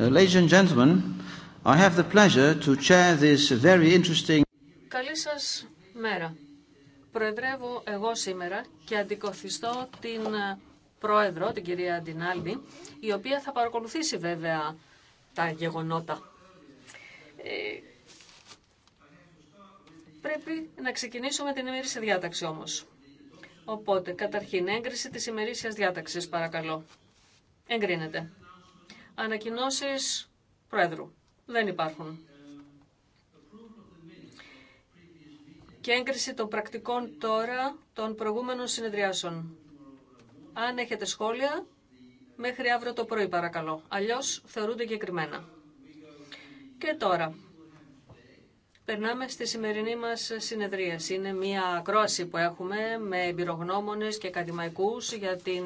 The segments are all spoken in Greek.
Uh, ladies gentlemen, I have the pleasure to this very interesting... Καλή σας μέρα. Προεδρεύω εγώ σήμερα και αντικοθιστώ την ε, πρόεδρο, την κυρία Ντινάλνη, η οποία θα παρακολουθήσει βέβαια τα γεγονότα. Ε, πρέπει να ξεκινήσουμε την ημερήσια διάταξη όμως. Οπότε, καταρχήν, έγκριση της ημερήσιας διάταξης, παρακαλώ. Εγκρίνεται. Ανακοινώσεις Πρόεδρου. Δεν υπάρχουν. Και έγκριση των πρακτικών τώρα των προηγούμενων συνεδριάσεων. Αν έχετε σχόλια, μέχρι αύριο το πρωί παρακαλώ. Αλλιώς θεωρούνται εγκεκριμένα. Και τώρα, Περνάμε στη σημερινή μας συνεδρία. Είναι μια ακρόαση που έχουμε με εμπειρογνώμονες και ακαδημαϊκούς για την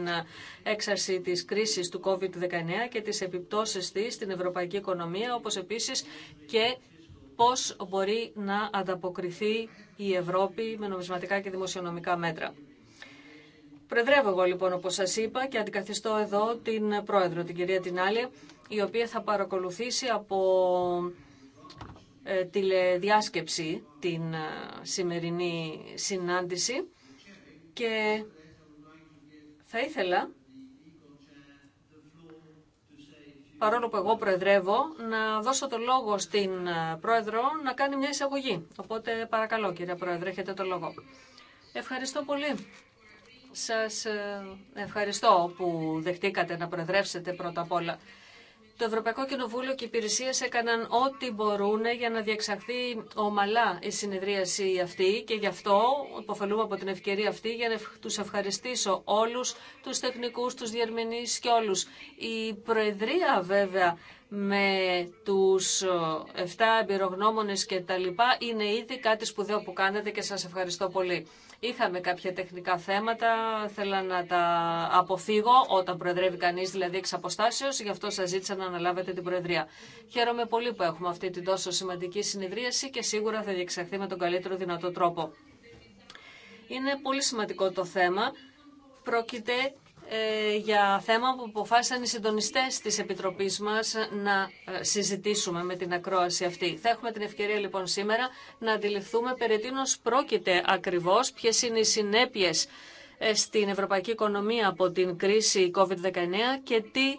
έξαρση της κρίσης του COVID-19 και τις επιπτώσεις της στην ευρωπαϊκή οικονομία, όπως επίσης και πώς μπορεί να ανταποκριθεί η Ευρώπη με νομισματικά και δημοσιονομικά μέτρα. Προεδρεύω εγώ λοιπόν όπως σας είπα και αντικαθιστώ εδώ την πρόεδρο, την κυρία Τινάλη, η οποία θα παρακολουθήσει από ε, τηλεδιάσκεψη την ε, σημερινή συνάντηση και θα ήθελα, παρόλο που εγώ προεδρεύω, να δώσω το λόγο στην ε, Πρόεδρο να κάνει μια εισαγωγή. Οπότε παρακαλώ κύριε Πρόεδρε, έχετε το λόγο. Ευχαριστώ πολύ. Σας ευχαριστώ που δεχτήκατε να προεδρεύσετε πρώτα απ' όλα. Το Ευρωπαϊκό Κοινοβούλιο και οι υπηρεσίε έκαναν ό,τι μπορούν για να διεξαχθεί ομαλά η συνεδρίαση αυτή και γι' αυτό υποφελούμε από την ευκαιρία αυτή για να του ευχαριστήσω όλου, του τεχνικού, του διερμηνεί και όλου. Η Προεδρία βέβαια με τους 7 ε, εμπειρογνώμονες και τα λοιπά είναι ήδη κάτι σπουδαίο που κάνετε και σας ευχαριστώ πολύ. Είχαμε κάποια τεχνικά θέματα, θέλω να τα αποφύγω όταν προεδρεύει κανείς δηλαδή εξ αποστάσεως, γι' αυτό σας ζήτησα να αναλάβετε την Προεδρία. Χαίρομαι πολύ που έχουμε αυτή την τόσο σημαντική συνεδρίαση και σίγουρα θα διεξαχθεί με τον καλύτερο δυνατό τρόπο. Είναι πολύ σημαντικό το θέμα. Πρόκειται ε, για θέμα που αποφάσισαν οι συντονιστέ της Επιτροπής μας να ε, συζητήσουμε με την ακρόαση αυτή. Θα έχουμε την ευκαιρία λοιπόν σήμερα να αντιληφθούμε περί τίνος πρόκειται ακριβώς, ποιε είναι οι συνέπειες ε, στην ευρωπαϊκή οικονομία από την κρίση COVID-19 και τι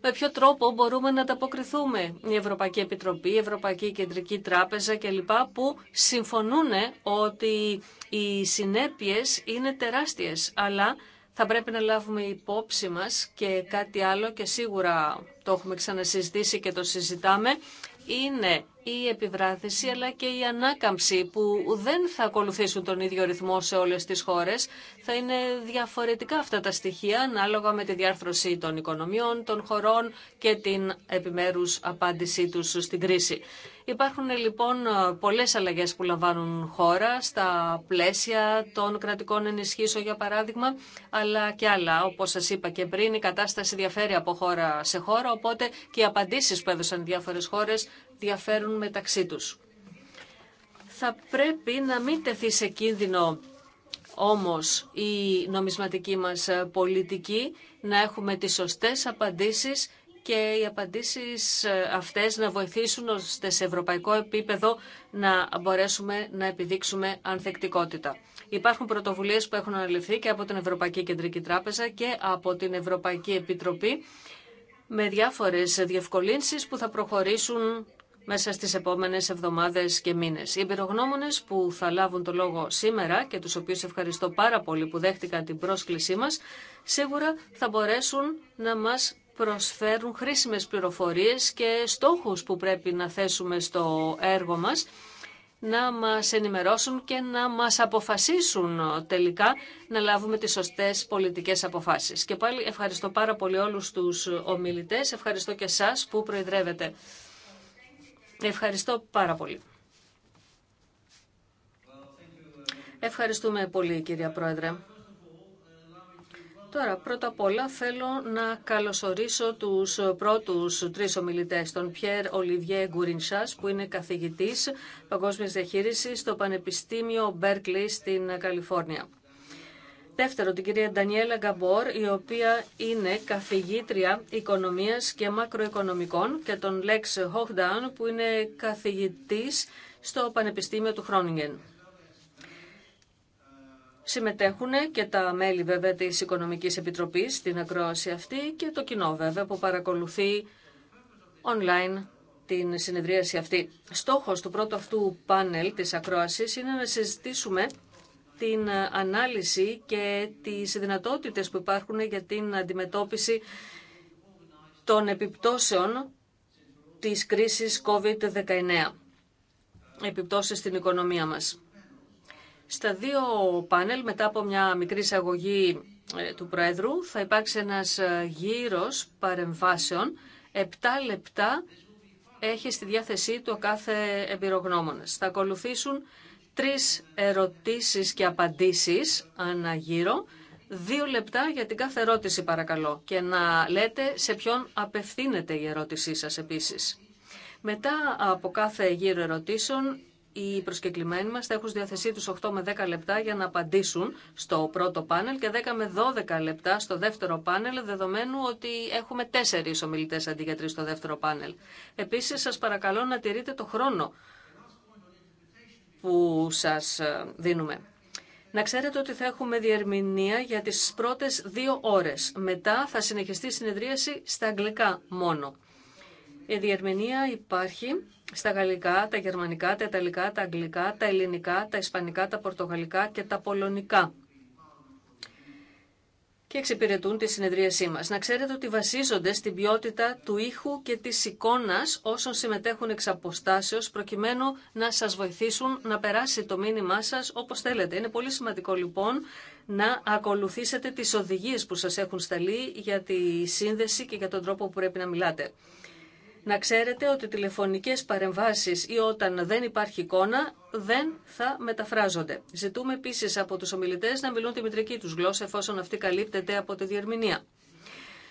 με ποιο τρόπο μπορούμε να ανταποκριθούμε η Ευρωπαϊκή Επιτροπή, η Ευρωπαϊκή Κεντρική Τράπεζα κλπ. που συμφωνούν ότι οι συνέπειες είναι τεράστιες, αλλά θα πρέπει να λάβουμε υπόψη μας και κάτι άλλο και σίγουρα το έχουμε ξανασυζητήσει και το συζητάμε είναι η επιβράθυνση αλλά και η ανάκαμψη που δεν θα ακολουθήσουν τον ίδιο ρυθμό σε όλες τις χώρες. Θα είναι διαφορετικά αυτά τα στοιχεία ανάλογα με τη διάρθρωση των οικονομιών, των χωρών και την επιμέρους απάντησή τους στην κρίση. Υπάρχουν λοιπόν ε, πολλές αλλαγές που λαμβάνουν χώρα στα πλαίσια των κρατικών ενισχύσεων για παράδειγμα, αλλά και άλλα. Όπως σας είπα και πριν, η κατάσταση διαφέρει από χώρα σε χώρα, οπότε και οι απαντήσεις που έδωσαν διάφορες χώρες διαφέρουν μεταξύ τους. Θα πρέπει να μην τεθεί σε κίνδυνο όμως η νομισματική μας ε, πολιτική, να έχουμε τις σωστές απαντήσεις και οι απαντήσεις ε, αυτές να βοηθήσουν ώστε σε ευρωπαϊκό επίπεδο να μπορέσουμε να επιδείξουμε ανθεκτικότητα. Υπάρχουν πρωτοβουλίες που έχουν αναλυθεί και από την Ευρωπαϊκή Κεντρική Τράπεζα και από την Ευρωπαϊκή Επιτροπή με διάφορες διευκολύνσεις που θα προχωρήσουν μέσα στις επόμενες εβδομάδες και μήνες. Οι εμπειρογνώμονες που θα λάβουν το λόγο σήμερα και τους οποίους ευχαριστώ πάρα πολύ που δέχτηκαν την πρόσκλησή μας, σίγουρα θα μπορέσουν να μας προσφέρουν χρήσιμες πληροφορίες και στόχους που πρέπει να θέσουμε στο έργο μας, να μας ενημερώσουν και να μας αποφασίσουν τελικά να λάβουμε τις σωστές πολιτικές αποφάσεις. Και πάλι ευχαριστώ πάρα πολύ όλους τους ομιλητές, ευχαριστώ και εσάς που προεδρεύετε. Ευχαριστώ πάρα πολύ. Ευχαριστούμε πολύ κυρία Πρόεδρε. Τώρα, πρώτα απ' όλα θέλω να καλωσορίσω τους πρώτους τρεις ομιλητές, τον Πιέρ Ολιβιέ Γκουρινσάς, που είναι καθηγητής παγκόσμιας διαχείρισης στο Πανεπιστήμιο Μπέρκλι στην Καλιφόρνια. Δεύτερο, την κυρία Ντανιέλα Γκαμπόρ, η οποία είναι καθηγήτρια οικονομίας και μακροοικονομικών και τον Λέξ Χόχνταν, που είναι καθηγητής στο Πανεπιστήμιο του Χρόνιγκεν. Συμμετέχουν και τα μέλη βέβαια της Οικονομικής Επιτροπής στην ακρόαση αυτή και το κοινό βέβαια που παρακολουθεί online την συνεδρίαση αυτή. Στόχος του πρώτου αυτού πάνελ της ακρόασης είναι να συζητήσουμε την ανάλυση και τις δυνατότητες που υπάρχουν για την αντιμετώπιση των επιπτώσεων της κρίσης COVID-19. Επιπτώσεις στην οικονομία μας. Στα δύο πάνελ, μετά από μια μικρή εισαγωγή ε, του Πρόεδρου, θα υπάρξει ένας ε, γύρος παρεμβάσεων. Επτά λεπτά έχει στη διάθεσή του ο κάθε εμπειρογνώμονας. Θα ακολουθήσουν τρεις ερωτήσεις και απαντήσεις ανά γύρο. Δύο λεπτά για την κάθε ερώτηση παρακαλώ και να λέτε σε ποιον απευθύνεται η ερώτησή σας επίσης. Μετά από κάθε γύρο ερωτήσεων οι προσκεκλημένοι μας θα έχουν στη διάθεσή τους 8 με 10 λεπτά για να απαντήσουν στο πρώτο πάνελ και 10 με 12 λεπτά στο δεύτερο πάνελ, δεδομένου ότι έχουμε τέσσερις ομιλητές αντί για στο δεύτερο πάνελ. Επίσης, σας παρακαλώ να τηρείτε το χρόνο που σας ε, δίνουμε. Να ξέρετε ότι θα έχουμε διερμηνία για τις πρώτες δύο ώρες. Μετά θα συνεχιστεί η συνεδρίαση στα αγγλικά μόνο. Η διερμηνία υπάρχει στα γαλλικά, τα γερμανικά, τα ιταλικά, τα αγγλικά, τα ελληνικά, τα ισπανικά, τα πορτογαλικά και τα πολωνικά. Και εξυπηρετούν τη συνεδρίασή μας. Να ξέρετε ότι βασίζονται στην ποιότητα του ήχου και τη εικόνας όσων συμμετέχουν εξ αποστάσεως προκειμένου να σας βοηθήσουν να περάσει το μήνυμά σας όπως θέλετε. Είναι πολύ σημαντικό λοιπόν να ακολουθήσετε τις οδηγίες που σας έχουν σταλεί για τη σύνδεση και για τον τρόπο που πρέπει να μιλάτε. Να ξέρετε ότι τηλεφωνικές παρεμβάσεις ή όταν δεν υπάρχει εικόνα δεν θα μεταφράζονται. Ζητούμε επίσης από τους ομιλητές να μιλούν τη μητρική τους γλώσσα εφόσον αυτή καλύπτεται από τη διερμηνία.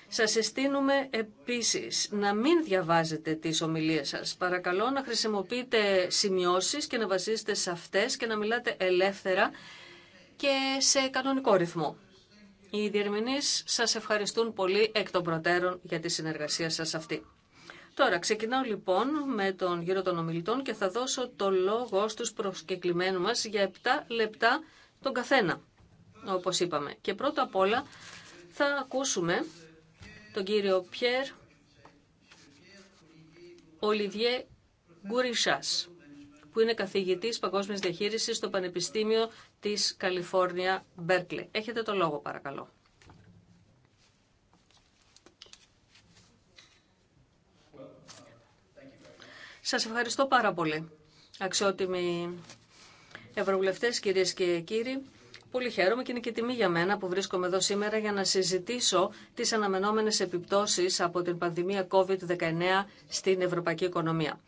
Σας συστήνουμε επίσης να μην διαβάζετε τις ομιλίες σας. Παρακαλώ να χρησιμοποιείτε σημειώσεις και να βασίζετε σε αυτές και να μιλάτε ελεύθερα και σε κανονικό ρυθμό. Οι διερμηνείς σας ευχαριστούν πολύ εκ των προτέρων για τη συνεργασία σας αυτή. Τώρα ξεκινάω λοιπόν με τον γύρο των ομιλητών και θα δώσω το λόγο στους προσκεκλημένους μας για 7 λεπτά τον καθένα, όπως είπαμε. Και πρώτα απ' όλα θα ακούσουμε τον κύριο Πιέρ Ολιδιέ Γκουρισσάς, που είναι καθηγητής παγκόσμιας διαχείρισης στο Πανεπιστήμιο της Καλιφόρνια Μπέρκλε. Έχετε το λόγο παρακαλώ. Σας ευχαριστώ πάρα πολύ. Αξιότιμοι ευρωβουλευτές, κυρίες και κύριοι, πολύ χαίρομαι και είναι και τιμή για μένα που βρίσκομαι εδώ σήμερα για να συζητήσω τις αναμενόμενες επιπτώσεις από την πανδημία COVID-19 στην ευρωπαϊκή οικονομία.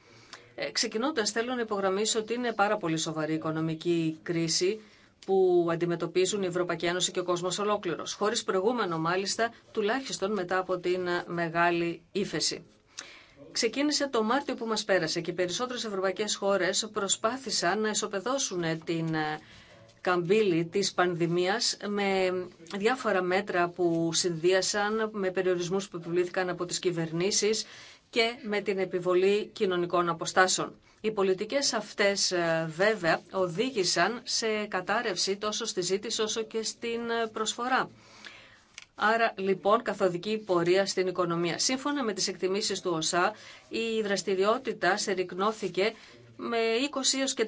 Ε, ξεκινώντας, θέλω να υπογραμμίσω ότι είναι πάρα πολύ σοβαρή η οικονομική κρίση που αντιμετωπίζουν η Ευρωπαϊκή Ένωση και ο κόσμος ολόκληρος, χωρίς προηγούμενο μάλιστα, τουλάχιστον μετά από την μεγάλη ύφεση ξεκίνησε το Μάρτιο που μας πέρασε και οι περισσότερες ευρωπαϊκές χώρες προσπάθησαν να ισοπεδώσουν την ε, καμπύλη της πανδημίας με διάφορα μέτρα που συνδύασαν με περιορισμούς που επιβλήθηκαν από τις κυβερνήσεις και με την επιβολή κοινωνικών αποστάσεων. Οι πολιτικές αυτές ε, βέβαια οδήγησαν σε κατάρρευση τόσο στη ζήτηση όσο και στην ε, προσφορά. Άρα λοιπόν καθοδική πορεία στην οικονομία. Σύμφωνα με τις εκτιμήσεις του ΟΣΑ, η δραστηριότητα σερικνώθηκε με 20 έως και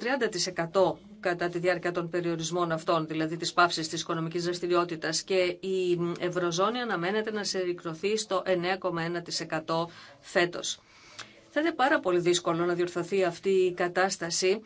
30% κατά τη διάρκεια των περιορισμών αυτών, δηλαδή της πάυσης της οικονομικής δραστηριότητας και η Ευρωζώνη αναμένεται να σερικνωθεί στο 9,1% φέτος. Θα είναι πάρα πολύ δύσκολο να διορθωθεί αυτή η κατάσταση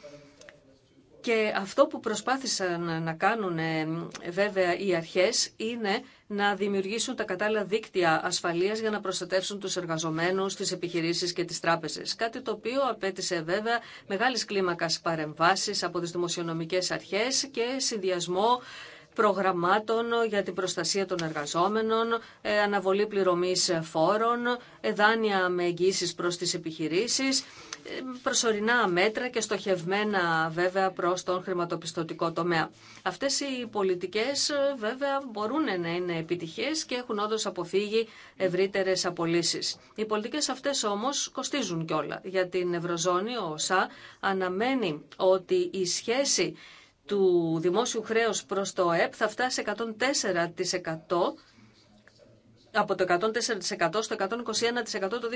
και αυτό που προσπάθησαν να κάνουν ε, βέβαια οι αρχές είναι να δημιουργήσουν τα κατάλληλα δίκτυα ασφαλείας για να προστατεύσουν τους εργαζομένους, τις επιχειρήσεις και τις τράπεζες. Κάτι το οποίο απέτησε βέβαια μεγάλης κλίμακας παρεμβάσεις από τις δημοσιονομικές αρχές και συνδυασμό προγραμμάτων για την προστασία των εργαζόμενων, ε, αναβολή πληρωμής φόρων, ε, δάνεια με εγγύσεις προς τις επιχειρήσεις, ε, προσωρινά μέτρα και στοχευμένα βέβαια προς τον χρηματοπιστωτικό τομέα. Αυτές οι πολιτικές βέβαια μπορούν να είναι επιτυχές και έχουν όντως αποφύγει ευρύτερες απολύσεις. Οι πολιτικές αυτές όμως κοστίζουν κιόλα. Για την Ευρωζώνη ο ΩΣΑ, αναμένει ότι η σχέση του δημόσιου χρέους προς το ΕΠ θα φτάσει 104% από το 104% στο 121% το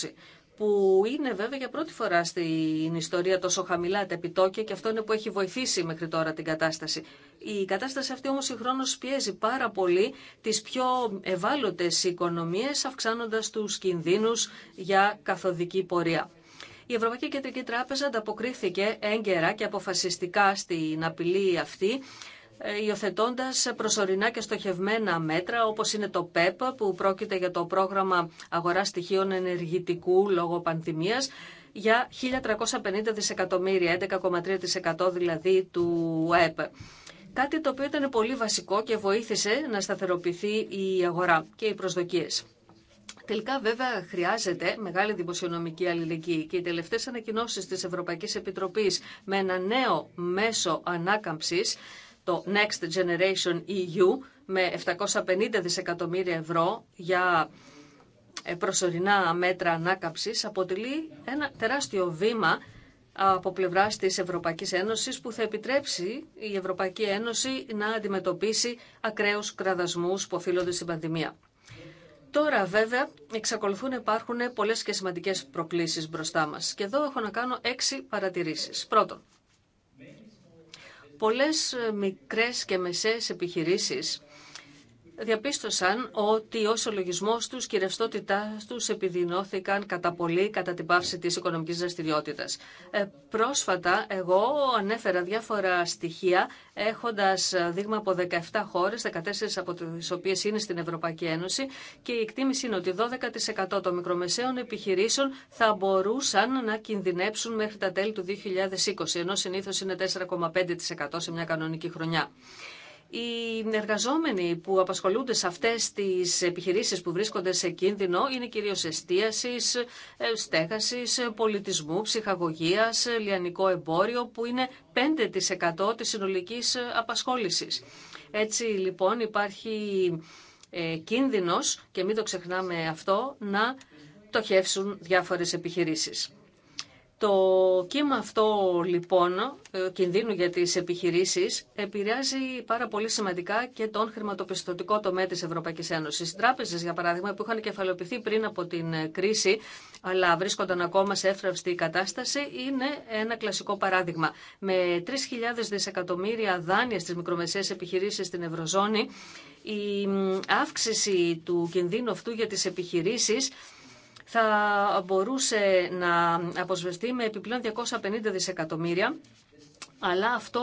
2020, που είναι βέβαια για πρώτη φορά στην ιστορία τόσο χαμηλά τα επιτόκια και αυτό είναι που έχει βοηθήσει μέχρι τώρα την κατάσταση. Η κατάσταση αυτή όμως συγχρόνω πιέζει πάρα πολύ τις πιο ευάλωτες οικονομίες, αυξάνοντας τους κινδύνους για καθοδική πορεία. Η Ευρωπαϊκή Κεντρική Τράπεζα ανταποκρίθηκε έγκαιρα και αποφασιστικά στην απειλή αυτή ε, υιοθετώντα προσωρινά και στοχευμένα μέτρα όπω είναι το ΠΕΠ που πρόκειται για το πρόγραμμα αγορά στοιχείων ενεργητικού λόγω πανδημία για 1.350 δισεκατομμύρια, 11,3% δηλαδή του ΕΠ. Κάτι το οποίο ήταν πολύ βασικό και βοήθησε να σταθεροποιηθεί η αγορά και οι προσδοκίες. Τελικά βέβαια χρειάζεται μεγάλη δημοσιονομική αλληλεγγύη και οι τελευταίε ανακοινώσει τη Ευρωπαϊκή Επιτροπή με ένα νέο μέσο ανάκαμψη, το Next Generation EU, με 750 δισεκατομμύρια ευρώ για ε, προσωρινά μέτρα ανάκαμψη, αποτελεί ένα τεράστιο βήμα από πλευρά τη Ευρωπαϊκή Ένωση που θα επιτρέψει η Ευρωπαϊκή Ένωση να αντιμετωπίσει ακραίου κραδασμού που οφείλονται στην πανδημία. Τώρα βέβαια εξακολουθούν να υπάρχουν πολλές και σημαντικές προκλήσεις μπροστά μας. Και εδώ έχω να κάνω έξι παρατηρήσεις. Πρώτον, πολλές μικρές και μεσαίες επιχειρήσεις διαπίστωσαν ότι ο λογισμός τους και η ρευστότητά τους επιδεινώθηκαν κατά πολύ κατά την πάυση της οικονομικής δραστηριότητα. Ε, πρόσφατα εγώ ανέφερα διάφορα στοιχεία έχοντας δείγμα από 17 χώρες, 14 από τις οποίες είναι στην Ευρωπαϊκή Ένωση και η εκτίμηση είναι ότι 12% των μικρομεσαίων επιχειρήσεων θα μπορούσαν να κινδυνέψουν μέχρι τα τέλη του 2020, ενώ συνήθως είναι 4,5% σε μια κανονική χρονιά. Οι εργαζόμενοι που απασχολούνται σε αυτές τις επιχειρήσεις που βρίσκονται σε κίνδυνο είναι κυρίως εστίασης, ε, στέγασης, ε, πολιτισμού, ψυχαγωγίας, ε, λιανικό εμπόριο που είναι 5% της συνολικής απασχόλησης. Έτσι λοιπόν υπάρχει κίνδυνος και μην το ξεχνάμε αυτό να τοχεύσουν διάφορες επιχειρήσεις. Το κύμα αυτό λοιπόν ε, κινδύνου για τις επιχειρήσεις επηρεάζει πάρα πολύ σημαντικά και τον χρηματοπιστωτικό τομέα της Ευρωπαϊκής Ένωσης. τράπεζες για παράδειγμα που είχαν κεφαλοποιηθεί πριν από την ε, κρίση αλλά βρίσκονταν ακόμα σε έφραυστη κατάσταση είναι ένα κλασικό παράδειγμα. Με 3.000 δισεκατομμύρια δάνεια στις μικρομεσαίες επιχειρήσεις στην Ευρωζώνη η αύξηση του κινδύνου αυτού για τις επιχειρήσεις θα μπορούσε να αποσβεστεί με επιπλέον 250 δισεκατομμύρια. Αλλά αυτό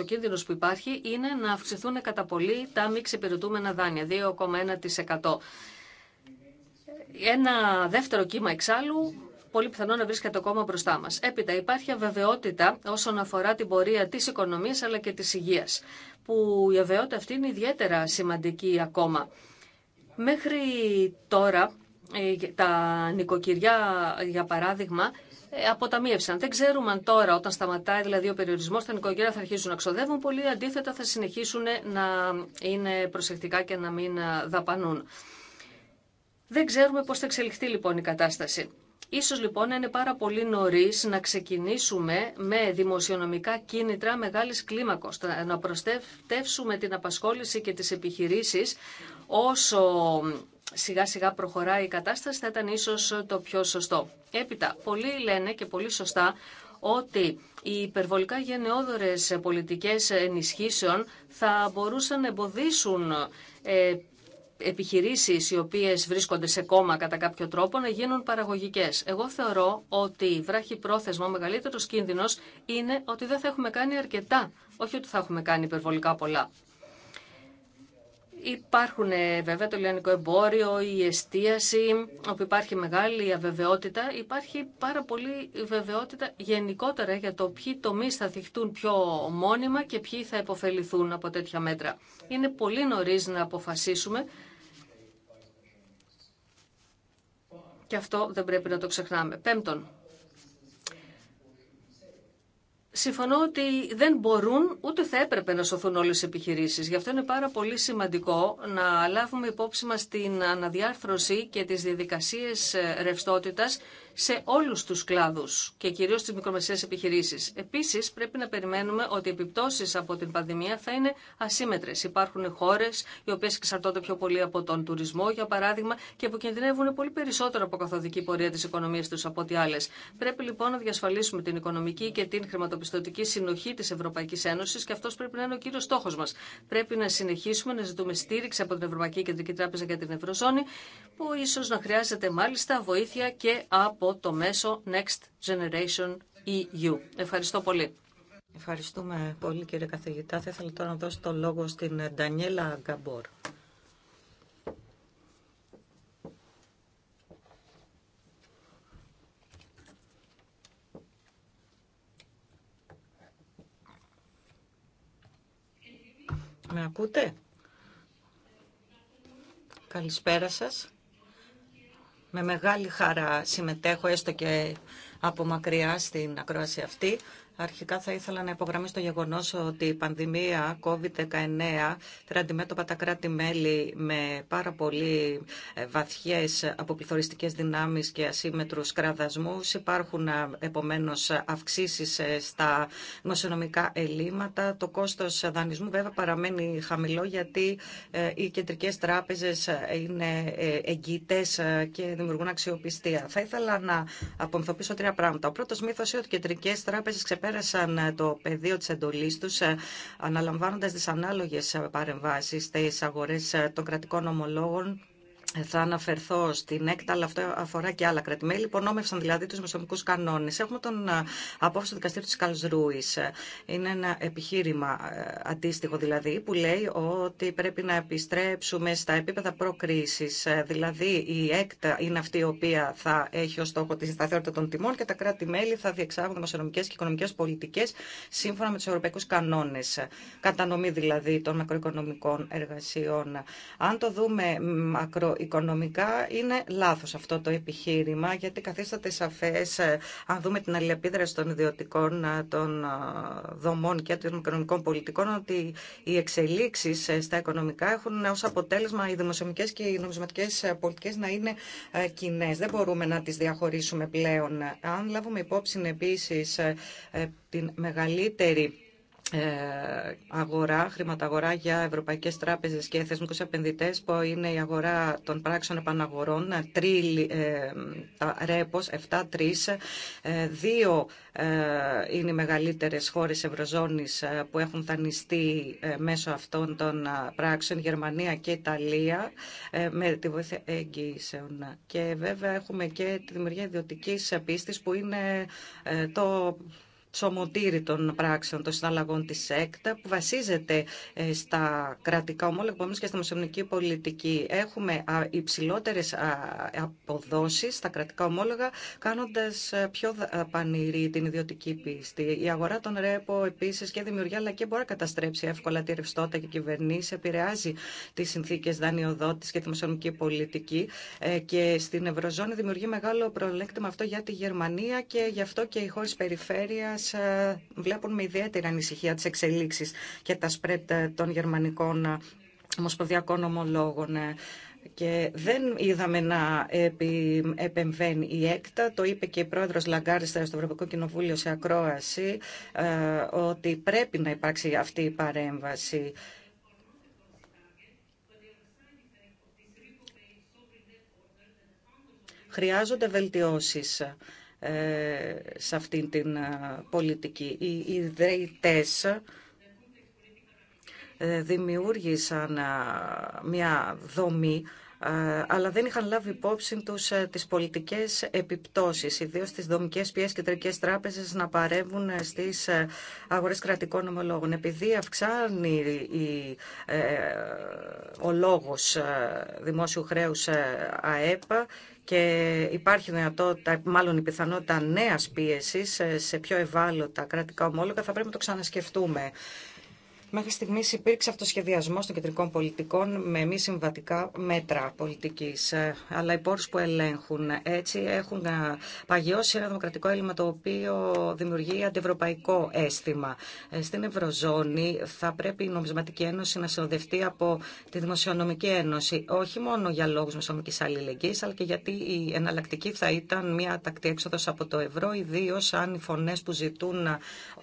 ο κίνδυνο που υπάρχει είναι να αυξηθούν κατά πολύ τα μη ξεπηρετούμενα δάνεια, 2,1%. Ένα δεύτερο κύμα εξάλλου πολύ πιθανό να βρίσκεται ακόμα μπροστά μα. Έπειτα, υπάρχει αβεβαιότητα όσον αφορά την πορεία τη οικονομία αλλά και τη υγεία, που η αβεβαιότητα αυτή είναι ιδιαίτερα σημαντική ακόμα. Μέχρι τώρα ε, τα νοικοκυριά, για παράδειγμα, ε, αποταμίευσαν. Δεν ξέρουμε αν τώρα, όταν σταματάει δηλαδή ο περιορισμό, τα νοικοκυριά θα αρχίσουν να ξοδεύουν πολύ. Αντίθετα, θα συνεχίσουν να είναι προσεκτικά και να μην ε, δαπανούν. Δεν ξέρουμε πώ θα εξελιχθεί λοιπόν η κατάσταση. Ίσως λοιπόν είναι πάρα πολύ νωρί να ξεκινήσουμε με δημοσιονομικά κίνητρα μεγάλης κλίμακος, να προστεύσουμε την απασχόληση και τις επιχειρήσεις όσο σιγά σιγά προχωράει η κατάσταση θα ήταν ίσως το πιο σωστό. Έπειτα, πολλοί λένε και πολύ σωστά ότι οι υπερβολικά γενναιόδορες πολιτικές ενισχύσεων θα μπορούσαν να εμποδίσουν ε, επιχειρήσεις οι οποίες βρίσκονται σε κόμμα κατά κάποιο τρόπο να γίνουν παραγωγικές. Εγώ θεωρώ ότι βράχει πρόθεσμα ο μεγαλύτερος κίνδυνος είναι ότι δεν θα έχουμε κάνει αρκετά, όχι ότι θα έχουμε κάνει υπερβολικά πολλά. Υπάρχουν ε, βέβαια το λιανικό εμπόριο, η εστίαση, όπου υπάρχει μεγάλη αβεβαιότητα. Υπάρχει πάρα πολύ βεβαιότητα γενικότερα για το ποιοι τομεί θα θυχτούν πιο μόνιμα και ποιοι θα υποφεληθούν από τέτοια μέτρα. Είναι πολύ νωρί να αποφασίσουμε και αυτό δεν πρέπει να το ξεχνάμε. Πέμπτον, συμφωνώ ότι δεν μπορούν ούτε θα έπρεπε να σωθούν όλες οι επιχειρήσεις. Γι' αυτό είναι πάρα πολύ σημαντικό να λάβουμε υπόψη μας την αναδιάρθρωση και τις διαδικασίες ε, ρευστότητας σε όλους τους κλάδους και κυρίως στις μικρομεσαίες επιχειρήσεις. Επίσης πρέπει να περιμένουμε ότι οι επιπτώσεις από την πανδημία θα είναι ασύμετρες. Υπάρχουν χώρες οι οποίες εξαρτώνται πιο πολύ από τον τουρισμό για παράδειγμα και που κινδυνεύουν πολύ περισσότερο από καθοδική πορεία της οικονομίας τους από ό,τι άλλες. Πρέπει λοιπόν να διασφαλίσουμε την οικονομική και την χρηματοπιστωτική συνοχή της Ευρωπαϊκής Ένωσης και αυτός πρέπει να είναι ο κύριος στόχος μας. Πρέπει να συνεχίσουμε να ζητούμε στήριξη από την Ευρωπαϊκή Κεντρική Τράπεζα για την Ευρωζώνη που ίσως να χρειάζεται μάλιστα βοήθεια και από το μέσο Next Generation EU. Ευχαριστώ πολύ. Ευχαριστούμε πολύ κύριε καθηγητά. Θα ήθελα τώρα να δώσω το λόγο στην Ντανιέλα Γκαμπόρ. Με ακούτε? Καλησπέρα σας. Με μεγάλη χαρά συμμετέχω έστω και από μακριά στην ακρόαση αυτή. Αρχικά θα ήθελα να υπογραμμίσω το γεγονό ότι η πανδημία COVID-19 φέρει αντιμέτωπα τα κράτη-μέλη με πάρα πολύ ε, βαθιέ αποπληθωριστικέ δυνάμει και ασύμετρου κραδασμού. Υπάρχουν ε, επομένω αυξήσει ε, στα νοσονομικά ελλείμματα. Το κόστο δανεισμού βέβαια παραμένει χαμηλό γιατί οι κεντρικέ τράπεζε είναι εγγυητέ και δημιουργούν αξιοπιστία. Θα ήθελα να απομυθοποιήσω τρία πράγματα. Ο πρώτο μύθο είναι ότι κεντρικέ τράπεζε ξεπέρασαν ε, το πεδίο της εντολής τους, ε, αναλαμβάνοντας τις ανάλογες ε, παρεμβάσεις στις αγορές των κρατικών ομολόγων θα αναφερθώ στην ΕΚΤΑ, αλλά αυτό αφορά και άλλα κρατημέλη. Υπονόμευσαν δηλαδή του μεσομικού κανόνε. Έχουμε τον ε, απόφαση του δικαστήριου τη Καλσρούη. Είναι ένα επιχείρημα ε, αντίστοιχο δηλαδή, που λέει ότι πρέπει να επιστρέψουμε στα επίπεδα προκρίση. Ε, δηλαδή, η ΕΚΤΑ είναι αυτή η οποία θα έχει ω στόχο τη σταθερότητα των τιμών και τα κράτη-μέλη θα διεξάγουν δημοσιονομικέ και οικονομικέ πολιτικέ σύμφωνα με του ευρωπαϊκού κανόνε. Κατανομή δηλαδή των μακροοικονομικών εργασιών. Αν το δούμε μακρο οικονομικά είναι λάθος αυτό το επιχείρημα γιατί καθίσταται σαφές ε, αν δούμε την αλληλεπίδραση των ιδιωτικών ε, των ε, δομών και των οικονομικών πολιτικών ότι οι εξελίξεις στα οικονομικά έχουν ως αποτέλεσμα οι δημοσιομικές και οι νομισματικές πολιτικές να είναι κοινέ. Δεν μπορούμε να τις διαχωρίσουμε πλέον. Αν λάβουμε υπόψη επίσης την μεγαλύτερη ε, αγορά, χρηματαγορά για ευρωπαϊκές τράπεζες και θεσμικού επενδυτές που είναι η αγορά των πράξεων επαναγορών, τρί, 7 7-3, δύο ε, είναι οι μεγαλύτερες χώρες Ευρωζώνης ε, που έχουν δανειστεί μέσω αυτών των πράξεων, Γερμανία και Ιταλία, με τη βοήθεια εγγύησεων. Και βέβαια έχουμε και τη δημιουργία ιδιωτική πίστη, που είναι το Σωμοτήρη των πράξεων των συναλλαγών τη ΣΕΚΤΑ που βασίζεται ε, στα κρατικά ομόλογα και στη μεσομονική πολιτική. Έχουμε υψηλότερε αποδόσεις στα κρατικά ομόλογα κάνοντα ε, πιο ε, πανηρή την ιδιωτική πίστη. Η αγορά των ρέπο επίση και δημιουργία αλλά και μπορεί να καταστρέψει εύκολα τη ρευστότητα και κυβερνήσει, επηρεάζει τι συνθήκε δανειοδότη και τη μεσομονική πολιτική και στην Ευρωζώνη δημιουργεί μεγάλο προλέκτημα αυτό για τη Γερμανία και γι' αυτό και οι χώρε περιφέρεια. Ε, βλέπουν με ιδιαίτερη ανησυχία τις εξελίξεις και τα σπρέπτ ε, των γερμανικών ε, ομοσπονδιακών ομολόγων και δεν είδαμε να επεμβαίνει η ΕΚΤΑ. Το είπε και η πρόεδρος Λαγκάριστα στο Ευρωπαϊκό Κοινοβούλιο σε ακρόαση ότι πρέπει να υπάρξει αυτή η παρέμβαση. Χρειάζονται βελτιώσεις ε, σε αυτήν την ε, πολιτική. Οι ιδρυτές ε, δημιούργησαν μια δομή αλλά δεν είχαν λάβει υπόψη τους τις πολιτικές επιπτώσεις, ιδίως τις δομικές πιέσεις και τράπεζες να παρεύουν στις αγορές κρατικών ομολόγων. Επειδή αυξάνει η, ο λόγος δημόσιου χρέους ΑΕΠΑ και υπάρχει δυνατότητα, μάλλον η πιθανότητα νέας πίεσης ε, σε πιο ευάλωτα κρατικά ομόλογα, θα πρέπει να το ξανασκεφτούμε. Μέχρι στιγμή υπήρξε αυτοσχεδιασμό των κεντρικών πολιτικών με μη συμβατικά μέτρα πολιτική, ε, αλλά οι πόρου που ελέγχουν ε, έτσι έχουν ε, παγιώσει ένα δημοκρατικό έλλειμμα το οποίο δημιουργεί αντιευρωπαϊκό αίσθημα. Στην Ευρωζώνη θα πρέπει η Νομισματική Ένωση να συνοδευτεί από τη Δημοσιονομική Ένωση, όχι μόνο για λόγου μεσονομική αλληλεγγύη, αλλά και γιατί η εναλλακτική θα ήταν μια τακτή έξοδο από το ευρώ, ιδίω αν οι φωνέ που ζητούν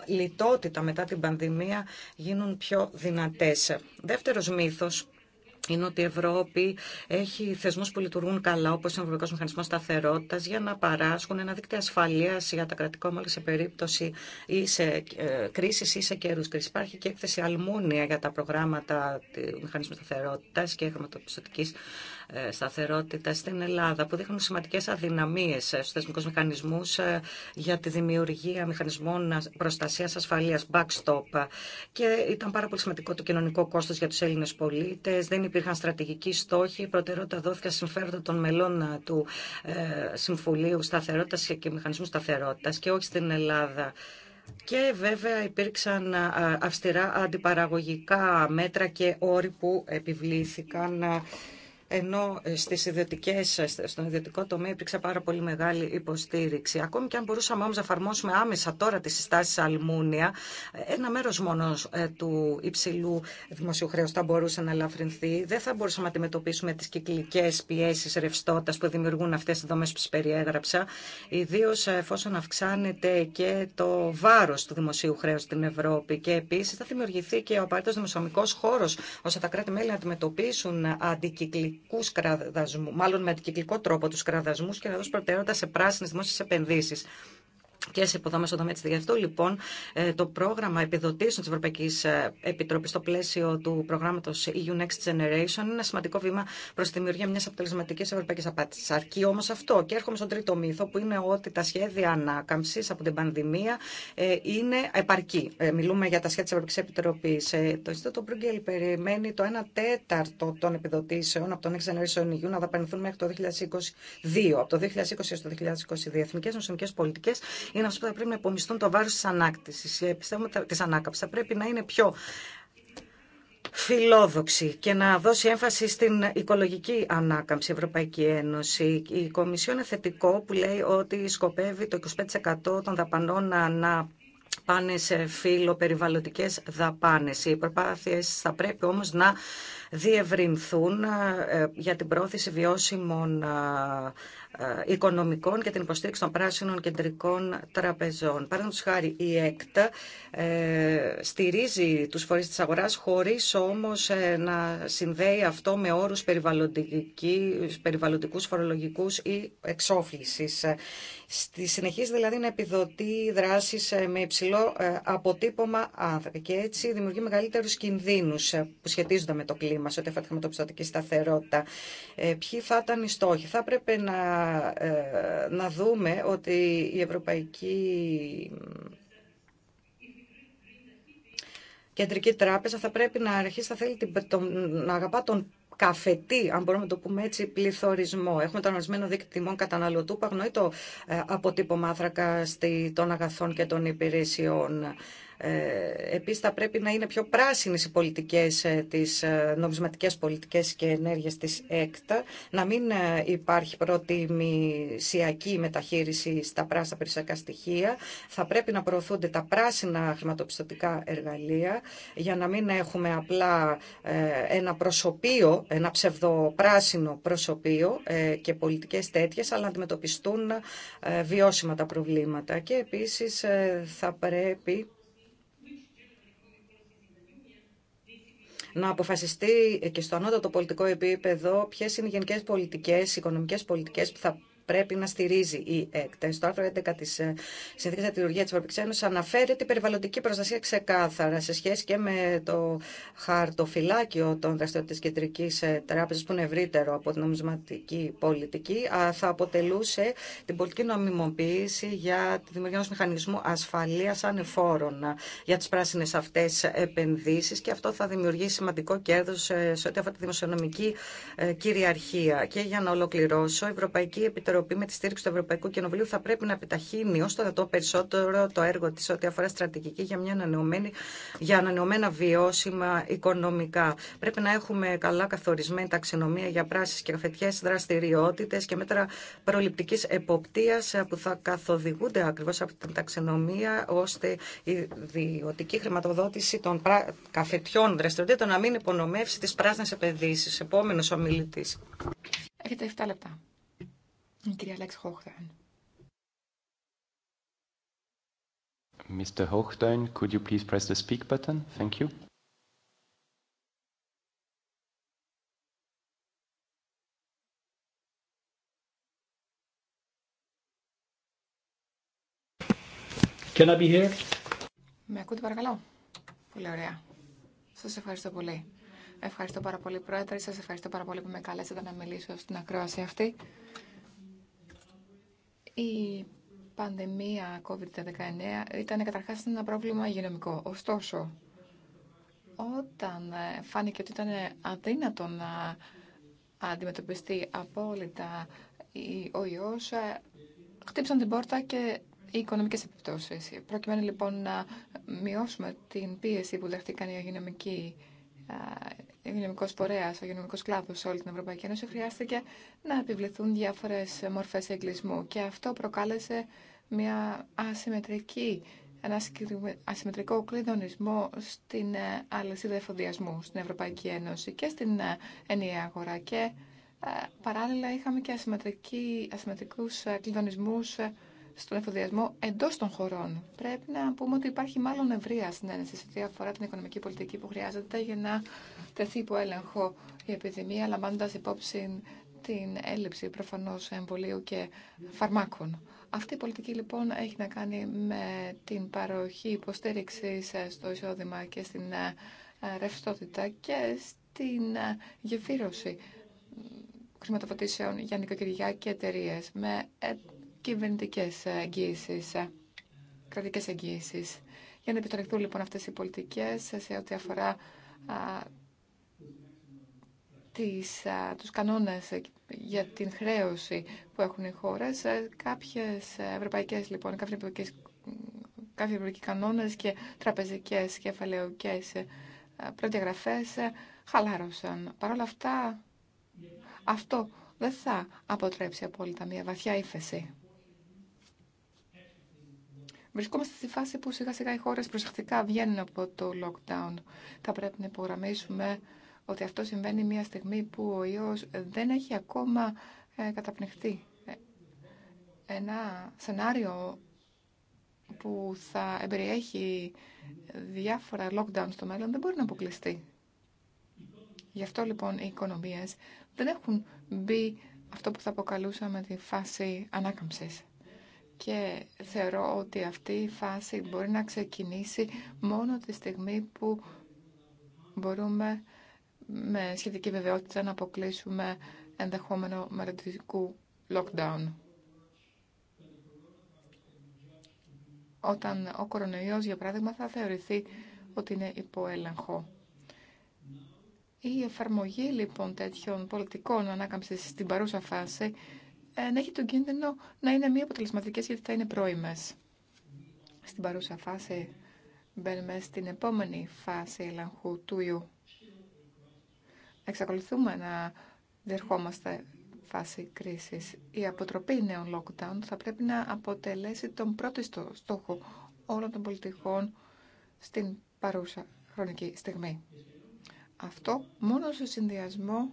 λιτότητα μετά την πανδημία γίνουν πιο δυνατές. Δεύτερος μύθος είναι ότι η Ευρώπη έχει θεσμούς που λειτουργούν καλά, όπως ο Ευρωπαϊκός Μηχανισμός Σταθερότητας για να παράσχουν ένα δίκτυο ασφαλείας για τα κρατικά ομόλογα σε περίπτωση ή σε ε, κρίσεις ή σε καιρούς κρίσης. Υπάρχει και έκθεση αλμούνια για τα προγράμματα του Μηχανισμού Σταθερότητας και χρηματοπιστωτική ε, σταθερότητα στην Ελλάδα, που δείχνουν σημαντικέ αδυναμίε ε, στου θεσμικού μηχανισμού ε, για τη δημιουργία μηχανισμών προστασία ασφαλεία, backstop. Και ήταν πάρα πολύ σημαντικό το κοινωνικό κόστο για του Έλληνε πολίτε. Δεν υπήρχαν στρατηγικοί στόχοι. Η προτεραιότητα δόθηκε συμφέροντα των μελών του Συμφουλίου Σταθερότητα και Μηχανισμού Σταθερότητα και όχι στην Ελλάδα. Και βέβαια υπήρξαν αυστηρά αντιπαραγωγικά μέτρα και όροι που επιβλήθηκαν ενώ ε, στις ιδιωτικές, ε, στον ιδιωτικό τομέα υπήρξε πάρα πολύ μεγάλη υποστήριξη. Ακόμη και αν μπορούσαμε όμως να εφαρμόσουμε άμεσα τώρα τις συστάσεις Αλμούνια, ε, ένα μέρος μόνο του υψηλού δημοσίου χρέους θα μπορούσε να ελαφρυνθεί. Δεν θα μπορούσαμε να αντιμετωπίσουμε τις κυκλικές πιέσεις ρευστότητας που δημιουργούν αυτές οι δομές που σας περιέγραψα, ιδίω εφόσον αυξάνεται και το βάρος του δημοσίου χρέους στην Ευρώπη και επίσης θα δημιουργηθεί και ο απαραίτητος δημοσιονομικός χώρος ώστε τα κράτη-μέλη να αντιμετωπίσουν αντικυκλικές αντικυκλικού μάλλον με αντικυκλικό τρόπο του κραδασμού και να δώσει προτεραιότητα σε πράσινε δημόσιε επενδύσει και σε υποδομέ στο τομέα τη Γι' αυτό λοιπόν ε, το πρόγραμμα επιδοτήσεων τη Ευρωπαϊκή ε, Επιτροπή στο πλαίσιο του προγράμματο EU Next Generation είναι ένα σημαντικό βήμα προ τη δημιουργία μια αποτελεσματική ευρωπαϊκή απάντηση. Αρκεί όμω αυτό. Και έρχομαι στον τρίτο μύθο που είναι ότι τα σχέδια ανάκαμψη από την πανδημία ε, είναι επαρκή. Μιλούμε για τα σχέδια τη Ευρωπαϊκή Επιτροπή. Το Ινστιτούτο Μπρούγκελ περιμένει το 1 τέταρτο των επιδοτήσεων από το Next Generation EU να δαπανηθούν μέχρι το 2022. Από το 2020 έω το 2022 οι εθνικέ πολιτικέ είναι αυτό που θα πρέπει να υπομισθούν το βάρος της ανάκτησης, ότι της ανάκαψης. Θα πρέπει να είναι πιο φιλόδοξη και να δώσει έμφαση στην οικολογική ανάκαμψη Ευρωπαϊκή Ένωση. Η Κομισιόν είναι θετικό που λέει ότι σκοπεύει το 25% των δαπανών να πάνε σε φιλοπεριβαλλοντικές δαπάνες. Οι προπάθειες θα πρέπει όμως να διευρυνθούν ε, για την πρόθεση βιώσιμων ε, ε, οικονομικών και την υποστήριξη των πράσινων κεντρικών τραπεζών. Παραδείγματο χάρη, η ΕΚΤ ε, στηρίζει του φορεί τη αγορά χωρί όμω ε, να συνδέει αυτό με όρου περιβαλλοντικού, φορολογικού ή εξόφληση. Ε, στη συνεχή δηλαδή να επιδοτεί δράσει με υψηλό αποτύπωμα άνθρακα και έτσι δημιουργεί μεγαλύτερους κινδύνους που σχετίζονται με το κλίμα σε ό,τι αφορά τη χρηματοπιστωτική σταθερότητα. Ε, ποιοι θα ήταν οι στόχοι. Θα να ε, να δούμε ότι η Ευρωπαϊκή Κεντρική Τράπεζα θα πρέπει να αρχίσει να θέλει να αγαπά τον καφετή, αν μπορούμε να το πούμε έτσι, πληθωρισμό. Έχουμε τον ορισμένο δίκτυο τιμών καταναλωτού που αγνοεί το ε, αποτύπωμα άθρακα των αγαθών και των υπηρεσιών. Ε, επίσης θα πρέπει να είναι πιο πράσινες οι πολιτικές, ε, της ε, νομισματικές πολιτικές και ενέργειες της ΕΚΤΑ, να μην υπάρχει προτιμησιακή μεταχείριση στα πράσινα περισσιακά στοιχεία. Θα πρέπει να προωθούνται τα πράσινα χρηματοπιστωτικά εργαλεία για να μην έχουμε απλά ένα προσωπείο, ένα ψευδοπράσινο προσωπείο και πολιτικές τέτοιες, αλλά να αντιμετωπιστούν βιώσιμα τα προβλήματα. Και επίσης θα πρέπει να αποφασιστεί και στο ανώτατο πολιτικό επίπεδο ποιε είναι οι γενικέ πολιτικέ, οι οικονομικέ πολιτικέ που θα πρέπει να στηρίζει η ΕΚΤΕ. Στο άρθρο 11 τη ε, Συνθήκη για τη Ευρωπαϊκή Ένωση αναφέρει ότι η περιβαλλοντική προστασία ξεκάθαρα σε σχέση και με το χαρτοφυλάκιο των δραστηριοτήτων τη Κεντρική ε, Τράπεζα, που είναι ευρύτερο από την νομισματική πολιτική. Θα αποτελούσε την πολιτική νομιμοποίηση για τη δημιουργία ενό μηχανισμού ασφαλεία ανεφόρων ε, για τι πράσινε αυτέ επενδύσει και αυτό θα δημιουργήσει σημαντικό κέρδο σε ό,τι αφορά τη δημοσιονομική κυριαρχία. Και για να ολοκληρώσω, η Ευρωπαϊκή Επιτροπή σταθεροποιεί με τη στήριξη του Ευρωπαϊκού Κοινοβουλίου θα πρέπει να επιταχύνει ω το δυνατόν περισσότερο το έργο τη ό,τι αφορά στρατηγική για, μια ανανεωμένη, για ανανεωμένα βιώσιμα οικονομικά. Πρέπει να έχουμε καλά καθορισμένη ταξινομία για πράσινε και καφετιέ δραστηριότητε και μέτρα προληπτική εποπτεία ε, που θα καθοδηγούνται ακριβώ από την ταξινομία ώστε η ιδιωτική χρηματοδότηση των καφετιών δραστηριοτήτων να μην υπονομεύσει τι πράσινε επενδύσει. Επόμενο ομιλητή. Έχετε 7 λεπτά. Η κυρία Alex Χόχτεν. Mr. Hochstein, could you please press the speak button? Thank you. Can I be here? Με ακούτε παρακαλώ. Πολύ ωραία. Σας ευχαριστώ πολύ. Ευχαριστώ πάρα πολύ, Πρόεδρε. Σας ευχαριστώ πάρα πολύ που με καλέσατε να μιλήσω στην ακρόαση αυτή. Η πανδημία COVID-19 ήταν καταρχάς ένα πρόβλημα υγειονομικό. Ωστόσο, όταν ε, φάνηκε ότι ήταν αδύνατο να αντιμετωπιστεί απόλυτα ο ιός, ε, χτύπησαν την πόρτα και οι οικονομικές επιπτώσεις. Προκειμένου λοιπόν να μειώσουμε την πίεση που δεχτήκαν οι υγειονομικοί ε, υγειονομικό πορέα, ο υγειονομικό κλάδο σε όλη την Ευρωπαϊκή Ένωση, χρειάστηκε να επιβληθούν διάφορε μορφέ εγκλισμού. Και αυτό προκάλεσε μια ασυμμετρική, ένα ασυμμετρικό κλειδονισμό στην ε, αλυσίδα εφοδιασμού στην Ευρωπαϊκή Ένωση και στην ε, ενιαία αγορά. Και ε, παράλληλα είχαμε και ασυμμετρικού κλειδονισμούς στον εφοδιασμό εντό των χωρών. Πρέπει να πούμε ότι υπάρχει μάλλον ευρεία συνένεση σε ό,τι αφορά την οικονομική πολιτική που χρειάζεται για να τεθεί υπό έλεγχο η επιδημία, λαμβάνοντα υπόψη την έλλειψη προφανώ εμβολίου και φαρμάκων. Αυτή η πολιτική λοιπόν έχει να κάνει με την παροχή υποστήριξη στο εισόδημα και στην ε, ρευστότητα και στην ε, γεφύρωση χρηματοδοτήσεων για νοικοκυριά και εταιρείε με ε, Κυβερνητικέ εγγύησει, ε, κρατικέ εγγύησει, Για να επιτρεχθούν λοιπόν αυτές οι πολιτικές σε ό,τι αφορά του κανόνε τους κανόνες για την χρέωση που έχουν οι χώρες. Ε, κάποιες ευρωπαϊκές λοιπόν, κάποιες ευρωπαϊκές, κάποιοι ευρωπαϊκοί κανόνες και τραπεζικές εφαλαιοκές ε, προδιαγραφές χαλάρωσαν. Παρ' όλα αυτά αυτό δεν θα αποτρέψει απόλυτα μια βαθιά ύφεση. Βρισκόμαστε στη φάση που σιγά σιγά οι χώρες προσεκτικά βγαίνουν από το lockdown. Θα πρέπει να υπογραμμίσουμε ότι αυτό συμβαίνει μια στιγμή που ο ιός δεν έχει ακόμα ε, καταπνιχτεί. Ε, ένα σενάριο που θα εμπεριέχει διάφορα lockdown στο μέλλον δεν μπορεί να αποκλειστεί. Γι' αυτό λοιπόν οι οικονομίες δεν έχουν μπει αυτό που θα αποκαλούσαμε τη φάση ανάκαμψης και θεωρώ ότι αυτή η φάση μπορεί να ξεκινήσει μόνο τη στιγμή που μπορούμε με σχετική βεβαιότητα να αποκλείσουμε ενδεχόμενο μελλοντικού lockdown. Όταν ο κορονοϊός, για παράδειγμα, θα θεωρηθεί ότι είναι υποέλεγχο. Η εφαρμογή λοιπόν τέτοιων πολιτικών ανάκαμψης στην παρούσα φάση έχει τον κίνδυνο να είναι μη αποτελεσματικέ γιατί θα είναι πρώιμε. Στην παρούσα φάση μπαίνουμε στην επόμενη φάση ελαγχού του ιού. Εξακολουθούμε να δερχόμαστε φάση κρίσης. Η αποτροπή νέων lockdown θα πρέπει να αποτελέσει τον πρώτο στόχο όλων των πολιτικών στην παρούσα χρονική στιγμή. Αυτό μόνο σε συνδυασμό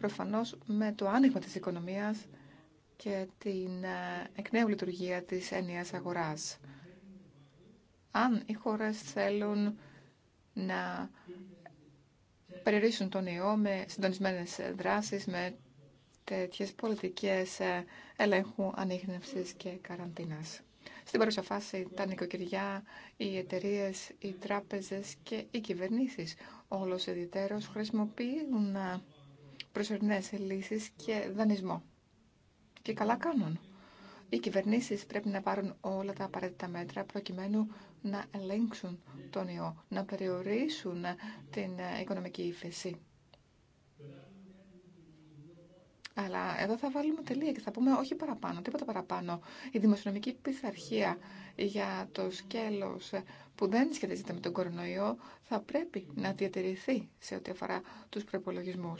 Προφανώς με το άνοιγμα της οικονομίας και την ε, εκ νέου λειτουργία της έννοιας αγοράς. Αν οι χώρες θέλουν να περιορίσουν τον ιό με συντονισμένες δράσεις, με τέτοιες πολιτικές ε, ελέγχου ανείχνευσης και καραντίνας. Στην παρούσα φάση, τα νοικοκυριά, οι εταιρείε, οι τράπεζες και οι κυβερνήσεις όλος ιδιαίτερος χρησιμοποιούν ε, προσωρινέ λύσει και δανεισμό. Και καλά κάνουν. Οι κυβερνήσει πρέπει να πάρουν όλα τα απαραίτητα μέτρα προκειμένου να ελέγξουν τον ιό, να περιορίσουν την ε, οικονομική ύφεση. Αλλά εδώ θα βάλουμε τελεία και θα πούμε όχι παραπάνω, τίποτα παραπάνω. Η δημοσιονομική πειθαρχία για το σκέλος που δεν σχετίζεται με τον κορονοϊό θα πρέπει να διατηρηθεί σε ό,τι αφορά τους προπολογισμού.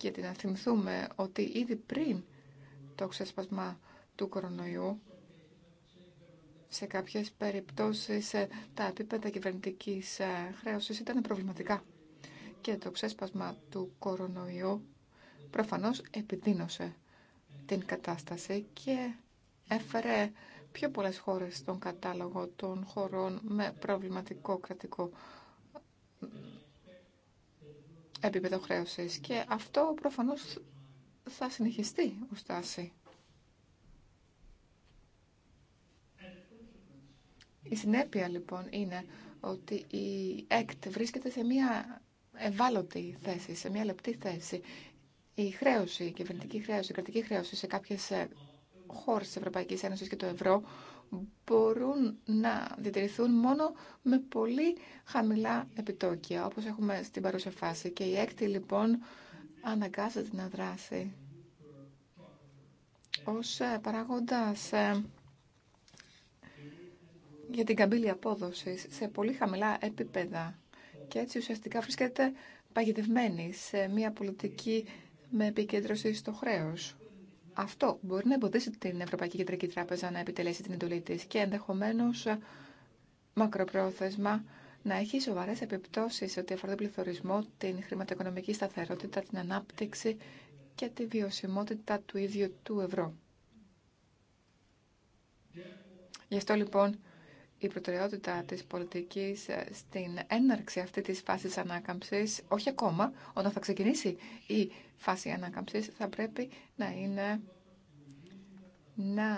Γιατί να θυμηθούμε ότι ήδη πριν το ξεσπασμά του κορονοϊού, σε κάποιες περιπτώσεις ε, τα επίπεδα κυβερνητικής ε, χρέωσης ήταν προβληματικά. Και το ξέσπασμα του κορονοϊού προφανώς επιδίνωσε την κατάσταση και έφερε πιο πολλές χώρες στον κατάλογο των χωρών με προβληματικό κρατικό επίπεδο χρέωσης και αυτό προφανώς θα συνεχιστεί ω τάση. Η συνέπεια λοιπόν είναι ότι η ΕΚΤ βρίσκεται σε μια ευάλωτη θέση, σε μια λεπτή θέση. Η χρέωση, η κυβερνητική χρέωση, η κρατική χρέωση σε κάποιες ε, χώρες της Ευρωπαϊκής Ένωσης και το ευρώ μπορούν να διατηρηθούν μόνο με πολύ χαμηλά επιτόκια, όπως έχουμε στην παρούσα φάση. Και η έκτη λοιπόν αναγκάζεται να δράσει ως ε, παράγοντας ε, για την καμπύλη απόδοση σε πολύ χαμηλά επίπεδα. Και έτσι ουσιαστικά βρίσκεται παγιδευμένη σε μια πολιτική με επικέντρωση στο χρέος. Αυτό μπορεί να εμποδίσει την Ευρωπαϊκή Κεντρική Τράπεζα να επιτελέσει την εντολή τη και ενδεχομένω ε, μακροπρόθεσμα να έχει σοβαρέ επιπτώσει σε ό,τι αφορά τον πληθωρισμό, την χρηματοοικονομική σταθερότητα, την ανάπτυξη και τη βιωσιμότητα του ίδιου του ευρώ. Γι' αυτό λοιπόν η προτεραιότητα της πολιτικής ε, στην έναρξη αυτή της φάσης ανάκαμψης, όχι ακόμα, όταν θα ξεκινήσει η φάση ανάκαμψης, θα πρέπει να είναι να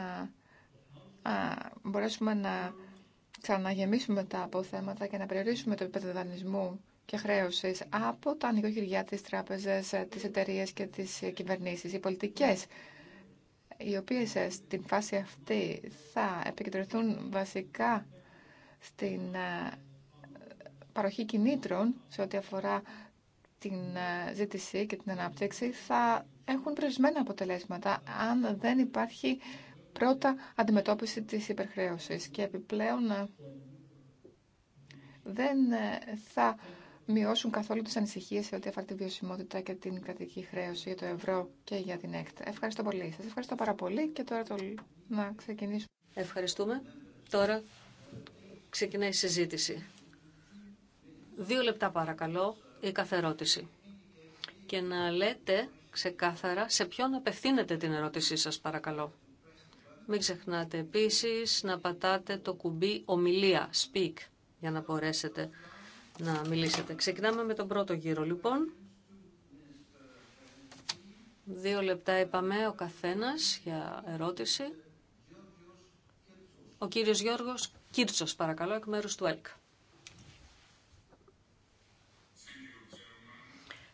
α, μπορέσουμε να ξαναγεμίσουμε τα αποθέματα και να περιορίσουμε το επίπεδο δανεισμού και χρέωση από τα νοικοκυριά, τις τράπεζες, ε, τις εταιρείες και τις ε, κυβερνήσεις, Οι πολιτικέ οι οποίες ε, στην φάση αυτή θα επικεντρωθούν βασικά στην ε, παροχή κινήτρων σε ό,τι αφορά την ε, ζήτηση και την ανάπτυξη, θα έχουν προσμένα αποτελέσματα αν δεν υπάρχει πρώτα αντιμετώπιση της υπερχρέωσης και επιπλέον δεν θα μειώσουν καθόλου τις ανησυχίες σε ό,τι αφορά τη βιωσιμότητα και την κρατική χρέωση για το ευρώ και για την έκτα. Ευχαριστώ πολύ. Σας ευχαριστώ πάρα πολύ και τώρα το... να ξεκινήσουμε. Ευχαριστούμε. Τώρα ξεκινάει η συζήτηση. Δύο λεπτά παρακαλώ η καθερώτηση. Και να λέτε ξεκάθαρα σε ποιον απευθύνετε την ερώτησή σας παρακαλώ. Μην ξεχνάτε επίσης να πατάτε το κουμπί ομιλία, speak, για να μπορέσετε να μιλήσετε. Ξεκινάμε με τον πρώτο γύρο λοιπόν. Δύο λεπτά είπαμε ο καθένας για ερώτηση. Ο κύριος Γιώργος Κίρτσος παρακαλώ εκ μέρους του ΕΛΚ.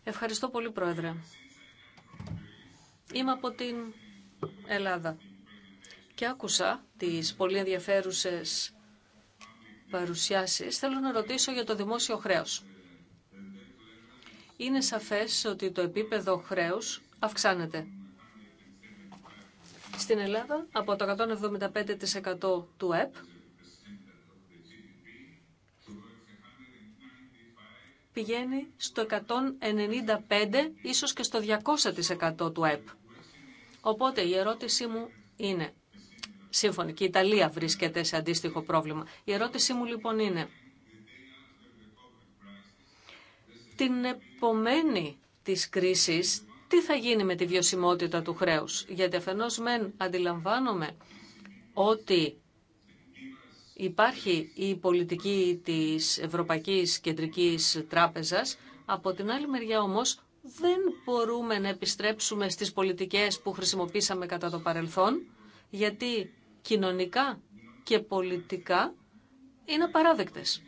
Ευχαριστώ πολύ Πρόεδρε. Είμαι από την Ελλάδα και άκουσα τις πολύ ενδιαφέρουσες παρουσιάσεις, θέλω να ρωτήσω για το δημόσιο χρέος. Είναι σαφές ότι το επίπεδο χρέους αυξάνεται. Στην Ελλάδα, από το 175% του ΕΠ, πηγαίνει στο 195, ίσως και στο 200% του ΕΠ. Οπότε η ερώτησή μου είναι, σύμφωνοι. Και η Ιταλία βρίσκεται σε αντίστοιχο πρόβλημα. Η ερώτησή μου λοιπόν είναι, την επομένη της κρίσης, τι θα γίνει με τη βιωσιμότητα του χρέους. Γιατί αφενός μεν αντιλαμβάνομαι ότι υπάρχει η πολιτική της Ευρωπαϊκής Κεντρικής Τράπεζας, από την άλλη μεριά όμως δεν μπορούμε να επιστρέψουμε στις πολιτικές που χρησιμοποίησαμε κατά το παρελθόν γιατί κοινωνικά και πολιτικά είναι απαράδεκτες.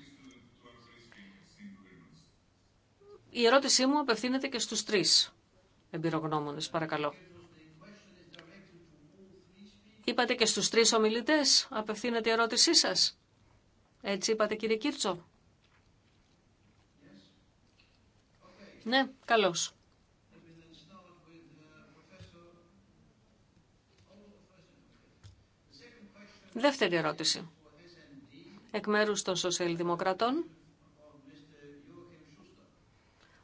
Η ερώτησή μου απευθύνεται και στους τρεις εμπειρογνώμονες, παρακαλώ. Είπατε και στους τρεις ομιλητές, απευθύνεται η ερώτησή σας. Έτσι είπατε κύριε Κίρτσο. Ναι, καλώς. Δεύτερη ερώτηση. Εκ μέρου των Σοσιαλδημοκρατών,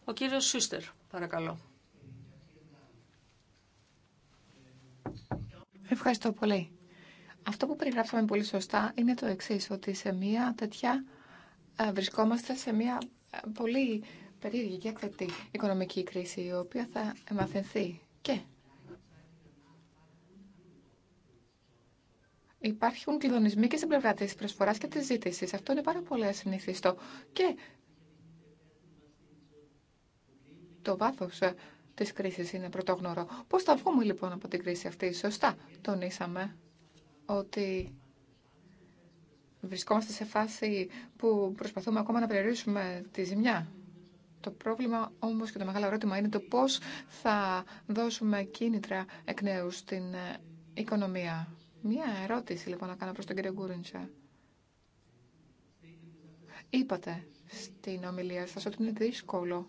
ο κύριος Σούστερ, παρακαλώ. Ευχαριστώ πολύ. Αυτό που περιγράψαμε πολύ σωστά είναι το εξής, ότι σε μια τέτοια ε, βρισκόμαστε σε μια ε, πολύ περίεργη και εκθετή οικονομική κρίση, η οποία θα εμαθενθεί και Υπάρχουν κλειδονισμοί και στην πλευρά της προσφοράς και τη ζήτηση. Αυτό είναι πάρα πολύ ασυνηθιστό. Και το βάθο ε, τη κρίση είναι πρωτόγνωρο. Πώ θα βγούμε λοιπόν από την κρίση αυτή. Σωστά τονίσαμε ότι βρισκόμαστε σε φάση που προσπαθούμε ακόμα να περιορίσουμε τη ζημιά. Το πρόβλημα όμως και το μεγάλο ερώτημα είναι το πώς θα δώσουμε κίνητρα εκ νέου στην ε, οικονομία. Μία ερώτηση λοιπόν να κάνω προς τον κύριο Γκούριντσα. Είπατε στην ομιλία σας ότι είναι δύσκολο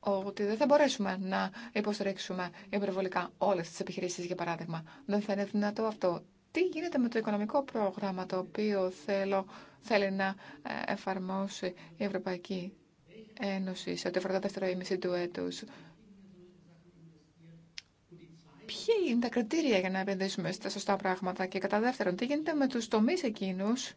ότι δεν θα μπορέσουμε να υποστηρίξουμε υπερβολικά όλες τις επιχειρήσεις, για παράδειγμα. Δεν θα είναι δυνατό αυτό. Τι γίνεται με το οικονομικό πρόγραμμα το οποίο θέλω, θέλει να ε, εφαρμόσει η Ευρωπαϊκή Ένωση σε ό,τι αφορά το δεύτερο ήμιση του έτους ποιοι είναι τα κριτήρια για να επενδύσουμε στα σωστά πράγματα και κατά δεύτερον, τι γίνεται με τους τομείς εκείνους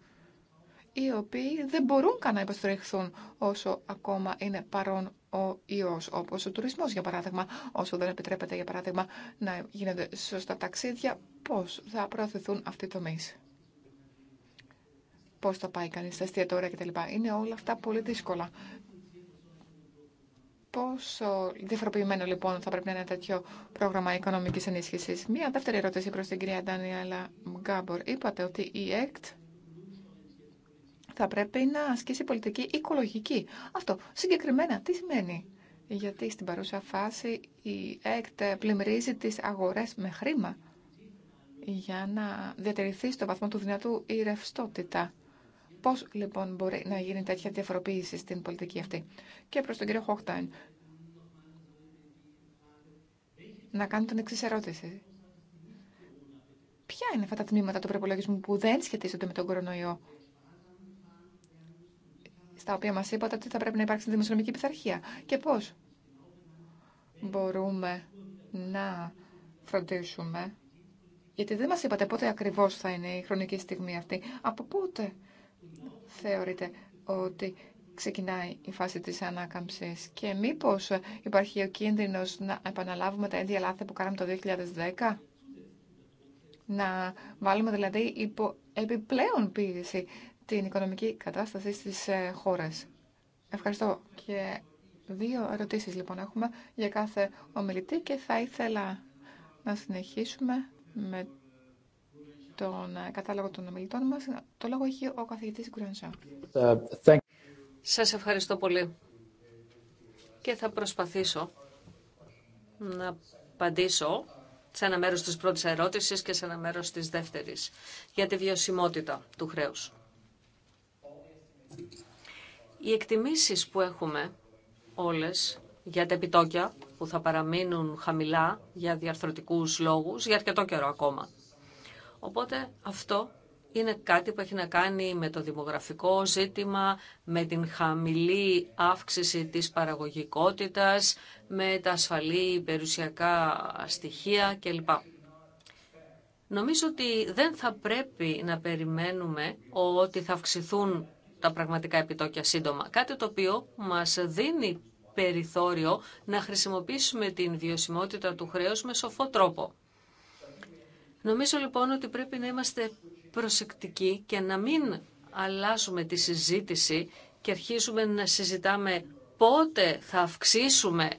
οι οποίοι δεν μπορούν καν να υποστηριχθούν όσο ακόμα είναι παρόν ο ιός, όπως ο τουρισμός για παράδειγμα, όσο δεν επιτρέπεται για παράδειγμα να γίνονται σωστά ταξίδια, πώς θα προωθηθούν αυτοί οι τομείς. Πώς θα πάει κανείς στα εστιατόρια κτλ. Είναι όλα αυτά πολύ δύσκολα Πόσο διαφοροποιημένο λοιπόν θα πρέπει να είναι ένα τέτοιο πρόγραμμα οικονομική ενίσχυση. Μία δεύτερη ερώτηση προ την κυρία Ντανιέλα Γκάμπορ. Είπατε ότι η ΕΚΤ θα πρέπει να ασκήσει πολιτική οικολογική. Αυτό συγκεκριμένα τι σημαίνει. Γιατί στην παρούσα φάση η ΕΚΤ πλημμυρίζει τις αγορές με χρήμα για να διατηρηθεί στο βαθμό του δυνατού η ρευστότητα. Πώς λοιπόν μπορεί να γίνει τέτοια διαφοροποίηση στην πολιτική αυτή. Και προς τον κύριο Χόχταϊν. Να κάνω την εξή ερώτηση. Ποια είναι αυτά τα τμήματα του προπολογισμού που δεν σχετίζονται με τον κορονοϊό, στα οποία μα είπατε ότι θα πρέπει να υπάρξει δημοσιονομική πειθαρχία. Και πώς μπορούμε να φροντίσουμε, γιατί δεν μας είπατε πότε ακριβώς θα είναι η χρονική στιγμή αυτή, από πότε θεωρείτε ότι ξεκινάει η φάση της ανάκαμψης και μήπως υπάρχει ο κίνδυνος να επαναλάβουμε τα ίδια λάθη που κάναμε το 2010 να βάλουμε δηλαδή υπό επιπλέον πίεση την οικονομική κατάσταση στις ε, χώρες. Ευχαριστώ και δύο ερωτήσεις λοιπόν έχουμε για κάθε ομιλητή και θα ήθελα να συνεχίσουμε με τον ε, κατάλογο των ομιλητών μας. Το λόγο έχει ο καθηγητής Γκουρανσά. Ε, Σας ευχαριστώ πολύ. Και θα προσπαθήσω να απαντήσω σε ένα μέρο της πρώτης ερώτηση και σε ένα μέρο της δεύτερης για τη βιωσιμότητα του χρέους. Οι εκτιμήσεις που έχουμε όλες για τα επιτόκια που θα παραμείνουν χαμηλά για διαρθρωτικούς λόγους για αρκετό καιρό ακόμα. Οπότε αυτό είναι κάτι που έχει να κάνει με το δημογραφικό ζήτημα, με την χαμηλή αύξηση της παραγωγικότητας, με τα ασφαλή περιουσιακά στοιχεία κλπ. Νομίζω ότι δεν θα πρέπει να περιμένουμε ότι θα αυξηθούν τα πραγματικά επιτόκια σύντομα. Κάτι το οποίο μας δίνει περιθώριο να χρησιμοποιήσουμε την βιωσιμότητα του χρέους με σοφό τρόπο. Νομίζω λοιπόν ότι πρέπει να είμαστε προσεκτικοί και να μην αλλάζουμε τη συζήτηση και αρχίζουμε να συζητάμε πότε θα αυξήσουμε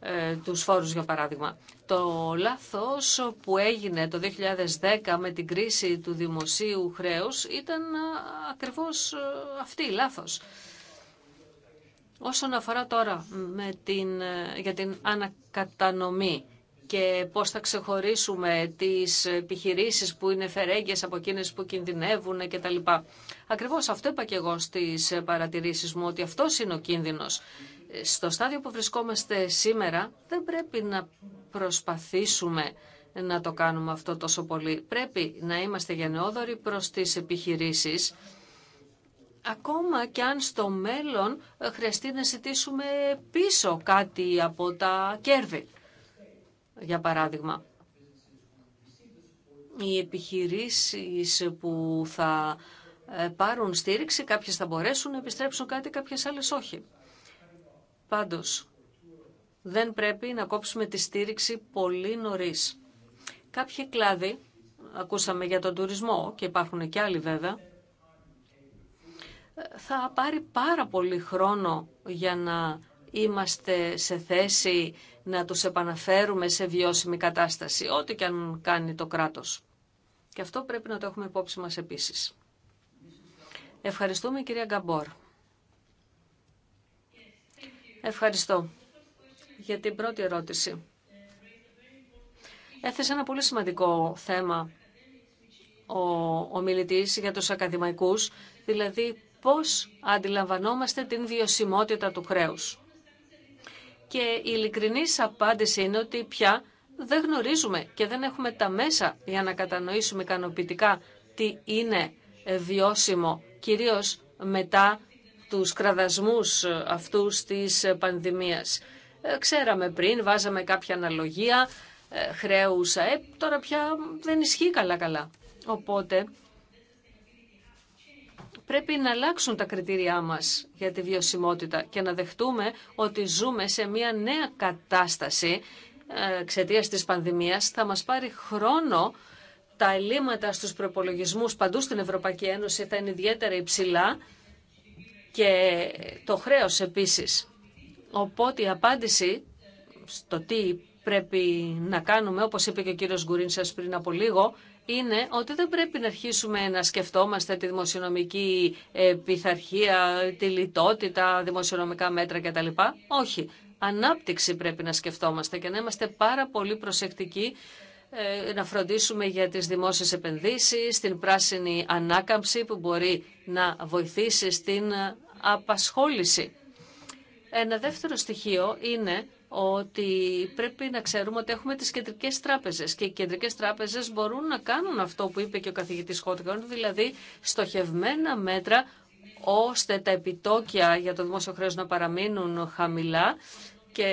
ε, τους φόρους για παράδειγμα. Το λάθος που έγινε το 2010 με την κρίση του δημοσίου χρέους ήταν ε, ακριβώς ε, αυτή, λάθος. Όσον αφορά τώρα με την, για την ανακατανομή και πώς θα ξεχωρίσουμε τις επιχειρήσεις που είναι φερέγγες από εκείνες που κινδυνεύουν κτλ. Ακριβώς αυτό είπα και εγώ στις παρατηρήσεις μου, ότι αυτό είναι ο κίνδυνος. Στο στάδιο που βρισκόμαστε σήμερα δεν πρέπει να προσπαθήσουμε να το κάνουμε αυτό τόσο πολύ. Πρέπει να είμαστε γενναιόδοροι προς τις επιχειρήσεις, ακόμα και αν στο μέλλον ε, χρειαστεί να ζητήσουμε πίσω κάτι από τα κέρδη για παράδειγμα. Οι επιχειρήσεις που θα ε, πάρουν στήριξη, κάποιες θα μπορέσουν να επιστρέψουν κάτι, κάποιες άλλες όχι. Πάντως, δεν πρέπει να κόψουμε τη στήριξη πολύ νωρίς. Κάποιοι κλάδοι, ακούσαμε για τον τουρισμό και υπάρχουν και άλλοι βέβαια, ε, θα πάρει πάρα πολύ χρόνο για να είμαστε σε θέση να τους επαναφέρουμε σε βιώσιμη κατάσταση, ό,τι και αν κάνει το κράτος. Και αυτό πρέπει να το έχουμε υπόψη μας επίσης. Ευχαριστούμε κυρία Γκαμπόρ. Ευχαριστώ για την πρώτη ερώτηση. Έθεσε ένα πολύ σημαντικό θέμα ο, ο μιλητής για τους ακαδημαϊκούς, δηλαδή πώς αντιλαμβανόμαστε την βιωσιμότητα του χρέους. Και η ειλικρινή απάντηση είναι ότι πια δεν γνωρίζουμε και δεν έχουμε τα μέσα για να κατανοήσουμε ικανοποιητικά τι είναι βιώσιμο, κυρίως μετά τους κραδασμούς αυτούς της πανδημίας. Ε, ξέραμε πριν, βάζαμε κάποια αναλογία, ε, χρέους τώρα πια δεν ισχύει καλά-καλά. Οπότε Πρέπει να αλλάξουν τα κριτήριά μας για τη βιωσιμότητα και να δεχτούμε ότι ζούμε σε μια νέα κατάσταση ε, εξαιτία της πανδημίας. Θα μας πάρει χρόνο τα ελλείμματα στους προπολογισμούς παντού στην Ευρωπαϊκή Ένωση θα είναι ιδιαίτερα υψηλά και το χρέος επίσης. Οπότε η απάντηση στο τι πρέπει να κάνουμε, όπως είπε και ο κύριος Γκουρίνσας πριν από λίγο, είναι ότι δεν πρέπει να αρχίσουμε να σκεφτόμαστε τη δημοσιονομική ε, πειθαρχία, τη λιτότητα, δημοσιονομικά μέτρα κτλ. Όχι. Ανάπτυξη πρέπει να σκεφτόμαστε και να είμαστε πάρα πολύ προσεκτικοί ε, να φροντίσουμε για τις δημόσιες επενδύσεις, την πράσινη ανάκαμψη που μπορεί να βοηθήσει στην ε, απασχόληση. Ένα δεύτερο στοιχείο είναι ότι πρέπει να ξέρουμε ότι έχουμε τις κεντρικές τράπεζες και οι κεντρικές τράπεζες μπορούν να κάνουν αυτό που είπε και ο καθηγητής Χόκτουιν, δηλαδή στοχευμένα μέτρα ώστε τα επιτόκια για το δημόσιο χρέος να παραμείνουν χαμηλά και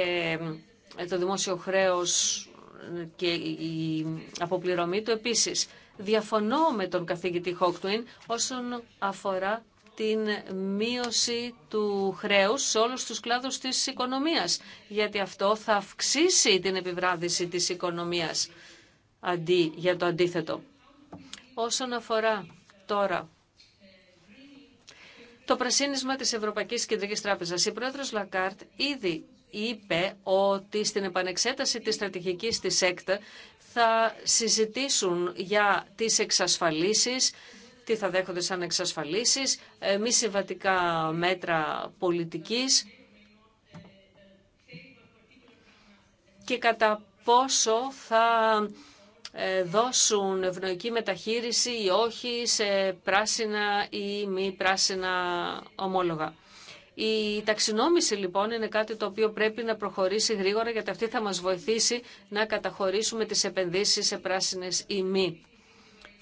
ε, το δημόσιο χρέος και η αποπληρωμή του επίσης. Διαφωνώ με τον καθηγητή Χόκτουιν όσον αφορά την μείωση του χρέους σε όλους τους κλάδους της οικονομίας, γιατί αυτό θα αυξήσει την επιβράδυση της οικονομίας αντί για το αντίθετο. Όσον αφορά τώρα το πρασίνισμα της Ευρωπαϊκής Κεντρικής Τράπεζας, η πρόεδρος Λακάρτ ήδη είπε ότι στην επανεξέταση της στρατηγικής της ΕΚΤ θα συζητήσουν για τις εξασφαλίσεις, τι θα δέχονται σαν εξασφαλίσεις, ε, μη συμβατικά μέτρα πολιτικής και κατά πόσο θα ε, δώσουν ευνοϊκή μεταχείριση ή όχι σε πράσινα ή μη πράσινα ομόλογα. Η ταξινόμηση λοιπόν είναι κάτι το οποίο πρέπει να προχωρήσει γρήγορα γιατί αυτή θα μας βοηθήσει να καταχωρήσουμε τις επενδύσεις σε πράσινες ή μη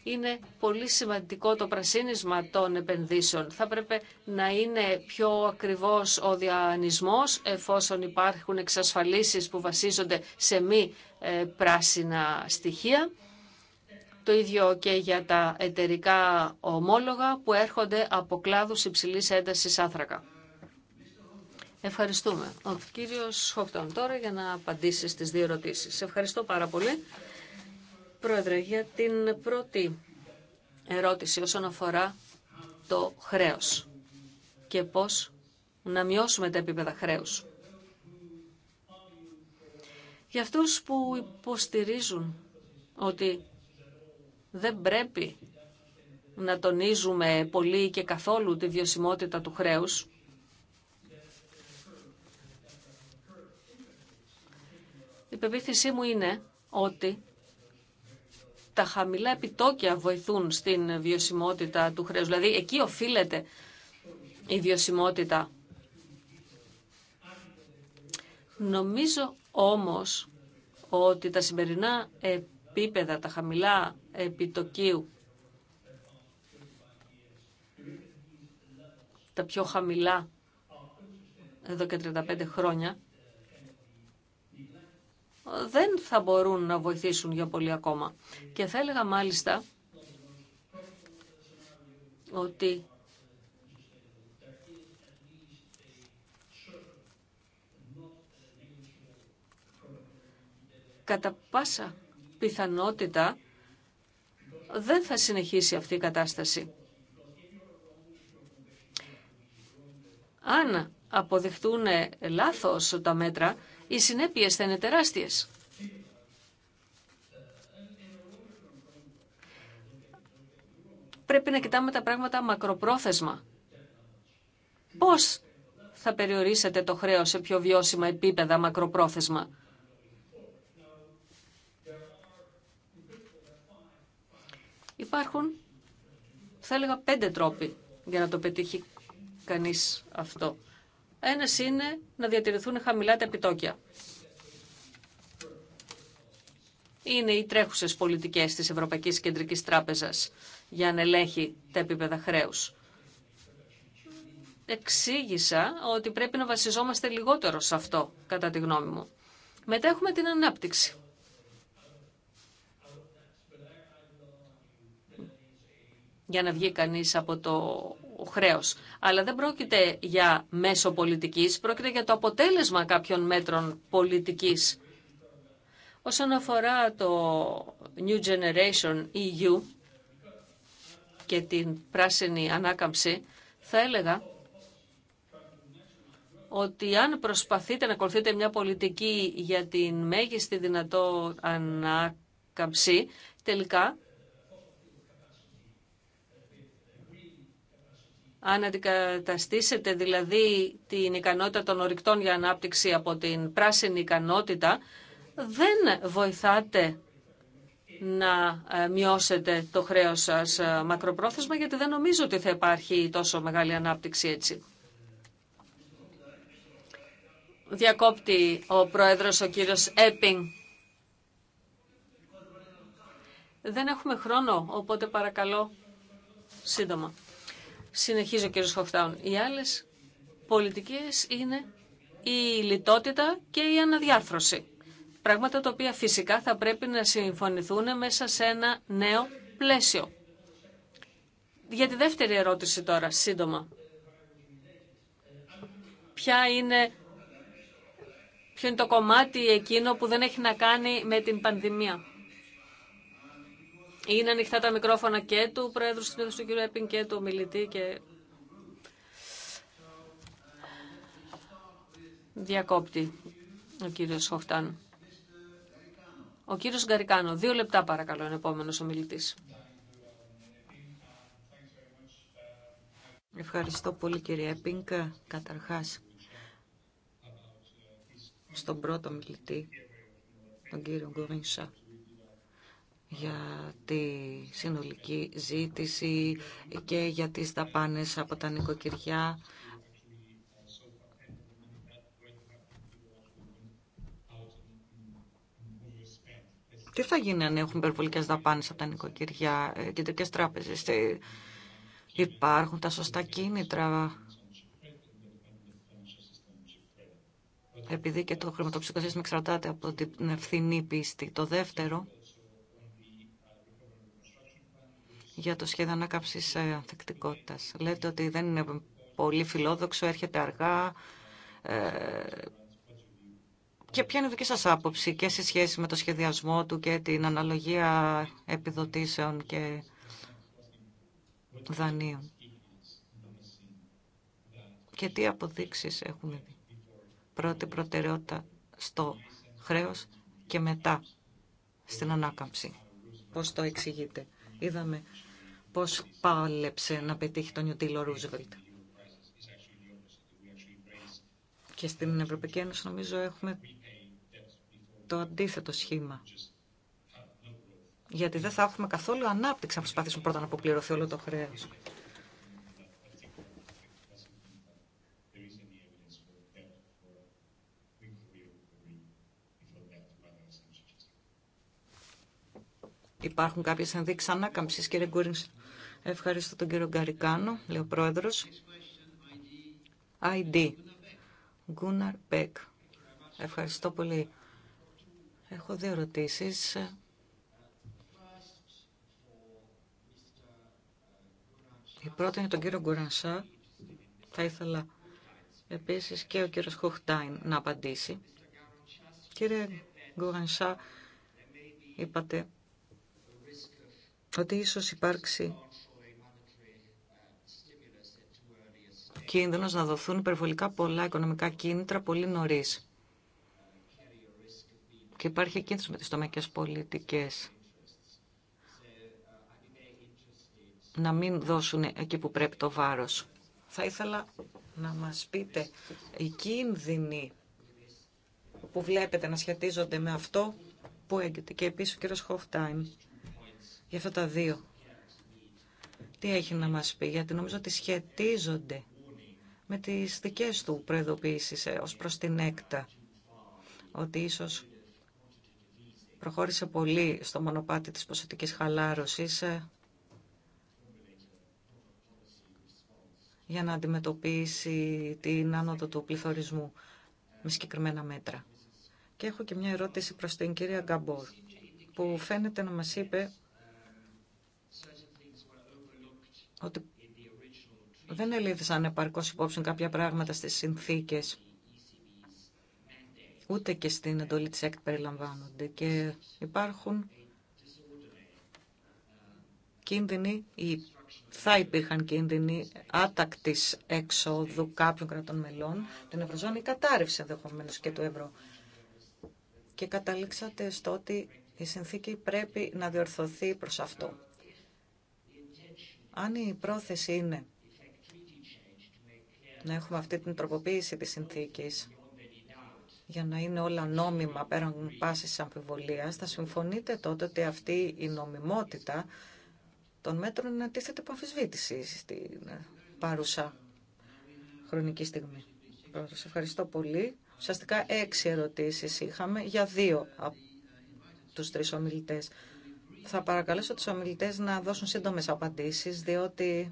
είναι πολύ σημαντικό το πρασίνισμα των επενδύσεων. Θα πρέπει να είναι πιο ακριβώς ο διανισμός εφόσον υπάρχουν εξασφαλίσεις που βασίζονται σε μη ε, πράσινα στοιχεία. Το ίδιο και για τα εταιρικά ομόλογα που έρχονται από κλάδους υψηλής έντασης άθρακα. Ευχαριστούμε. Ο κύριος Χοκτών τώρα για να απαντήσει στις δύο ερωτήσεις. Ευχαριστώ πάρα πολύ. Πρόεδρε, για την πρώτη ερώτηση όσον αφορά το χρέος και πώς να μειώσουμε τα επίπεδα χρέους. Για αυτούς που υποστηρίζουν ότι δεν πρέπει να τονίζουμε πολύ και καθόλου τη βιωσιμότητα του χρέους, η πεποίθησή μου είναι ότι τα χαμηλά επιτόκια βοηθούν στην βιωσιμότητα του χρέους. Δηλαδή εκεί οφείλεται η βιωσιμότητα. Νομίζω όμως ότι τα σημερινά επίπεδα, τα χαμηλά επιτοκίου, τα πιο χαμηλά εδώ και 35 χρόνια, δεν θα μπορούν να βοηθήσουν για πολύ ακόμα. Και θα έλεγα μάλιστα ότι κατά πάσα πιθανότητα δεν θα συνεχίσει αυτή η κατάσταση. Αν αποδεχτούν λάθος τα μέτρα, οι συνέπειες θα είναι τεράστιες. Πρέπει να κοιτάμε τα πράγματα μακροπρόθεσμα. Πώς θα περιορίσετε το χρέος σε πιο βιώσιμα επίπεδα μακροπρόθεσμα. Υπάρχουν, θα έλεγα, πέντε τρόποι για να το πετύχει κανείς αυτό. Ένα είναι να διατηρηθούν χαμηλά τα επιτόκια. Είναι οι τρέχουσε πολιτικές της Ευρωπαϊκή Κεντρική Τράπεζα για να ελέγχει τα επίπεδα χρέους. Εξήγησα ότι πρέπει να βασιζόμαστε λιγότερο σε αυτό, κατά τη γνώμη μου. Μετά έχουμε την ανάπτυξη. Για να βγει κανείς από το αλλά δεν πρόκειται για μέσο πολιτική, πρόκειται για το αποτέλεσμα κάποιων μέτρων πολιτικής. Όσον αφορά το New Generation EU και την πράσινη ανάκαμψη, θα έλεγα ότι αν προσπαθείτε να ακολουθείτε μια πολιτική για την μέγιστη δυνατό ανάκαμψη, τελικά αν αντικαταστήσετε δηλαδή την ικανότητα των ορυκτών για ανάπτυξη από την πράσινη ικανότητα, δεν βοηθάτε να ε, μειώσετε το χρέος σας ε, μακροπρόθεσμα, γιατί δεν νομίζω ότι θα υπάρχει τόσο μεγάλη ανάπτυξη έτσι. Διακόπτει ο πρόεδρος, ο κύριος Έπινγκ. Δεν έχουμε χρόνο, οπότε παρακαλώ σύντομα. Συνεχίζω κύριε Σχοφτάουν. Οι άλλες πολιτικές είναι η λιτότητα και η αναδιάρθρωση. Πράγματα τα οποία φυσικά θα πρέπει να συμφωνηθούν μέσα σε ένα νέο πλαίσιο. Για τη δεύτερη ερώτηση τώρα, σύντομα. Ποια είναι, ποιο είναι το κομμάτι εκείνο που δεν έχει να κάνει με την πανδημία. Είναι ανοιχτά τα μικρόφωνα και του Πρόεδρου Συνέδρου του κ. Έπιν και του μιλητή. και... Διακόπτη ο κύριος Χοχτάν. Ο κύριος Γκαρικάνο. Δύο λεπτά παρακαλώ είναι επόμενος ομιλητής. Ευχαριστώ πολύ κύριε Έπινγκ. Καταρχάς, στον πρώτο μιλητή, τον κύριο Γκουρίνσα για τη συνολική ζήτηση και για τις δαπάνες από τα νοικοκυριά. Τι θα γίνει αν έχουμε υπερβολικέ δαπάνε από τα νοικοκυριά, ε, κεντρικέ τράπεζε, ε, υπάρχουν τα σωστά κίνητρα. Επειδή και το χρηματοψηφιακό σύστημα εξαρτάται από την ευθυνή πίστη. Το δεύτερο για το σχέδιο ανάκαμψη ε, ανθεκτικότητα. Λέτε ότι δεν είναι πολύ φιλόδοξο, έρχεται αργά. Ε, και ποια είναι η δική σας άποψη και σε σχέση με το σχεδιασμό του και την αναλογία επιδοτήσεων και δανείων. Και τι αποδείξεις έχουμε δει. Πρώτη προτεραιότητα στο χρέος και μετά στην ανάκαμψη. Πώς το εξηγείτε. Είδαμε πώς πάλεψε να πετύχει τον Ιωτήλο Ρούζβελτ. Και στην Ευρωπαϊκή Ένωση νομίζω έχουμε το αντίθετο σχήμα. Γιατί δεν θα έχουμε καθόλου ανάπτυξη αν προσπαθήσουμε πρώτα να αποπληρωθεί όλο το χρέος. Υπάρχουν κάποιες ενδείξεις ανάκαμψης, κύριε Γκούρινς. Ευχαριστώ τον κύριο Γκαρικάνο, λέει ο πρόεδρος. ID. Γκούναρ Πεκ. Ευχαριστώ πολύ. Έχω δύο ερωτήσει. Η πρώτη είναι τον κύριο Γκουρανσά. Θα ήθελα επίσης και ο κύριος Χουχτάιν να απαντήσει. Κύριε Γκουρανσά, είπατε ότι ίσως υπάρξει κίνδυνος να δοθούν υπερβολικά πολλά οικονομικά κίνητρα πολύ νωρίς. Και υπάρχει κίνδυνος με τις τομεκές πολιτικές. Να μην δώσουν εκεί που πρέπει το βάρος. Θα ήθελα να μας πείτε οι κίνδυνοι που βλέπετε να σχετίζονται με αυτό που έγκυται. Και επίσης ο κύριος Χοφτάιν για αυτά τα δύο. Τι έχει να μας πει, γιατί νομίζω ότι σχετίζονται με τις δικές του προειδοποίησεις ε, ως προς την έκτα, ότι ίσως προχώρησε πολύ στο μονοπάτι της ποσοτικής χαλάρωσης ε, για να αντιμετωπίσει την άνοδο του πληθωρισμού με συγκεκριμένα μέτρα. Και έχω και μια ερώτηση προς την κυρία Γκαμπόρ, που φαίνεται να μας είπε ότι δεν ελήφθησαν επαρκώς υπόψη κάποια πράγματα στις συνθήκες ούτε και στην εντολή τη ΕΚΤ περιλαμβάνονται και υπάρχουν κίνδυνοι ή θα υπήρχαν κίνδυνοι άτακτης έξοδου κάποιων κρατών μελών, την Ευρωζώνη κατάρρευσε ενδεχομένω και του ευρώ. Και καταλήξατε στο ότι η συνθήκη πρέπει να διορθωθεί προς αυτό. Αν η πρόθεση είναι να έχουμε αυτή την τροποποίηση της συνθήκης για να είναι όλα νόμιμα πέραν πάσης αμφιβολίας, θα συμφωνείτε τότε ότι αυτή η νομιμότητα των μέτρων να τίθεται από αμφισβήτηση στην παρούσα χρονική στιγμή. Σα ευχαριστώ πολύ. Ουσιαστικά έξι ερωτήσεις είχαμε για δύο από τους τρεις ομιλητές. Θα παρακαλέσω τους ομιλητές να δώσουν σύντομες απαντήσεις, διότι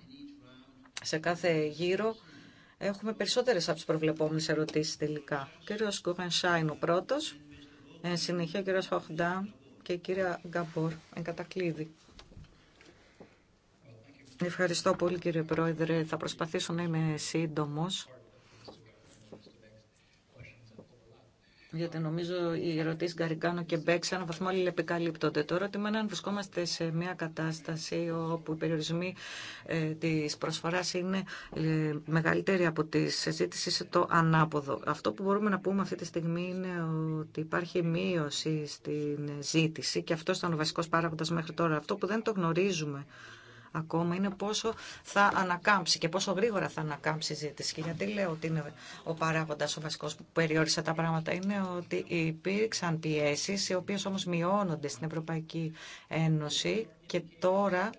σε κάθε γύρο έχουμε περισσότερες από τις προβλεπόμενες ερωτήσεις τελικά. Ο κύριος Σάιν, ο πρώτος, εν συνεχεία ο κύριος Φαχντά και η κυρία Γκαμπορ, εν κατακλείδη. Ευχαριστώ πολύ κύριε Πρόεδρε. Θα προσπαθήσω να είμαι σύντομος. γιατί νομίζω οι ερωτήσει Γκαριγκάνο και Μπέκ σε έναν βαθμό αλληλεπικαλύπτονται. Το ερώτημα είναι αν βρισκόμαστε σε μια κατάσταση όπου οι περιορισμοί ε, τη προσφορά είναι ε, μεγαλύτεροι από τη συζήτηση το ανάποδο. Αυτό που μπορούμε να πούμε αυτή τη στιγμή είναι ότι υπάρχει μείωση στην ζήτηση και αυτό ήταν ο βασικό παράγοντα μέχρι τώρα. Αυτό που δεν το γνωρίζουμε ακόμα είναι πόσο θα ανακάμψει και πόσο γρήγορα θα ανακάμψει η ζήτηση. Και γιατί λέω ότι είναι ο παράγοντα ο βασικό που περιόρισε τα πράγματα, είναι ότι υπήρξαν πιέσει, οι οποίε όμω μειώνονται στην Ευρωπαϊκή Ένωση και τώρα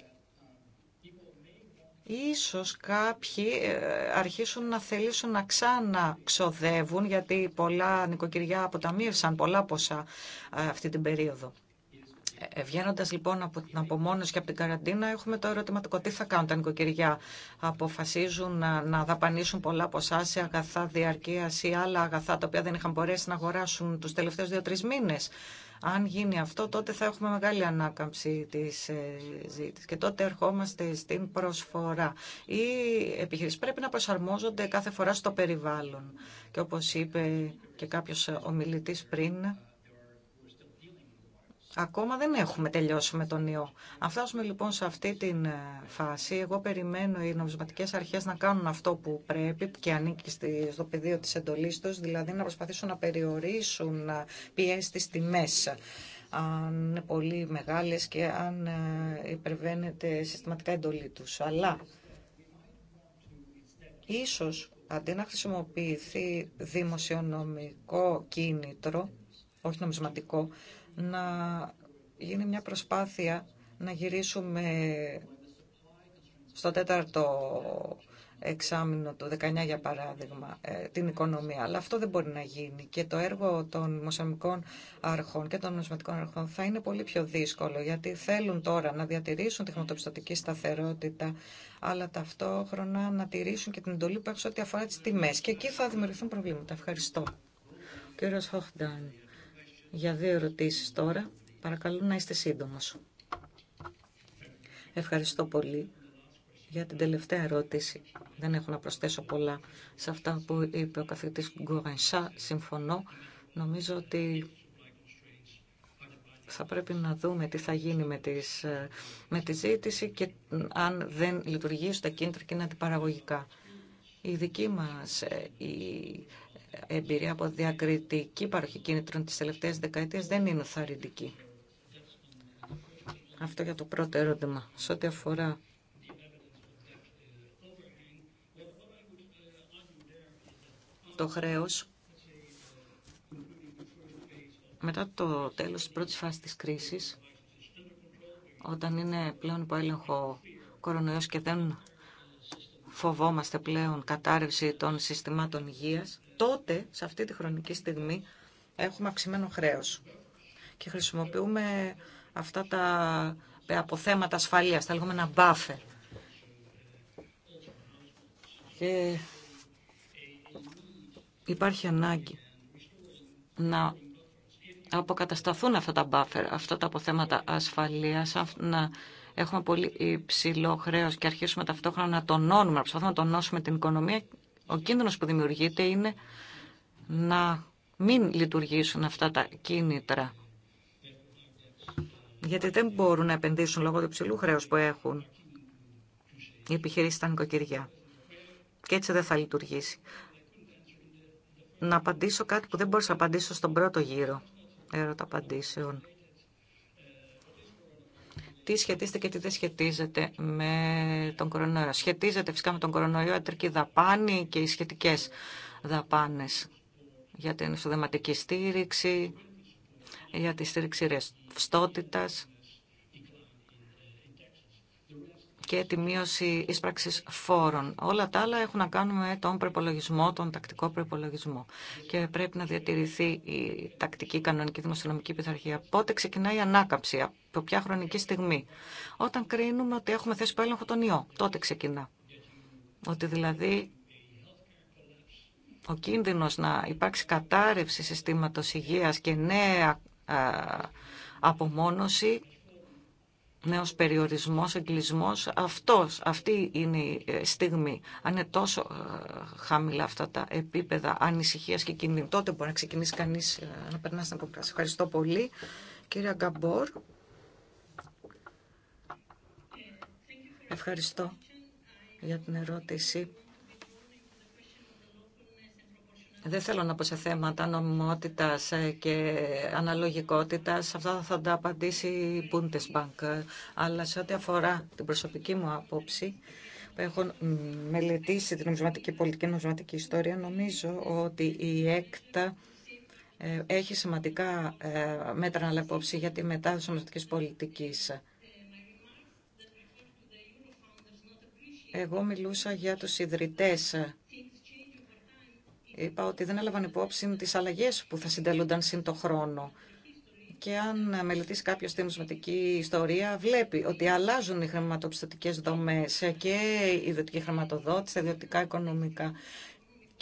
ίσως κάποιοι ε, αρχίσουν να θελήσουν να ξαναξοδεύουν γιατί πολλά νοικοκυριά αποταμίευσαν πολλά ποσά ε, αυτή την περίοδο. Ε, ε, Βγαίνοντα λοιπόν από την απομόνωση και από την καραντίνα, έχουμε το ερωτηματικό τι θα κάνουν τα νοικοκυριά. Αποφασίζουν να, να δαπανίσουν πολλά ποσά σε αγαθά διαρκεία ή άλλα αγαθά τα οποία δεν είχαν μπορέσει να αγοράσουν του τελευταίου δύο-τρει μήνε. Αν γίνει αυτό, τότε θα έχουμε μεγάλη ανάκαμψη της ε, ζήτηση. και τότε ερχόμαστε στην προσφορά. Οι επιχειρήσει πρέπει να προσαρμόζονται κάθε φορά στο περιβάλλον. Και όπω είπε και κάποιο ομιλητή πριν, Ακόμα δεν έχουμε τελειώσει με τον ιό. Αν φτάσουμε λοιπόν σε αυτή την ε, φάση, εγώ περιμένω οι νομισματικές αρχές να κάνουν αυτό που πρέπει και ανήκει στο πεδίο της εντολής τους, δηλαδή να προσπαθήσουν να περιορίσουν ε, πιέσει στη τιμές αν είναι πολύ μεγάλες και αν ε, υπερβαίνεται συστηματικά εντολή τους. Αλλά ίσως αντί να χρησιμοποιηθεί δημοσιονομικό κίνητρο, όχι νομισματικό, να γίνει μια προσπάθεια να γυρίσουμε στο τέταρτο εξάμεινο του 19 για παράδειγμα ε, την οικονομία. Αλλά αυτό δεν μπορεί να γίνει και το έργο των μοσαμικών αρχών και των νοσηματικών αρχών θα είναι πολύ πιο δύσκολο γιατί θέλουν τώρα να διατηρήσουν τη χρηματοπιστωτική σταθερότητα αλλά ταυτόχρονα να τηρήσουν και την εντολή που έχουν ό,τι αφορά τις τιμές και εκεί θα δημιουργηθούν προβλήματα. Ευχαριστώ. Κύριος για δύο ερωτήσεις τώρα. Παρακαλώ να είστε σύντομος. Ευχαριστώ πολύ για την τελευταία ερώτηση. Δεν έχω να προσθέσω πολλά σε αυτά που είπε ο καθηγητής Γκουρανσά. Συμφωνώ. Νομίζω ότι θα πρέπει να δούμε τι θα γίνει με, τις, ε, με τη ζήτηση και αν δεν λειτουργήσουν τα κίνητρα και είναι αντιπαραγωγικά. Η δική μας ε, η εμπειρία από διακριτική παροχή κίνητρων τις τελευταίες δεκαετίες δεν είναι θαρρυντική. Αυτό για το πρώτο ερώτημα. Σε ό,τι αφορά το χρέος, μετά το τέλος της πρώτης φάσης της κρίσης, όταν είναι πλέον υπό έλεγχο κορονοϊός και δεν φοβόμαστε πλέον κατάρρευση των συστημάτων υγείας, τότε, σε αυτή τη χρονική στιγμή, έχουμε αυξημένο χρέος. Και χρησιμοποιούμε αυτά τα αποθέματα ασφαλείας, τα λεγόμενα buffer. Και υπάρχει ανάγκη να αποκατασταθούν αυτά τα buffer, αυτά τα αποθέματα ασφαλείας, να έχουμε πολύ υψηλό χρέο και αρχίσουμε ταυτόχρονα να τονώνουμε, να προσπαθούμε να τονώσουμε την οικονομία ο κίνδυνος που δημιουργείται είναι να μην λειτουργήσουν αυτά τα κίνητρα. Γιατί δεν μπορούν να επενδύσουν λόγω του ψηλού χρέους που έχουν οι επιχειρήσει στα νοικοκυριά. Και έτσι δεν θα λειτουργήσει. Να απαντήσω κάτι που δεν μπορούσα να απαντήσω στον πρώτο γύρο ερώτα απαντήσεων τι σχετίζεται και τι δεν σχετίζεται με τον κορονοϊό. Σχετίζεται φυσικά με τον κορονοϊό ιατρική δαπάνη και οι σχετικές δαπάνες για την εισοδηματική στήριξη, για τη στήριξη ρευστότητας και τη μείωση ίσπραξη φόρων. Όλα τα άλλα έχουν να κάνουν με τον προπολογισμό, τον τακτικό προπολογισμό. Και πρέπει να διατηρηθεί η τακτική κανονική δημοσιονομική πειθαρχία. Πότε ξεκινάει η ανάκαμψη, από ποια χρονική στιγμή. Όταν κρίνουμε ότι έχουμε θέσει έλεγχο τον ιό, τότε ξεκινά. Ότι δηλαδή ο κίνδυνος να υπάρξει κατάρρευση συστήματος υγείας και νέα απομόνωση νέος περιορισμός, εγκλισμός. Αυτός, αυτή είναι η ε, στιγμή. Αν είναι τόσο ε, χαμηλά αυτά τα επίπεδα ανησυχίας και κινδύνου, τότε μπορεί να ξεκινήσει κανείς ε, να περνά στην αποκράση. Ευχαριστώ πολύ. Κύριε Γκαμπόρ. Ευχαριστώ για την ερώτηση. Δεν θέλω να πω σε θέματα νομιμότητας και αναλογικότητας. Αυτά θα τα απαντήσει η Bundesbank. Αλλά σε ό,τι αφορά την προσωπική μου άποψη, που έχω μελετήσει την νομισματική πολιτική, νομισματική ιστορία, νομίζω ότι η ΕΚΤΑ ε, έχει σημαντικά ε, μέτρα να λεπόψει για τη μετάδοση νομισματικής πολιτικής. Εγώ μιλούσα για τους ιδρυτές Είπα ότι δεν έλαβαν υπόψη τις αλλαγέ που θα συντελούνταν σύν το χρόνο. Και αν μελετήσει κάποιο τη νομισματική ιστορία, βλέπει ότι αλλάζουν οι χρηματοπιστωτικέ δομέ και η ιδιωτική χρηματοδότηση, τα ιδιωτικά οικονομικά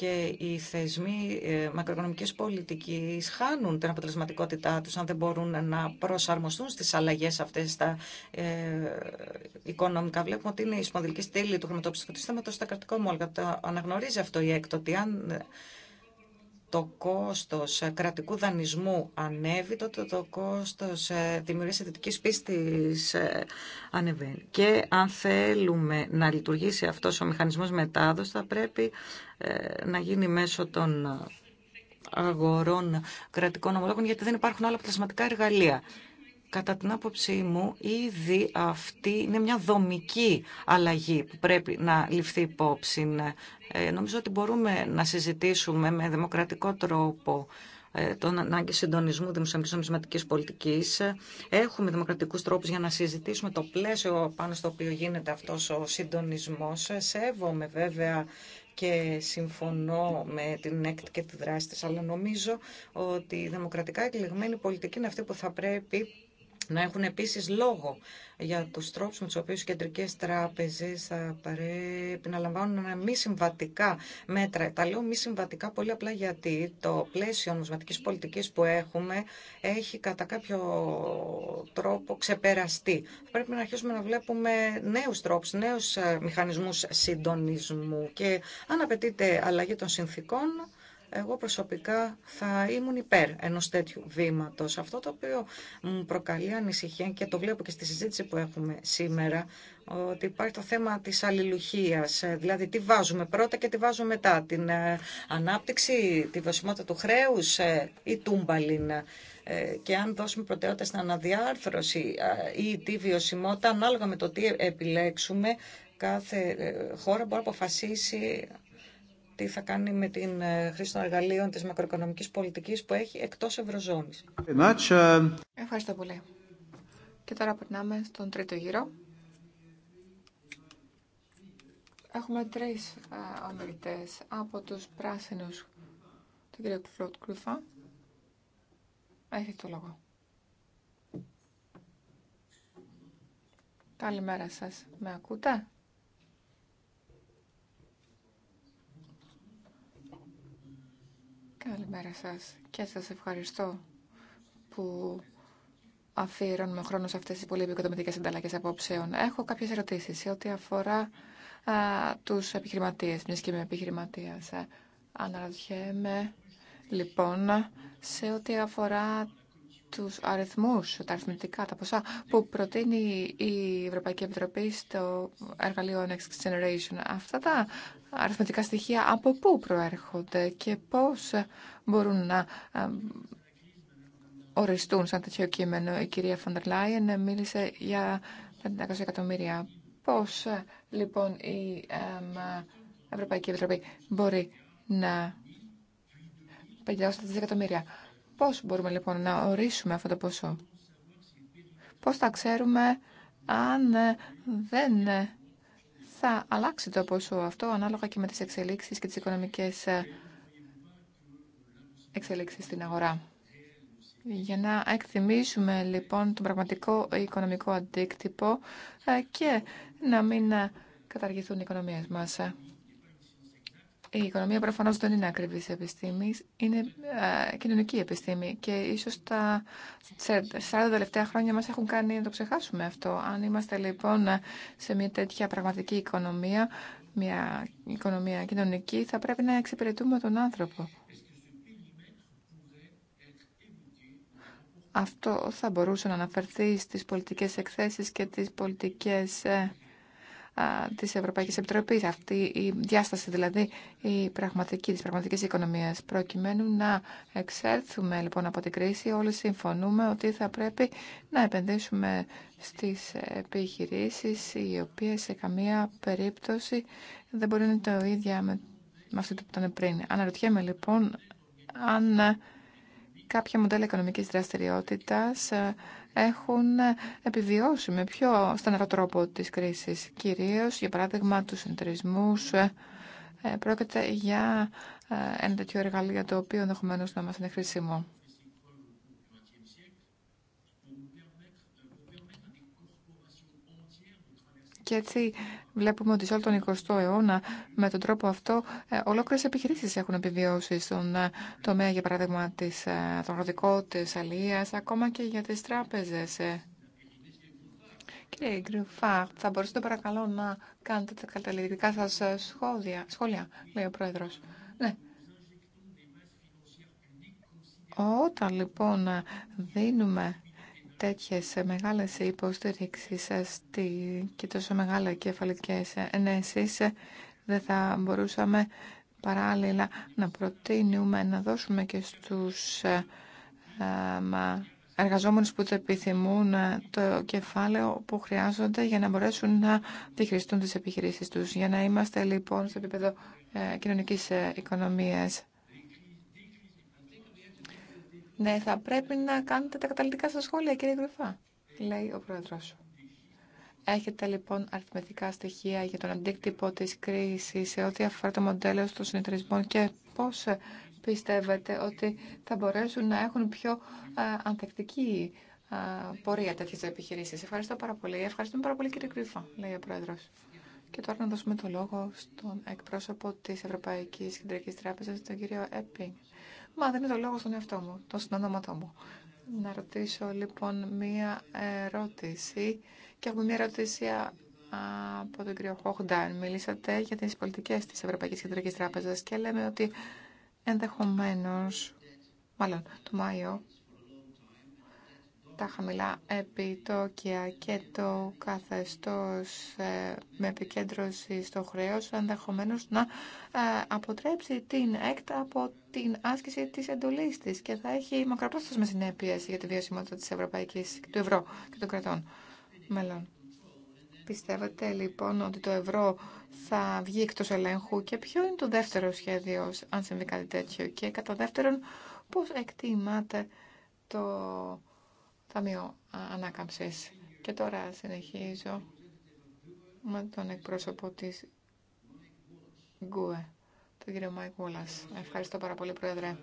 και οι θεσμοί ε, μακροοικονομικής πολιτικής χάνουν την αποτελεσματικότητά τους αν δεν μπορούν να προσαρμοστούν στις αλλαγές αυτές στα ε, οικονομικά. Βλέπουμε ότι είναι η σπονδυλική στήλη του χρηματοπιστωτικού συστήματος στα κρατικό μόλγα. Το αναγνωρίζει αυτό η έκτοτη το κόστος ε, κρατικού δανεισμού ανέβει, τότε το κόστος ε, δημιουργίας ιδιωτικής πίστης ε, ανεβαίνει. Και αν θέλουμε να λειτουργήσει αυτός ο μηχανισμός μετάδοσης, θα πρέπει να γίνει μέσω των αγορών κρατικών ομολόγων, γιατί δεν υπάρχουν άλλα πλασματικά εργαλεία Κατά την άποψή μου, ήδη αυτή είναι μια δομική αλλαγή που πρέπει να ληφθεί υπόψη. Ε, νομίζω ότι μπορούμε να συζητήσουμε με δημοκρατικό τρόπο ε, τον ανάγκη συντονισμού δημοσιονομικής νομισματικής πολιτικής. Έχουμε δημοκρατικούς τρόπους για να συζητήσουμε το πλαίσιο πάνω στο οποίο γίνεται αυτός ο συντονισμός. Σέβομαι βέβαια και συμφωνώ με την έκτη και τη δράση της, αλλά νομίζω ότι η δημοκρατικά εκλεγμένη πολιτική είναι αυτή που θα πρέπει να έχουν επίσης λόγο για τους τρόπους με τους οποίους οι κεντρικές τράπεζες θα πρέπει να λαμβάνουν μη συμβατικά μέτρα. Τα λέω μη συμβατικά πολύ απλά γιατί το πλαίσιο νομισματικής πολιτικής που έχουμε έχει κατά κάποιο τρόπο ξεπεραστεί. Θα πρέπει να αρχίσουμε να βλέπουμε νέους τρόπους, νέους ε, μηχανισμούς συντονισμού και αν απαιτείται αλλαγή των συνθήκων εγώ προσωπικά θα ήμουν υπέρ ενός τέτοιου βήματος. Αυτό το οποίο μου προκαλεί ανησυχία και το βλέπω και στη συζήτηση που έχουμε σήμερα, ότι υπάρχει το θέμα της αλληλουχίας, ε, δηλαδή τι βάζουμε πρώτα και τι βάζουμε μετά, την ε, ανάπτυξη, τη βασιμότητα του χρέους ε, ή τούμπαλιν και αν δώσουμε προτεραιότητα στην αναδιάρθρωση ή τη βιωσιμότητα, ανάλογα με το τι επιλέξουμε, κάθε χώρα μπορεί να αποφασίσει τι θα κάνει με την ε, χρήση των εργαλείων της μακροοικονομικής πολιτικής που έχει εκτός Ευρωζώνης. Ε, Ευχαριστώ πολύ. Και τώρα περνάμε στον τρίτο γύρο. Έχουμε τρεις ε, ομιλητές από τους πράσινους, του κύριο Κλωτ Κρουφά. Έχετε το λόγο. Καλημέρα σας. Με ακούτε? Καλημέρα σας και σας ευχαριστώ που αφιερώνουμε χρόνο σε αυτές τις πολύ επικοδομητικές ανταλλαγές απόψεων. Έχω κάποιες ερωτήσεις σε ό,τι αφορά α, τους επιχειρηματίες, μιας και είμαι επιχειρηματίας. Ε, αναρωτιέμαι, λοιπόν, σε ό,τι αφορά τους αριθμούς, τα αριθμητικά, τα ποσά που προτείνει η Ευρωπαϊκή Επιτροπή στο εργαλείο Next Generation. Αυτά τα αριθμητικά στοιχεία από πού προέρχονται και πώς μπορούν να οριστούν σαν τέτοιο κείμενο. Η κυρία Φαντερ Λάιεν μίλησε για 500 εκατομμύρια. Πώς λοιπόν η Ευρωπαϊκή Επιτροπή μπορεί να τα δισεκατομμύρια. Πώς μπορούμε λοιπόν να ορίσουμε αυτό το ποσό. Πώς θα ξέρουμε αν ε, δεν ε, θα αλλάξει το ποσό αυτό ανάλογα και με τις εξελίξεις και τις οικονομικές ε, εξελίξεις στην αγορά. Για να εκτιμήσουμε λοιπόν τον πραγματικό οικονομικό αντίκτυπο ε, και να μην ε, καταργηθούν οι οικονομίες μας. Η οικονομία προφανώς δεν είναι ακριβής επιστήμη, είναι ε, κοινωνική επιστήμη και ίσως τα 40 τελευταία χρόνια μας έχουν κάνει να το ξεχάσουμε αυτό. Αν είμαστε λοιπόν σε μια τέτοια πραγματική οικονομία, μια οικονομία κοινωνική, θα πρέπει να εξυπηρετούμε τον άνθρωπο. Αυτό θα μπορούσε να αναφερθεί στις πολιτικές εκθέσεις και τις πολιτικές ε, Τη Ευρωπαϊκή Επιτροπή. αυτή η διάσταση δηλαδή η πραγματική, της πραγματικής οικονομίας. Προκειμένου να εξέλθουμε λοιπόν από την κρίση, όλοι συμφωνούμε ότι θα πρέπει να επενδύσουμε στις επιχειρήσεις οι οποίες σε καμία περίπτωση δεν μπορεί να είναι το ίδια με, με αυτή που ήταν πριν. Αναρωτιέμαι λοιπόν αν κάποια μοντέλα οικονομικής δραστηριότητας έχουν επιβιώσει με πιο στεναρό τρόπο της κρίσης. Κυρίως, για παράδειγμα, τους συνεταιρισμούς. Ε, πρόκειται για ε, ένα τέτοιο εργαλείο το οποίο ενδεχομένω να μας είναι χρήσιμο. Και έτσι Βλέπουμε ότι σε όλο τον 20ο αιώνα με τον τρόπο αυτό ε, ολόκληρε επιχειρήσεις έχουν επιβιώσει στον ε, τομέα για παράδειγμα της, ε, των τη της αλίας, ακόμα και για τις τράπεζες. Κύριε Γκριφά, θα μπορούσατε παρακαλώ να κάνετε τα καταληκτικά σας σχόλια, σχόλια λέει ο Πρόεδρος. Ναι. Όταν λοιπόν δίνουμε τέτοιες μεγάλες υποστηρίξεις ε, και τόσο μεγάλα κεφαλικές ενέσεις ε, δεν θα μπορούσαμε παράλληλα να προτείνουμε να δώσουμε και στους ε, εργαζόμενους που το επιθυμούν το κεφάλαιο που χρειάζονται για να μπορέσουν να διχρηστούν τις επιχειρήσεις τους. Για να είμαστε λοιπόν σε επίπεδο κοινωνικής οικονομίας. Ναι, θα πρέπει να κάνετε τα καταλητικά σας σχόλια, κύριε Γρυφά, λέει ο πρόεδρος. Έχετε λοιπόν αριθμητικά στοιχεία για τον αντίκτυπο της κρίσης σε ό,τι αφορά το μοντέλο των συνεταιρισμών και πώς πιστεύετε ότι θα μπορέσουν να έχουν πιο ανθεκτική πορεία τέτοιε επιχειρήσει. Ευχαριστώ πάρα πολύ. Ευχαριστούμε πάρα πολύ κύριε Κρυφά, λέει ο Πρόεδρος. Και τώρα να δώσουμε το λόγο στον εκπρόσωπο της Ευρωπαϊκής Κεντρική Τράπεζα, τον κύριο Έπινγκ. Μα δεν είναι το λόγο στον εαυτό μου, το συνονόματό μου. Να ρωτήσω λοιπόν μία ερώτηση και έχουμε μία ερώτηση από τον κύριο Χοχντάν. Μιλήσατε για τις πολιτικές της Ευρωπαϊκής Κεντρικής Τράπεζας και λέμε ότι ενδεχομένως, μάλλον το Μάιο, τα χαμηλά επιτόκια και το καθεστώς ε, με επικέντρωση στο χρέος ενδεχομένω να ε, αποτρέψει την ΕΚΤΑ από την άσκηση της εντολής της και θα έχει μακροπρόθεσμες συνέπειες για τη βιωσιμότητα της Ευρωπαϊκής, του ευρώ και των κρατών μέλλον. Πιστεύετε λοιπόν ότι το ευρώ θα βγει εκτός ελέγχου και ποιο είναι το δεύτερο σχέδιο αν συμβεί κάτι τέτοιο και κατά δεύτερον πώς εκτιμάτε το Ταμείο Ανάκαμψης. Και τώρα συνεχίζω με τον εκπρόσωπο της ΓΚΟΕ, τον κύριο Μάικ Ευχαριστώ πάρα πολύ, Πρόεδρε.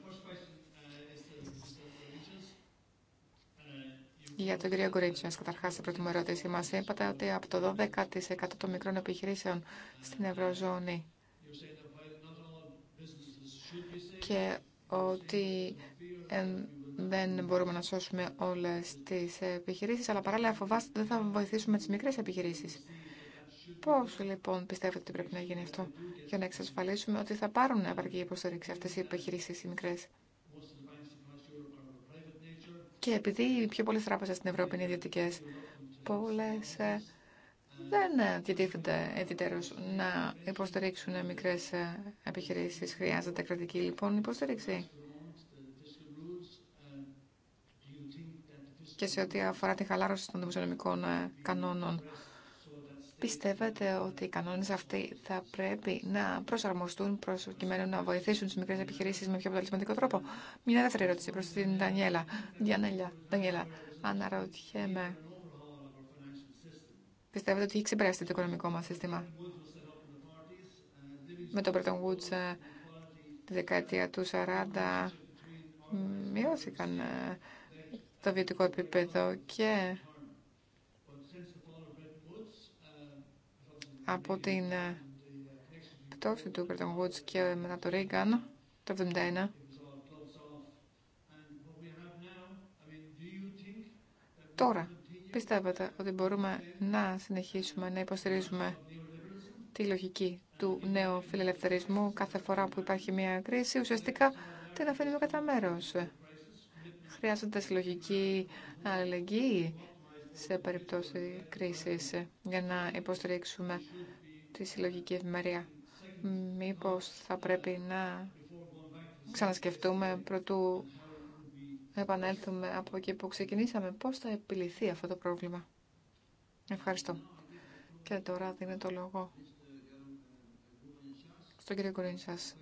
Για τον κύριο Γκουρίτσια, καταρχά, η πρώτη μου ερώτηση μα είπατε ότι από το 12% των μικρών επιχειρήσεων στην Ευρωζώνη και ότι δεν μπορούμε να σώσουμε όλε τι επιχειρήσει, αλλά παράλληλα φοβάστε ότι δεν θα βοηθήσουμε τι μικρέ επιχειρήσει. Πώ λοιπόν πιστεύετε ότι πρέπει να γίνει αυτό για να εξασφαλίσουμε ότι θα πάρουν επαρκή υποστήριξη αυτέ οι επιχειρήσει οι μικρέ. Και επειδή οι πιο πολλέ τράπεζε στην Ευρώπη είναι ιδιωτικέ, πολλέ ε, δεν ε, διατίθενται ετιτέρως να υποστηρίξουν μικρέ ε, επιχειρήσει Χρειάζεται κρατική λοιπόν υποστήριξη. και σε ό,τι αφορά τη χαλάρωση των δημοσιονομικών ε, κανόνων. Πιστεύετε ότι οι κανόνε αυτοί θα πρέπει να προσαρμοστούν προκειμένου να βοηθήσουν τι μικρέ επιχειρήσει με πιο αποτελεσματικό τρόπο. Μια δεύτερη ερώτηση προ την Δανιέλα. Διανέλια, Δανιέλα, αναρωτιέμαι. Πιστεύετε ότι έχει ξεπεράσει το οικονομικό μα σύστημα με τον Bretton Woods ε, τη δεκαετία του 40 μειώθηκαν ε, το βιωτικό επίπεδο και από την ε, πτώση του Bretton Woods και μετά το Ρίγκαν το 1971. Τώρα, πιστεύετε ότι μπορούμε να συνεχίσουμε να υποστηρίζουμε τη λογική του νέου φιλελευθερισμού κάθε φορά που υπάρχει μια κρίση, ουσιαστικά την αφήνουμε κατά μέρος. Χρειάζονται συλλογική αλληλεγγύη σε περιπτώσει κρίσης για να υποστηρίξουμε τη συλλογική ευημερία. Μήπως θα πρέπει να ξανασκεφτούμε προτού επανέλθουμε από εκεί που ξεκινήσαμε. Πώς θα επιληθεί αυτό το πρόβλημα. Ευχαριστώ. Και τώρα δίνω το λόγο στον κύριο Κουρίνσας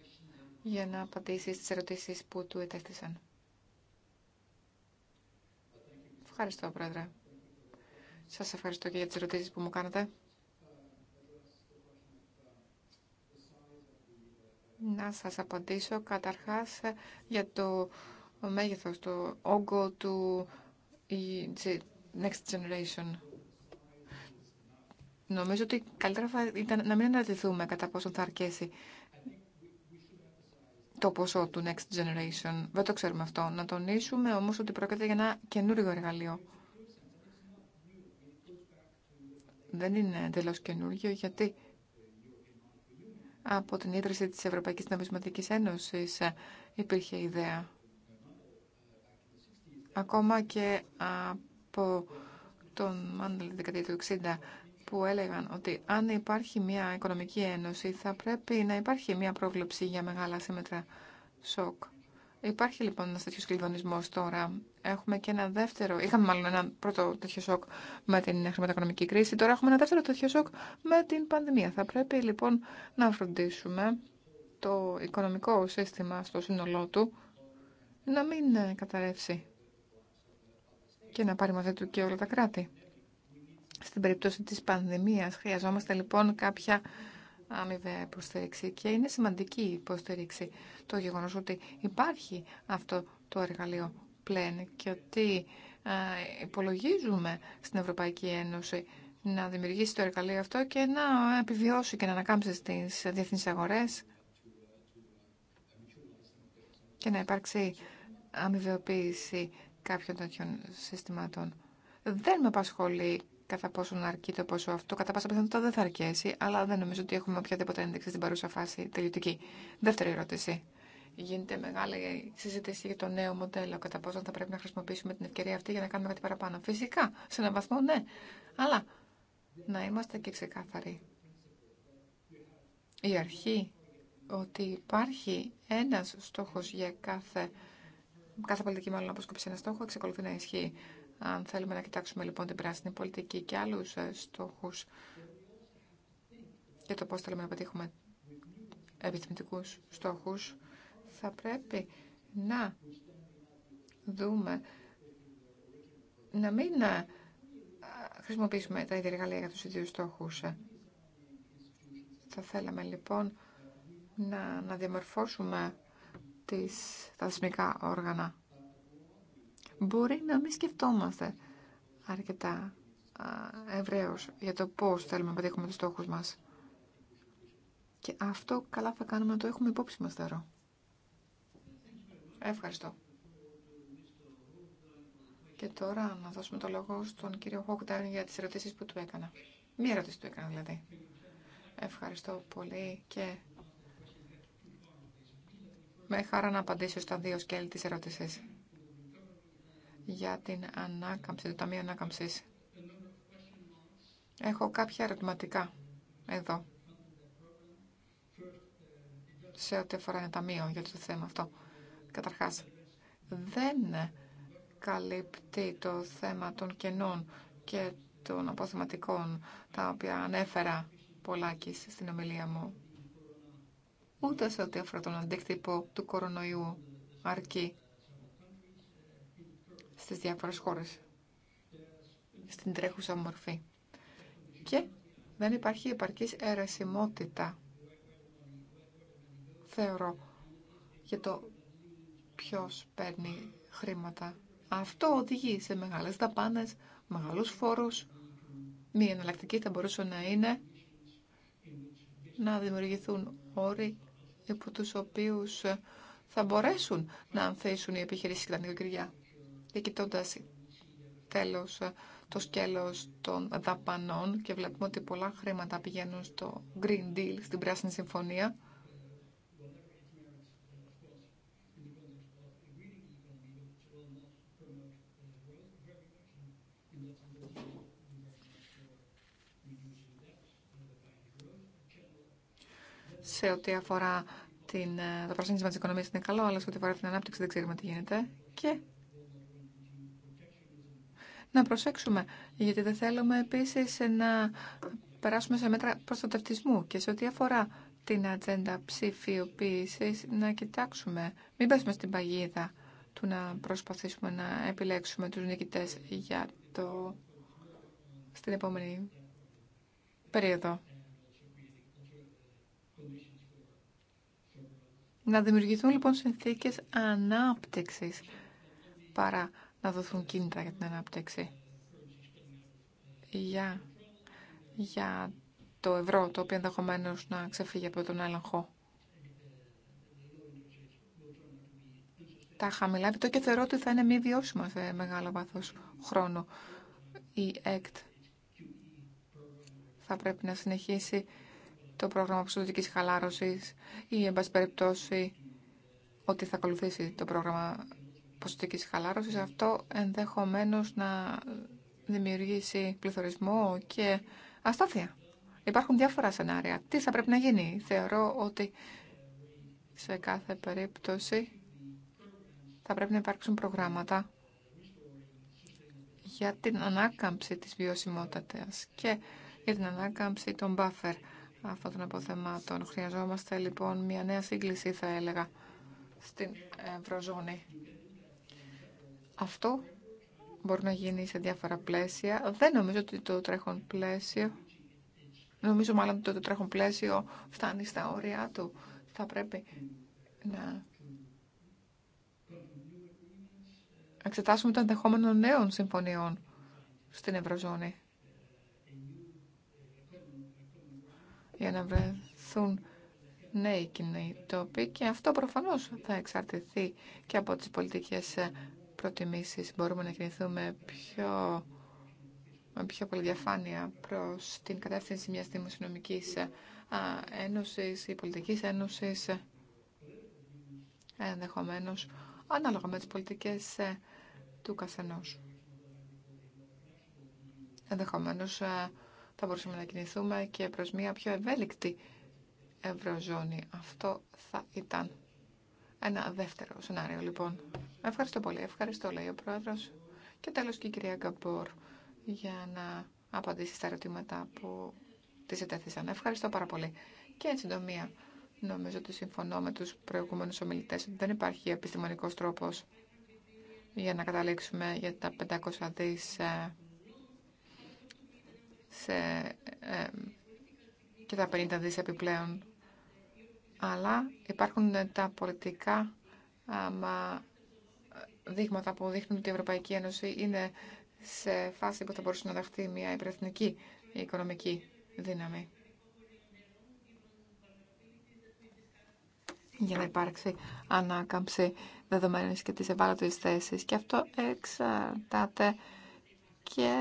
για να απαντήσει στις ερωτήσεις που του ετέθησαν. Ευχαριστώ, Πρόεδρε. Σας ευχαριστώ και για τις ερωτήσεις που μου κάνατε. Να σας απαντήσω καταρχάς για το μέγεθος, το όγκο του Next Generation. Νομίζω ότι καλύτερα θα ήταν να μην αναρωτηθούμε κατά πόσο θα αρκέσει το ποσό του Next Generation. Δεν το ξέρουμε αυτό. Να τονίσουμε όμως ότι πρόκειται για ένα καινούργιο εργαλείο. Δεν είναι εντελώ καινούργιο γιατί από την ίδρυση της Ευρωπαϊκής Νομισματικής Ένωσης υπήρχε ιδέα. Ακόμα και από τον Μάντελ δεκαετία του που έλεγαν ότι αν υπάρχει μια οικονομική ένωση θα πρέπει να υπάρχει μια πρόβλεψη για μεγάλα σύμμετρα σοκ. Υπάρχει λοιπόν ένα τέτοιο κλειδονισμό τώρα. Έχουμε και ένα δεύτερο. Είχαμε μάλλον ένα πρώτο τέτοιο σοκ με την χρηματοοικονομική κρίση. Τώρα έχουμε ένα δεύτερο τέτοιο σοκ με την πανδημία. Θα πρέπει λοιπόν να φροντίσουμε το οικονομικό σύστημα στο σύνολό του να μην καταρρεύσει και να πάρει μαζί του και όλα τα κράτη. Στην περίπτωση της πανδημίας χρειαζόμαστε λοιπόν κάποια αμοιβαία υποστήριξη και είναι σημαντική η υποστήριξη το γεγονός ότι υπάρχει αυτό το εργαλείο πλέον και ότι υπολογίζουμε στην Ευρωπαϊκή Ένωση να δημιουργήσει το εργαλείο αυτό και να επιβιώσει και να ανακάμψει στις διεθνείς αγορές και να υπάρξει αμοιβαιοποίηση κάποιων τέτοιων συστημάτων. Δεν με απασχολεί κατά πόσο να αρκεί το ποσό αυτό. Κατά πάσα πιθανότητα δεν θα αρκέσει, αλλά δεν νομίζω ότι έχουμε οποιαδήποτε ένδειξη στην παρούσα φάση τελειωτική. Δεύτερη ερώτηση. Γίνεται μεγάλη συζήτηση για το νέο μοντέλο. Κατά πόσο θα πρέπει να χρησιμοποιήσουμε την ευκαιρία αυτή για να κάνουμε κάτι παραπάνω. Φυσικά, σε έναν βαθμό ναι. Αλλά να είμαστε και ξεκάθαροι. Η αρχή ότι υπάρχει ένας στόχος για κάθε, κάθε πολιτική μάλλον όπως ένα στόχο εξακολουθεί να ισχύει. Αν θέλουμε να κοιτάξουμε λοιπόν την πράσινη πολιτική και άλλους ε, στόχους και το πώς θέλουμε να πετύχουμε επιθυμητικούς στόχους, θα πρέπει να δούμε, να μην ε, χρησιμοποιήσουμε τα ίδια εργαλεία για τους ίδιους στόχους. Θα θέλαμε λοιπόν να, να διαμορφώσουμε τις, τα θεσμικά όργανα μπορεί να μην σκεφτόμαστε αρκετά ευρέως για το πώς θέλουμε να πετύχουμε τους στόχους μας. Και αυτό καλά θα κάνουμε να το έχουμε υπόψη μας, θεωρώ. Ευχαριστώ. Και τώρα να δώσουμε το λόγο στον κύριο Χόκταν για τις ερωτήσεις που του έκανα. Μία ερώτηση του έκανα δηλαδή. Ευχαριστώ πολύ και με χαρά να απαντήσω στα δύο σκέλη της ερώτησης για την ανάκαμψη, το Ταμείο Ανάκαμψης. Έχω κάποια ερωτηματικά εδώ σε ό,τι αφορά ένα ταμείο για το θέμα αυτό. Καταρχάς, δεν καλύπτει το θέμα των κενών και των αποθεματικών τα οποία ανέφερα και στην ομιλία μου. Ούτε σε ό,τι αφορά τον αντίκτυπο του κορονοϊού αρκεί στις διάφορες χώρες, στην τρέχουσα μορφή. Και δεν υπάρχει επαρκής αιρεσιμότητα, θεωρώ, για το ποιος παίρνει χρήματα. Αυτό οδηγεί σε μεγάλες δαπάνες, μεγάλους φόρους. Μία εναλλακτική θα μπορούσε να είναι να δημιουργηθούν όροι υπό τους οποίους θα μπορέσουν να ανθίσουν οι επιχειρήσεις και τα νοικοκυριά και κοιτώντας τέλος ε, το σκέλος των δαπανών και βλέπουμε ότι πολλά χρήματα πηγαίνουν στο Green Deal, στην Πράσινη Συμφωνία. Σε ό,τι αφορά την, ε, το προσέγγισμα της οικονομίας είναι καλό, αλλά σε ό,τι αφορά την ανάπτυξη δεν ξέρουμε τι γίνεται. Και να προσέξουμε, γιατί δεν θέλουμε επίσης να περάσουμε σε μέτρα προστατευτισμού και σε ό,τι αφορά την ατζέντα ψηφιοποίησης να κοιτάξουμε, μην πέσουμε στην παγίδα του να προσπαθήσουμε να επιλέξουμε τους νικητές για το... στην επόμενη περίοδο. Να δημιουργηθούν λοιπόν συνθήκες ανάπτυξης παρά να δοθούν κίνητρα για την ανάπτυξη. Για, για το ευρώ, το οποίο ενδεχομένω να ξεφύγει από τον έλεγχο. Τα χαμηλά και θεωρώ ότι θα είναι μη βιώσιμα σε μεγάλο βάθο χρόνο. Η ΕΚΤ θα πρέπει να συνεχίσει το πρόγραμμα πιστοτικής χαλάρωσης ή, εν πάση περιπτώσει, ότι θα ακολουθήσει το πρόγραμμα ποσοτικής χαλάρωσης, αυτό ενδεχομένως να δημιουργήσει πληθωρισμό και αστάθεια. Υπάρχουν διάφορα σενάρια. Τι θα πρέπει να γίνει. Θεωρώ ότι σε κάθε περίπτωση θα πρέπει να υπάρξουν προγράμματα για την ανάκαμψη της βιωσιμότητας και για την ανάκαμψη των buffer αυτών των αποθεμάτων. Χρειαζόμαστε λοιπόν μια νέα σύγκληση θα έλεγα στην Ευρωζώνη αυτό μπορεί να γίνει σε διάφορα πλαίσια. Δεν νομίζω ότι το τρέχον πλαίσιο, νομίζω μάλλον ότι το τρέχον πλαίσιο φτάνει στα όρια του. Θα πρέπει να εξετάσουμε το ενδεχόμενο νέων συμφωνιών στην Ευρωζώνη. Για να βρεθούν νέοι κοινοί τόποι και αυτό προφανώς θα εξαρτηθεί και από τις πολιτικές προτιμήσεις. Μπορούμε να κινηθούμε πιο, με πιο πολύ διαφάνεια προς την κατεύθυνση μιας δημοσιονομικής ε, ένωσης ή πολιτικής ένωσης, ε, ενδεχομένω ανάλογα με τις πολιτικές ε, του καθενός. Ενδεχομένω θα μπορούσαμε να κινηθούμε και προς μια πιο ευέλικτη ευρωζώνη. Αυτό θα ήταν ένα δεύτερο σενάριο λοιπόν. Ευχαριστώ πολύ. Ευχαριστώ, λέει ο πρόεδρο Και τέλος και η κυρία Γκαμπόρ για να απαντήσει στα ερωτήματα που τη ετέθησαν. Ευχαριστώ πάρα πολύ. Και εν συντομία, νομίζω ότι συμφωνώ με τους προηγούμενους ομιλητέ ότι δεν υπάρχει επιστημονικός τρόπος για να καταλήξουμε για τα 500 δι ε, σε, ε, και τα 50 δις επιπλέον. Αλλά υπάρχουν τα πολιτικά αμα, δείγματα που δείχνουν ότι η Ευρωπαϊκή Ένωση είναι σε φάση που θα μπορούσε να δεχτεί μια υπερεθνική οικονομική δύναμη. για να υπάρξει ανάκαμψη δεδομένης και της ευάλωτης θέσης. Και αυτό εξαρτάται και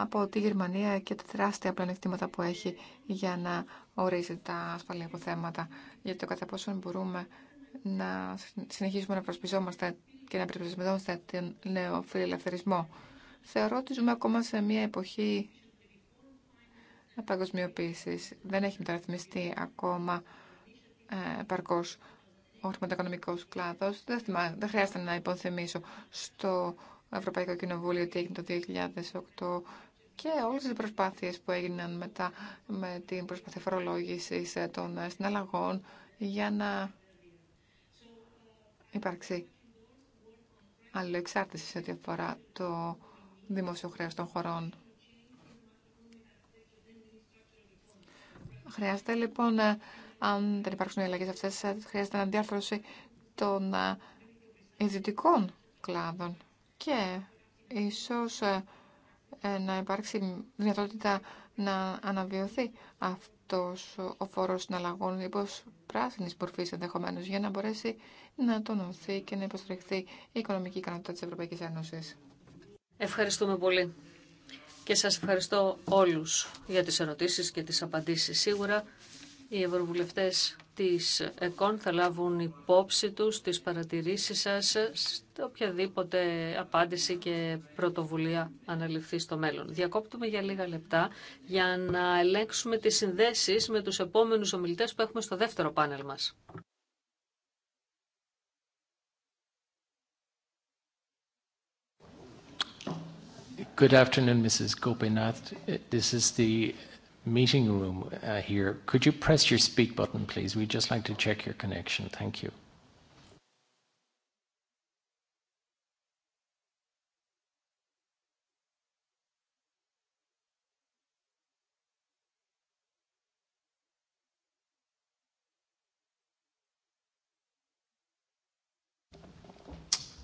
από τη Γερμανία και τα τεράστια πλανεκτήματα που έχει για να ορίσει τα ασφαλή αποθέματα, Γιατί το κατά πόσο μπορούμε να συνεχίσουμε να προσπιζόμαστε και να προσπιζόμαστε τον νέο φιλελευθερισμό. Θεωρώ ότι ζούμε ακόμα σε μια εποχή παγκοσμιοποίηση. Δεν έχει μεταρρυθμιστεί ακόμα ε, παρκώς ο χρηματοοικονομικός κλάδος. Δεν, χρειάζεται να υποθυμίσω στο Ευρωπαϊκό Κοινοβούλιο τι έγινε το 2008 και όλες οι προσπάθειες που έγιναν μετά με την προσπάθεια φορολόγησης ε, των συναλλαγών για να υπάρξει αλληλοεξάρτηση σε ό,τι αφορά το δημόσιο χρέο των χωρών. Χρειάζεται λοιπόν, ε, αν δεν υπάρξουν οι αλλαγές αυτές, ε, χρειάζεται αντιάρθρωση των ε, ιδιωτικών κλάδων και ίσως να υπάρξει δυνατότητα να αναβιωθεί αυτό τόσο ο να συναλλαγών υπός πράσινης μορφή ενδεχομένω για να μπορέσει να τονωθεί και να υποστηριχθεί η οικονομική ικανότητα τη Ευρωπαϊκή Ένωση. Ευχαριστούμε πολύ. Και σας ευχαριστώ όλους για τις ερωτήσεις και τις απαντήσεις. Σίγουρα οι ευρωβουλευτές της ΕΚΟΝ θα λάβουν υπόψη τους τις παρατηρήσεις σας σε οποιαδήποτε απάντηση και πρωτοβουλία αναλυφθεί στο μέλλον. Διακόπτουμε για λίγα λεπτά για να ελέγξουμε τις συνδέσεις με τους επόμενους ομιλητές που έχουμε στο δεύτερο πάνελ μας. Good afternoon, Mrs. This is meeting room here. Could you press your speak button, please? We'd just like to check your connection. Thank you.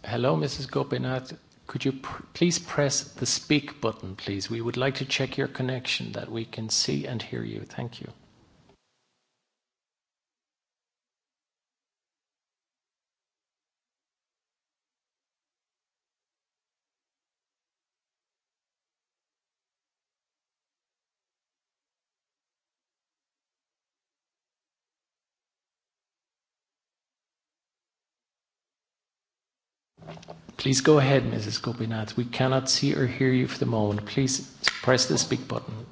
Hello, Mrs. Gopinath. Could you please press the speak button, please? We would like to check your connection that we can see and hear you. Thank you. Please go ahead, Mrs. Gopinath. We cannot see or hear you for the moment. Please press the speak button.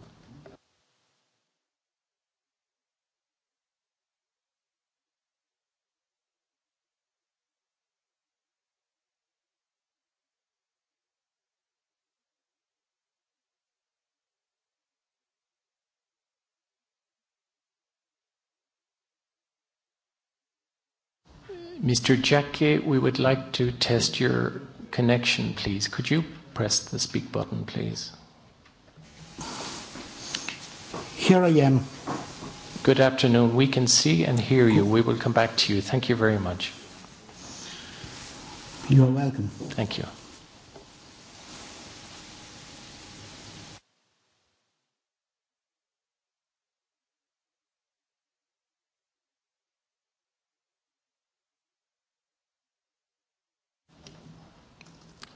Mr. Jackie, we would like to test your connection, please. Could you press the speak button, please? Here I am. Good afternoon. We can see and hear you. We will come back to you. Thank you very much. You are welcome. Thank you.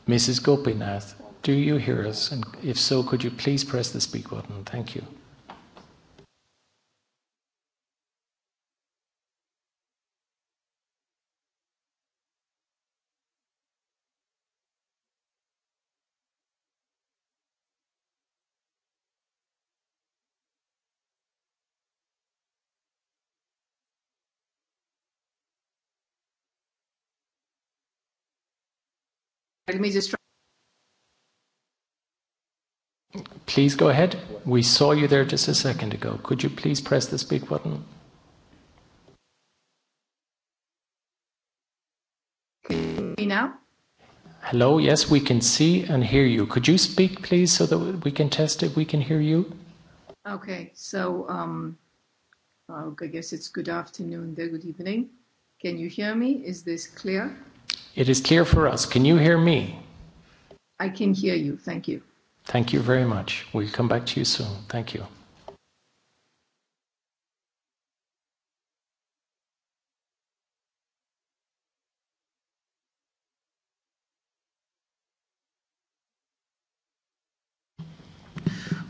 Mrs. Gopinath, do you hear us? And if so, could you please press the speak button? Thank you. Let me just. Please go ahead. We saw you there just a second ago. Could you please press the speak button? Can you now? Hello. Yes, we can see and hear you. Could you speak, please, so that we can test if we can hear you? Okay. So um, I guess it's good afternoon good evening. Can you hear me? Is this clear? It is clear for us. Can you hear me? I can hear you. Thank you. Thank you very much. We'll come back to you soon. Thank you.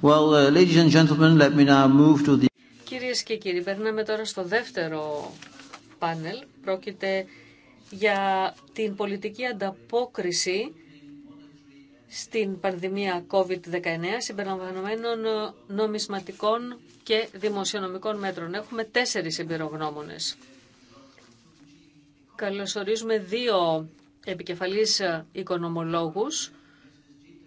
Well, ladies and gentlemen, let me now move to the... Κυρίες και κύριοι, περνάμε τώρα στο δεύτερο πάνελ. Πρόκειται για την πολιτική ανταπόκριση στην πανδημία COVID-19 συμπεριλαμβανομένων νομισματικών και δημοσιονομικών μέτρων. Έχουμε τέσσερις εμπειρογνώμονες. Καλωσορίζουμε δύο επικεφαλής οικονομολόγους.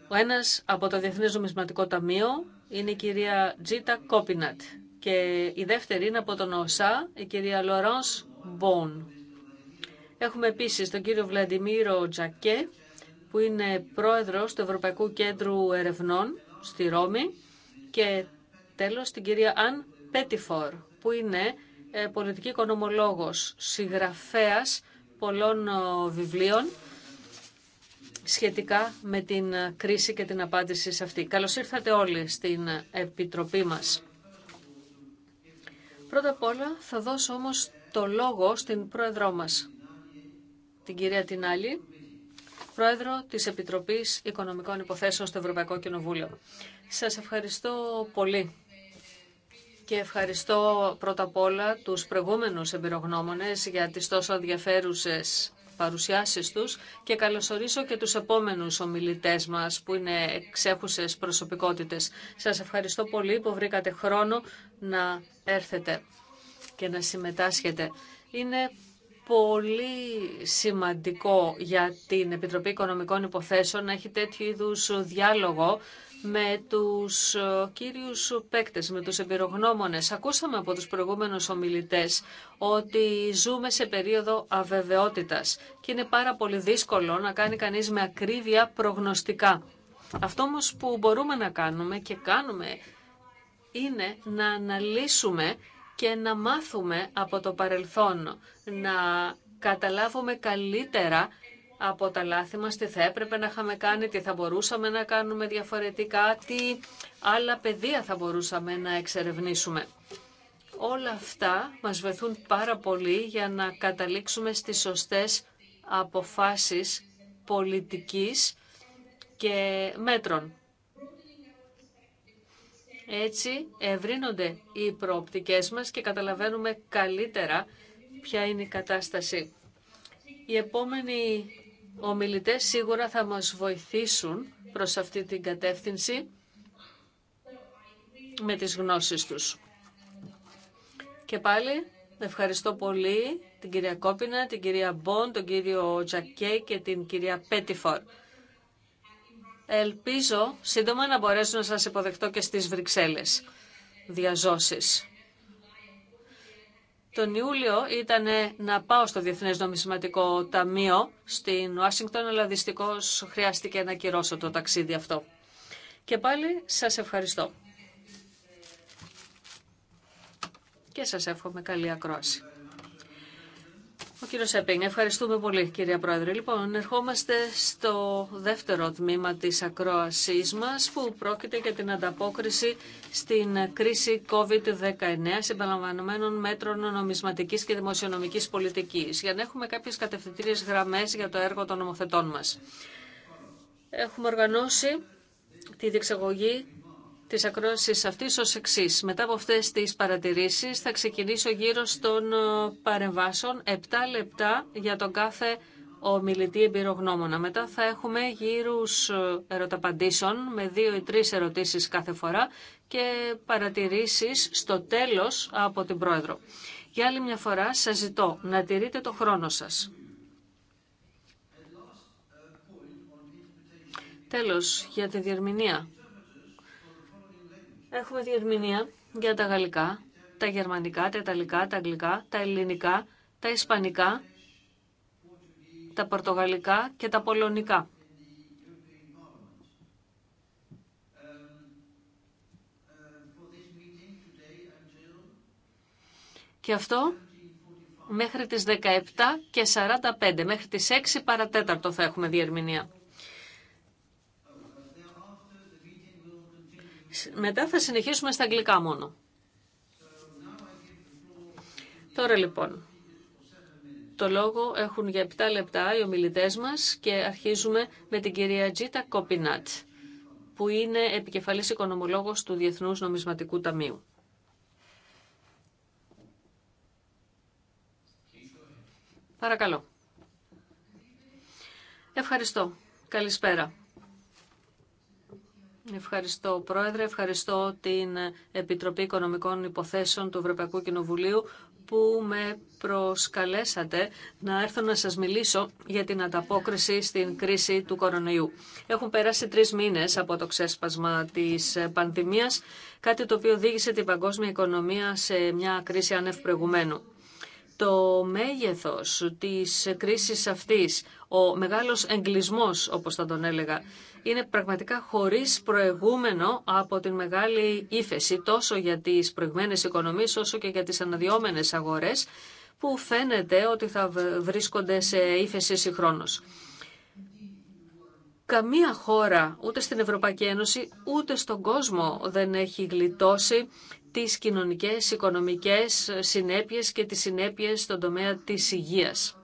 Ο ένας από το Διεθνές Νομισματικό Ταμείο είναι η κυρία Τζίτα Κόπινατ και η δεύτερη είναι από τον ΟΣΑ, η κυρία Λοράνς Μπον. Έχουμε επίσης τον κύριο Βλαντιμίρο Τζακέ, που είναι πρόεδρος του Ευρωπαϊκού Κέντρου Ερευνών στη Ρώμη και τέλος την κυρία Αν Πέτιφορ, που είναι ε, πολιτική οικονομολόγος, συγγραφέας πολλών ε, βιβλίων σχετικά με την ε, κρίση και την απάντηση σε αυτή. Καλώς ήρθατε όλοι στην Επιτροπή μας. Πρώτα απ' όλα θα δώσω όμως το λόγο στην Πρόεδρό μας, την κυρία Τινάλη, πρόεδρο της Επιτροπής Οικονομικών Υποθέσεων στο Ευρωπαϊκό Κοινοβούλιο. Σας ευχαριστώ πολύ και ευχαριστώ πρώτα απ' όλα τους προηγούμενους εμπειρογνώμονες για τις τόσο ενδιαφέρουσες παρουσιάσεις τους και καλωσορίσω και τους επόμενους ομιλητές μας που είναι εξέχουσες προσωπικότητες. Σας ευχαριστώ πολύ που βρήκατε χρόνο να έρθετε και να συμμετάσχετε. Είναι πολύ σημαντικό για την Επιτροπή Οικονομικών Υποθέσεων να έχει τέτοιου είδους διάλογο με τους ε, κύριους παίκτες, με τους εμπειρογνώμονες. Ακούσαμε από τους προηγούμενους ομιλητές ότι ζούμε σε περίοδο αβεβαιότητας και είναι πάρα πολύ δύσκολο να κάνει κανείς με ακρίβεια προγνωστικά. Αυτό όμω που μπορούμε να κάνουμε και κάνουμε είναι να αναλύσουμε και να μάθουμε από το παρελθόν, να καταλάβουμε καλύτερα από τα λάθη μας τι θα έπρεπε να είχαμε κάνει, τι θα μπορούσαμε να κάνουμε διαφορετικά, τι άλλα πεδία θα μπορούσαμε να εξερευνήσουμε. Όλα αυτά μας βεθούν πάρα πολύ για να καταλήξουμε στις σωστές αποφάσεις πολιτικής και μέτρων. Έτσι ευρύνονται οι προοπτικές μας και καταλαβαίνουμε καλύτερα ποια είναι η κατάσταση. Οι επόμενοι ομιλητές σίγουρα θα μας βοηθήσουν προς αυτή την κατεύθυνση με τις γνώσεις τους. Και πάλι ευχαριστώ πολύ την κυρία Κόπινα, την κυρία Μπον, τον κύριο Τζακέ και την κυρία Πέτιφορ ελπίζω σύντομα να μπορέσω να σας υποδεχτώ και στις Βρυξέλλες διαζώσεις. Τον Ιούλιο ήταν να πάω στο Διεθνές Νομισματικό Ταμείο στην Ουάσιγκτον, αλλά δυστυχώ χρειάστηκε να κυρώσω το ταξίδι αυτό. Και πάλι σας ευχαριστώ. Και σας εύχομαι καλή ακρόαση. Ο κύριος Σέπινγκ, ευχαριστούμε πολύ κυρία Πρόεδρε. Λοιπόν, ερχόμαστε στο δεύτερο τμήμα της ακρόασής μας που πρόκειται για την ανταπόκριση στην κρίση COVID-19 συμπεριλαμβανομένων μέτρων νομισματικής και δημοσιονομικής πολιτικής για να έχουμε κάποιες κατευθυντήριες γραμμές για το έργο των νομοθετών μας. Έχουμε οργανώσει τη διεξαγωγή της ακρόασης αυτή ως εξή. Μετά από αυτές τις παρατηρήσεις θα ξεκινήσω γύρω των ε, παρεμβάσεων 7 λεπτά για τον κάθε ομιλητή εμπειρογνώμονα. Μετά θα έχουμε γύρους ε, ερωταπαντήσεων με δύο ή τρεις ερωτήσεις κάθε φορά και παρατηρήσεις στο τέλος από την Πρόεδρο. Για άλλη μια φορά σας ζητώ να τηρείτε το χρόνο σας. Τέλος, για τη διερμηνία. Έχουμε διερμηνία για τα γαλλικά, τα γερμανικά, τα ιταλικά, τα αγγλικά, τα ελληνικά, τα ισπανικά, τα πορτογαλικά και τα πολωνικά. Και αυτό μέχρι τις 17 και 45, μέχρι τις 6 παρατέταρτο θα έχουμε διερμηνία. Μετά θα συνεχίσουμε στα αγγλικά μόνο. Τώρα λοιπόν, το λόγο έχουν για 7 λεπτά οι ομιλητές μας και αρχίζουμε με την κυρία Τζίτα Κοπινάτ, που είναι επικεφαλής οικονομολόγος του Διεθνούς Νομισματικού Ταμείου. Παρακαλώ. Ευχαριστώ. Καλησπέρα. Ευχαριστώ Πρόεδρε, ευχαριστώ την Επιτροπή Οικονομικών Υποθέσεων του Ευρωπαϊκού Κοινοβουλίου που με προσκαλέσατε να έρθω να σας μιλήσω για την ανταπόκριση στην κρίση του κορονοϊού. Έχουν περάσει τρεις μήνες από το ξέσπασμα της πανδημίας, κάτι το οποίο οδήγησε την παγκόσμια οικονομία σε μια κρίση ανευπροηγουμένου το μέγεθος της κρίσης αυτής, ο μεγάλος εγκλισμός όπως θα τον έλεγα, είναι πραγματικά χωρίς προηγούμενο από την μεγάλη ύφεση τόσο για τις προηγμένες οικονομίες όσο και για τις αναδιόμενες αγορές που φαίνεται ότι θα βρίσκονται σε ύφεση συγχρόνως. Καμία χώρα, ούτε στην Ευρωπαϊκή Ένωση, ούτε στον κόσμο δεν έχει γλιτώσει τις κοινωνικές, οικονομικές συνέπειες και τις συνέπειες στον τομέα της υγείας.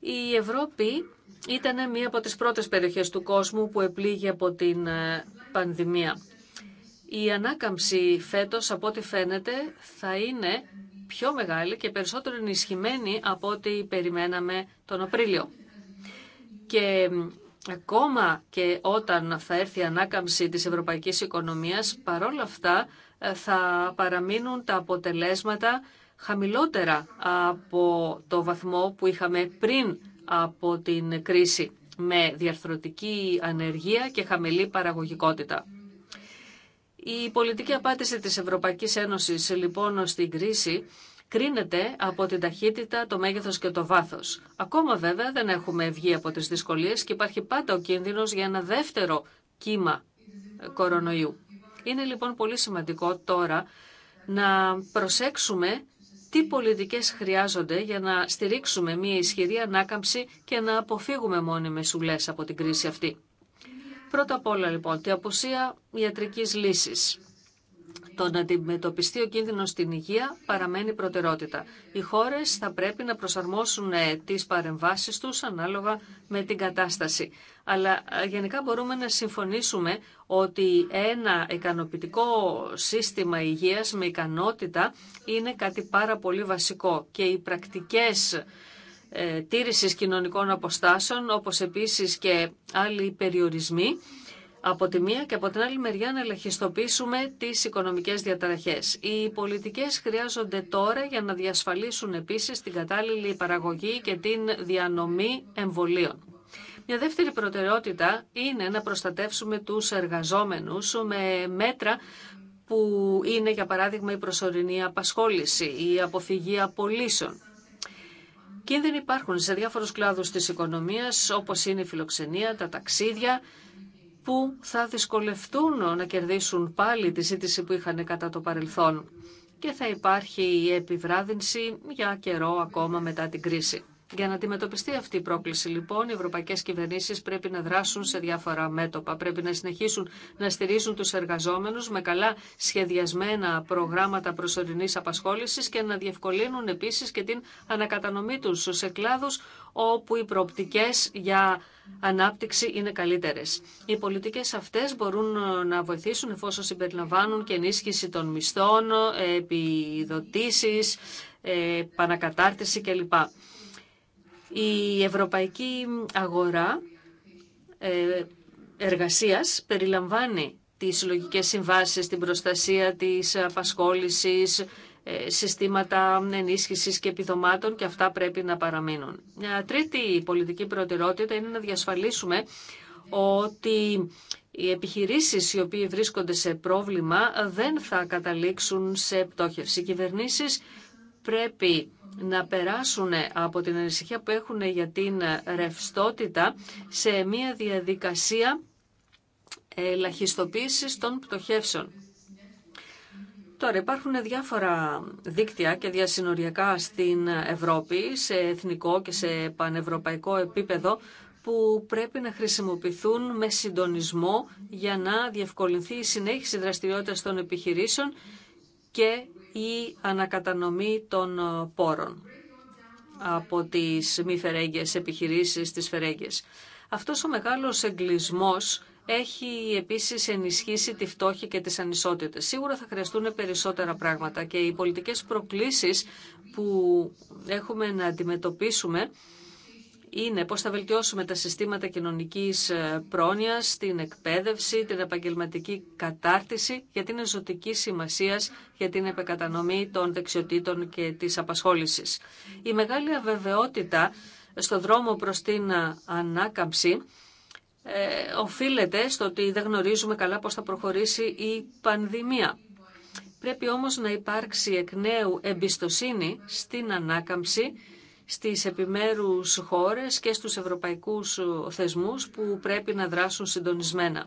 Η Ευρώπη ήταν μία από τις πρώτες περιοχές του κόσμου που επλήγει από την ε, πανδημία. Η ανάκαμψη φέτος, από ό,τι φαίνεται, θα είναι πιο μεγάλη και περισσότερο ενισχυμένη από ό,τι περιμέναμε τον Απρίλιο. Και ακόμα και όταν θα έρθει η ανάκαμψη της ευρωπαϊκής οικονομίας, παρόλα αυτά ε, θα παραμείνουν τα αποτελέσματα χαμηλότερα από το βαθμό που είχαμε πριν από την κρίση με διαρθρωτική ανεργία και χαμηλή παραγωγικότητα. Η πολιτική απάντηση της Ευρωπαϊκής Ένωσης λοιπόν στην κρίση κρίνεται από την ταχύτητα, το μέγεθος και το βάθος. Ακόμα βέβαια δεν έχουμε βγει από τις δυσκολίε και υπάρχει πάντα ο κίνδυνος για ένα δεύτερο κύμα ε, κορονοϊού. Είναι λοιπόν πολύ σημαντικό τώρα να προσέξουμε τι πολιτικές χρειάζονται για να στηρίξουμε μια ισχυρή ανάκαμψη και να αποφύγουμε μόνιμες σουλές από την κρίση αυτή. Πρώτα απ' όλα λοιπόν, τη απουσία ιατρικής λύσης το να αντιμετωπιστεί ο κίνδυνος στην υγεία παραμένει προτερότητα. Οι χώρες θα πρέπει να προσαρμόσουν ε, τις παρεμβάσεις τους ανάλογα με την κατάσταση. Αλλά ε, γενικά μπορούμε να συμφωνήσουμε ότι ένα ικανοποιητικό σύστημα υγείας με ικανότητα είναι κάτι πάρα πολύ βασικό και οι πρακτικές ε, τήρησης κοινωνικών αποστάσεων όπως επίσης και άλλοι περιορισμοί από τη μία και από την άλλη μεριά να ελαχιστοποιήσουμε τις οικονομικές διαταραχές. Οι πολιτικές χρειάζονται τώρα για να διασφαλίσουν επίσης την κατάλληλη παραγωγή και την διανομή εμβολίων. Μια δεύτερη προτεραιότητα είναι να προστατεύσουμε τους εργαζόμενους με μέτρα που είναι για παράδειγμα η προσωρινή απασχόληση, η αποφυγή απολύσεων. Κίνδυνοι υπάρχουν σε διάφορους κλάδους της οικονομίας όπως είναι η φιλοξενία, τα ταξίδια που θα δυσκολευτούν να κερδίσουν πάλι τη ζήτηση που είχαν κατά το παρελθόν και θα υπάρχει η επιβράδυνση για καιρό ακόμα μετά την κρίση. Για να αντιμετωπιστεί αυτή η πρόκληση, λοιπόν, οι ευρωπαϊκές κυβερνήσεις πρέπει να δράσουν σε διάφορα μέτωπα. Πρέπει να συνεχίσουν να στηρίζουν τους εργαζόμενους με καλά σχεδιασμένα προγράμματα προσωρινής απασχόλησης και να διευκολύνουν επίσης και την ανακατανομή τους σε κλάδους όπου οι προοπτικές για ανάπτυξη είναι καλύτερε. Οι πολιτικέ αυτέ μπορούν να βοηθήσουν εφόσον συμπεριλαμβάνουν και ενίσχυση των μισθών, επιδοτήσει, επανακατάρτιση κλπ. Η ευρωπαϊκή αγορά ε, εργασίας περιλαμβάνει τις συλλογικέ συμβάσεις, την προστασία της απασχόλησης, ε, συστήματα ενίσχυσης και επιδομάτων και αυτά πρέπει να παραμείνουν. Μια τρίτη πολιτική προτεραιότητα είναι να διασφαλίσουμε ότι οι επιχειρήσεις οι οποίοι βρίσκονται σε πρόβλημα δεν θα καταλήξουν σε πτώχευση. Οι κυβερνήσεις πρέπει να περάσουν από την ανησυχία που έχουν για την ρευστότητα σε μια διαδικασία ελαχιστοποίησης των πτωχεύσεων. Τώρα υπάρχουν διάφορα δίκτυα και διασυνοριακά στην Ευρώπη, σε εθνικό και σε πανευρωπαϊκό επίπεδο, που πρέπει να χρησιμοποιηθούν με συντονισμό για να διευκολυνθεί η συνέχιση δραστηριότητας των επιχειρήσεων και η ανακατανομή των ε, πόρων από τις μη φερέγγες επιχειρήσεις της φερέγγες. Αυτός ο μεγάλος εγκλισμός έχει επίσης ενισχύσει τη φτώχεια και τις ανισότητες. Σίγουρα θα χρειαστούν περισσότερα πράγματα και οι πολιτικές προκλήσεις που έχουμε να αντιμετωπίσουμε είναι πώς θα βελτιώσουμε τα συστήματα κοινωνικής ε, πρόνοιας, την εκπαίδευση, την επαγγελματική κατάρτιση, για την ζωτική σημασία για την επεκατανομή των δεξιοτήτων και της απασχόλησης. Η μεγάλη αβεβαιότητα στο δρόμο προς την ε, ανάκαμψη ε, οφείλεται στο ότι δεν γνωρίζουμε καλά πώς θα προχωρήσει η πανδημία. Πρέπει όμως να υπάρξει εκ νέου εμπιστοσύνη στην ανάκαμψη στις επιμέρους χώρες και στους ευρωπαϊκούς θεσμούς που πρέπει να δράσουν συντονισμένα.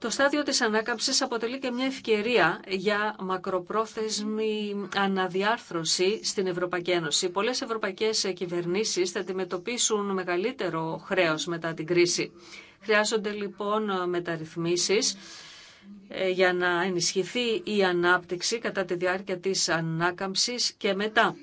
Το στάδιο της ανάκαμψης αποτελεί και μια ευκαιρία για μακροπρόθεσμη αναδιάρθρωση στην Ευρωπαϊκή Ένωση. Πολλές ευρωπαϊκές κυβερνήσεις θα αντιμετωπίσουν μεγαλύτερο χρέος μετά την κρίση. Χρειάζονται λοιπόν μεταρρυθμίσεις ε, για να ενισχυθεί η ανάπτυξη κατά τη διάρκεια της ανάκαμψης και μετά.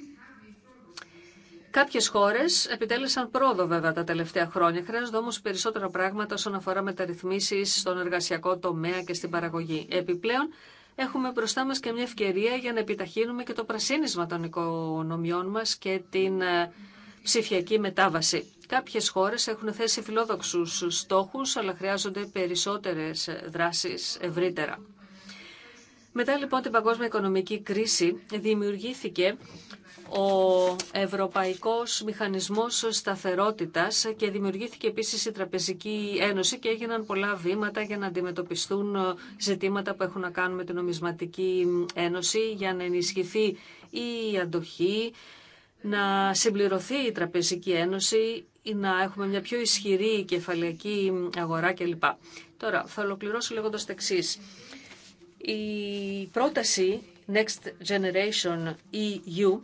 Κάποιε χώρε επιτέλεσαν πρόοδο βέβαια τα τελευταία χρόνια. Χρειάζονται όμω περισσότερα πράγματα όσον αφορά μεταρρυθμίσει στον εργασιακό τομέα και στην παραγωγή. Επιπλέον, έχουμε μπροστά μα και μια ευκαιρία για να επιταχύνουμε και το πρασίνισμα των οικονομιών μα και την ε, ψηφιακή μετάβαση. Κάποιε χώρε έχουν θέσει φιλόδοξου στόχου, αλλά χρειάζονται περισσότερε δράσει ευρύτερα. Μετά λοιπόν την παγκόσμια οικονομική κρίση δημιουργήθηκε ο Ευρωπαϊκός Μηχανισμός Σταθερότητας και δημιουργήθηκε επίσης η Τραπεζική Ένωση και έγιναν πολλά βήματα για να αντιμετωπιστούν ζητήματα που έχουν να κάνουν με την Νομισματική Ένωση για να ενισχυθεί η αντοχή, να συμπληρωθεί η Τραπεζική Ένωση ή να έχουμε μια πιο ισχυρή κεφαλαιακή αγορά κλπ. Τώρα θα ολοκληρώσω λέγοντας τα Η πρόταση Next Generation EU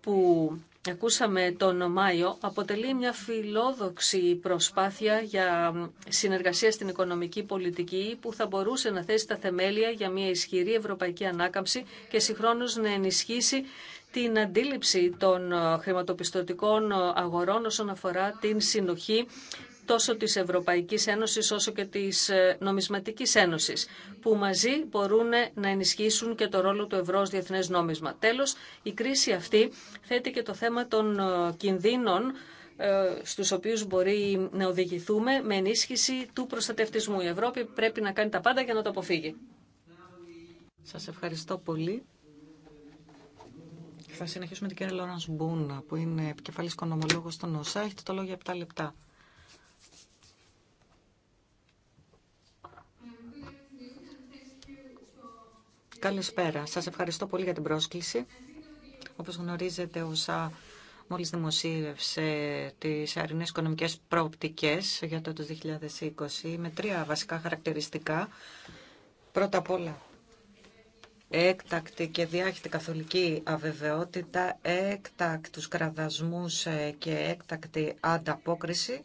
που ακούσαμε τον Μάιο αποτελεί μια φιλόδοξη προσπάθεια για συνεργασία στην οικονομική πολιτική που θα μπορούσε να θέσει τα θεμέλια για μια ισχυρή ευρωπαϊκή ανάκαμψη και συγχρόνως να ενισχύσει την αντίληψη των χρηματοπιστωτικών αγορών όσον αφορά την συνοχή τόσο της Ευρωπαϊκής Ένωσης όσο και της ε, Νομισματικής Ένωσης, που μαζί μπορούν ε, να ενισχύσουν και το ρόλο του ευρώ ως διεθνές νόμισμα. Τέλος, η κρίση αυτή θέτει και το θέμα των ε, κινδύνων στους οποίους μπορεί να οδηγηθούμε με ενίσχυση του προστατευτισμού. Η Ευρώπη πρέπει να κάνει τα πάντα για να το αποφύγει. Σας ευχαριστώ πολύ. Θα συνεχίσουμε την κυρία Λόρανς Μπούνα, που είναι επικεφαλής οικονομολόγος στον ΟΣΑ. Έχετε το λόγο για 7 λεπτά. Καλησπέρα. Σας ευχαριστώ πολύ για την πρόσκληση. Όπως γνωρίζετε, ΣΑ μόλις δημοσίευσε τις αρινές οικονομικές προοπτικές για το 2020 με τρία βασικά χαρακτηριστικά. Πρώτα απ' όλα, έκτακτη και διάχυτη καθολική αβεβαιότητα, έκτακτους κραδασμούς ε, και έκτακτη ανταπόκριση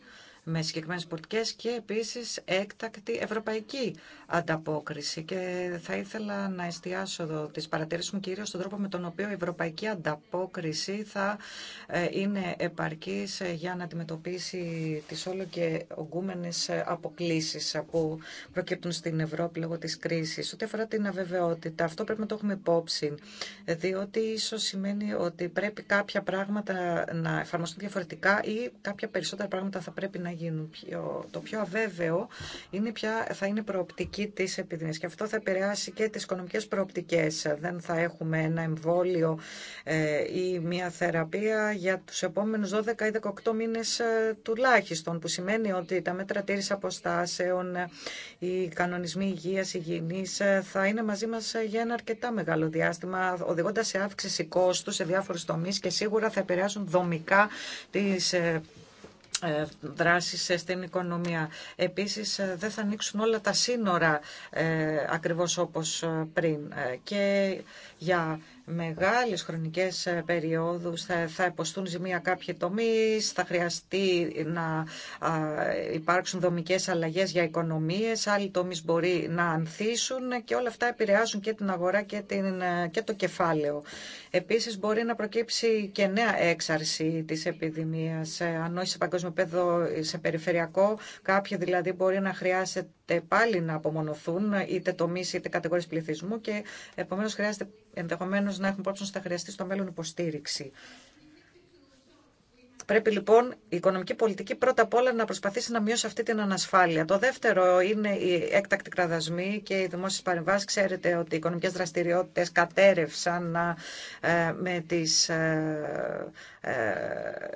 με συγκεκριμένε πολιτικέ και επίση έκτακτη ευρωπαϊκή ανταπόκριση. Και θα ήθελα να εστιάσω εδώ τι παρατηρήσει μου κυρίω στον τρόπο με τον οποίο η ευρωπαϊκή ανταπόκριση θα ε, είναι επαρκή ε, για να αντιμετωπίσει τι όλο και ογκούμενε ε, αποκλήσει που προκύπτουν στην Ευρώπη λόγω τη κρίση. Ό,τι αφορά την αβεβαιότητα, αυτό πρέπει να το έχουμε υπόψη, διότι ίσω σημαίνει ότι πρέπει κάποια πράγματα να εφαρμοστούν διαφορετικά ή κάποια περισσότερα πράγματα θα πρέπει να γίνουν πιο, το πιο αβέβαιο είναι πια, θα είναι η προοπτική της επιδημίας και αυτό θα επηρεάσει και τις οικονομικές προοπτικές. Δεν θα έχουμε ένα εμβόλιο ε, ή μια θεραπεία για τους επόμενους 12 ή 18 μήνες ε, τουλάχιστον που σημαίνει ότι τα μέτρα τήρηση αποστάσεων, ε, οι κανονισμοί υγείας, υγιεινής θα είναι μαζί μας για ένα αρκετά μεγάλο διάστημα οδηγώντας σε αύξηση κόστου σε διάφορες τομείς και σίγουρα θα επηρεάσουν δομικά τις ε, δράσεις στην οικονομία. Επίσης ε, δεν θα ανοίξουν όλα τα σύνορα ε, ακριβώς όπως πριν. Και για μεγάλες χρονικές ε, περιόδους θα, θα υποστούν ζημία κάποιοι τομείς, θα χρειαστεί να υπάρξουν δομικές αλλαγές για οικονομίες, άλλοι τομείς μπορεί να ανθίσουν και όλα αυτά επηρεάζουν και την αγορά και, την, ε, και το κεφάλαιο. Επίσης μπορεί να προκύψει και νέα έξαρση της επιδημίας, ε, αν όχι σε παγκόσμιο πέδο, σε περιφερειακό, κάποιοι δηλαδή μπορεί να χρειάζεται πάλι να απομονωθούν είτε τομείς είτε κατηγορίες πληθυσμού και επομένως χρειάζεται Ενδεχομένω να έχουν υπόψη ότι θα χρειαστεί στο μέλλον υποστήριξη. Πρέπει λοιπόν η οικονομική πολιτική πρώτα απ' όλα να προσπαθήσει να μειώσει αυτή την ανασφάλεια. Το δεύτερο είναι οι έκτακτοι κραδασμοί και οι δημόσιε παρεμβάσει. Ξέρετε ότι οι οικονομικέ δραστηριότητε κατέρευσαν ε, με τι ε,